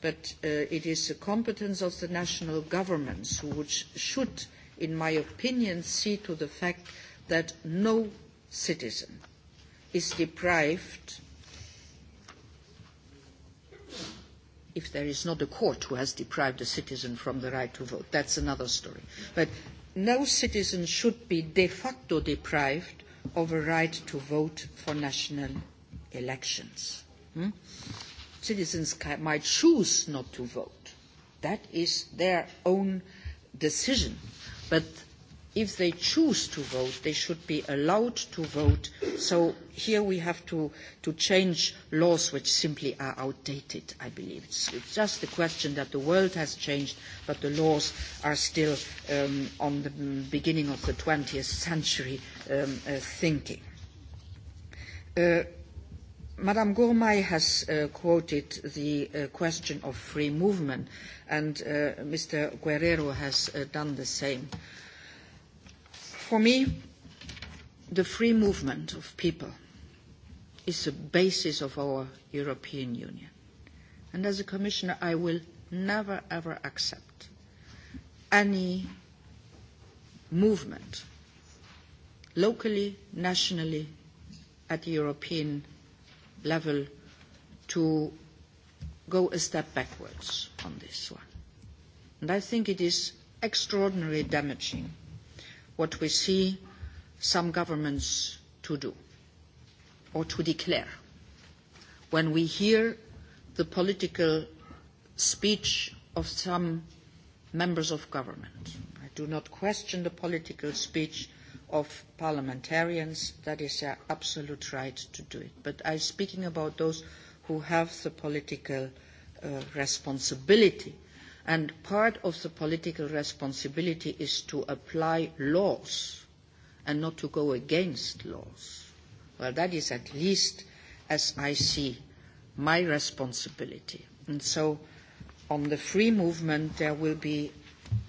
but uh, it is the competence of the national governments, which should, in my opinion, see to the fact that no citizen is deprived if there is not a court who has deprived a citizen from the right to vote. That's another story. But no citizen should be de facto deprived of a right to vote for national elections. Hmm? Citizens can, might choose not to vote. That is their own decision. But if they choose to vote, they should be allowed to vote. So here we have to, to change laws which simply are outdated, I believe. It's, it's just the question that the world has changed, but the laws are still um, on the beginning of the 20th century um, uh, thinking. Uh, Madame Gourmay has uh, quoted the uh, question of free movement, and uh, Mr. Guerrero has uh, done the same. Uh, For me, the free movement of people is the basis of our European Union. And as a commissioner, I will never, ever accept any movement, locally, nationally, at the European level, to go a step backwards on this one. And I think it is extraordinarily damaging what we see some governments to do or to declare. When we hear the political speech of some members of government, I do not question the political speech of parliamentarians. That is their absolute right to do it. But I'm speaking about those who have the political uh, responsibility And part of the political responsibility is to apply laws and not to go against laws. Well, that is at least, as I see, my responsibility. And so on the free movement, there will be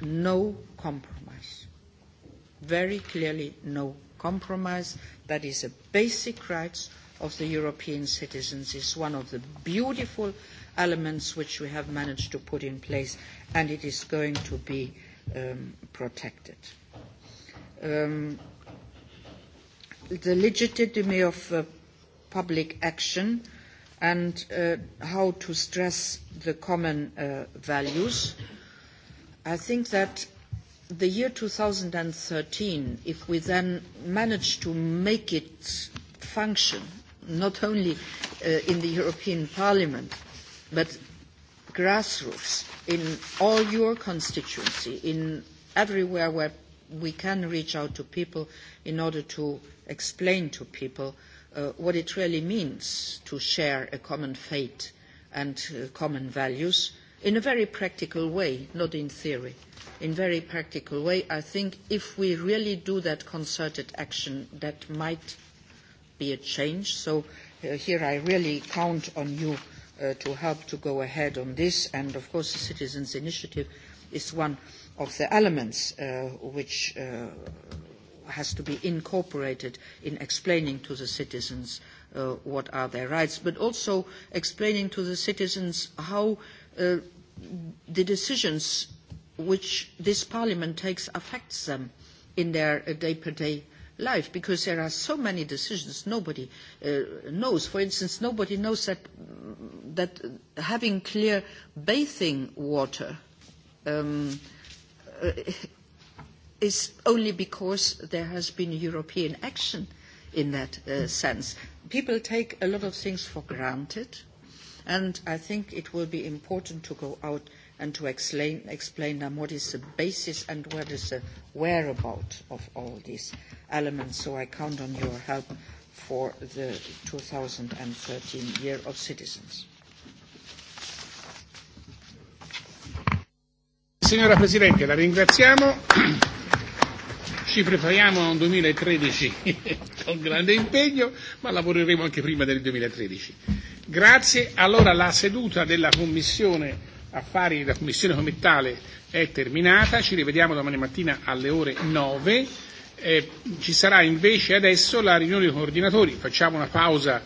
no compromise. Very clearly, no compromise. That is a basic right of the European citizens. It's one of the beautiful elements which we have managed to put in place, and it is going to be um, protected. Um, the legitimacy of uh, public action and uh, how to stress the common uh, values. I think that the year 2013, if we then manage to make it function, not only uh, in the European Parliament, But grassroots in all your constituency, in everywhere where we can reach out to people in order to explain to people uh, what it really means to share a common fate and uh, common values in a very practical way, not in theory. In very practical way, I think if we really do that concerted action, that might be a change. So uh, here I really count on you Uh, to help to go ahead on this. And of course, the citizens' initiative is one of the elements uh, which uh, has to be incorporated in explaining to the citizens uh, what are their rights, but also explaining to the citizens how uh, the decisions which this parliament takes affects them in their day-to-day life because there are so many decisions nobody uh, knows. For instance, nobody knows that, that having clear bathing water um, uh, is only because there has been European action in that uh, sense. People take a lot of things for granted, and I think it will be important to go out – and to explain, explain them what is the basis and what is the whereabouts of all these elements. So I count on your help for the 2013 Year of Citizens. Signora Presidente, la ringraziamo. Ci prepariamo a un 2013 con grande impegno, ma lavoreremo anche prima del 2013. Grazie. Allora la seduta della Commissione affari della Commissione Comitale è terminata, ci rivediamo domani mattina alle ore 9. Eh, ci sarà invece adesso la riunione dei coordinatori, facciamo una pausa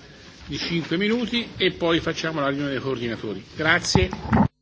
di 5 minuti e poi facciamo la riunione dei coordinatori. Grazie.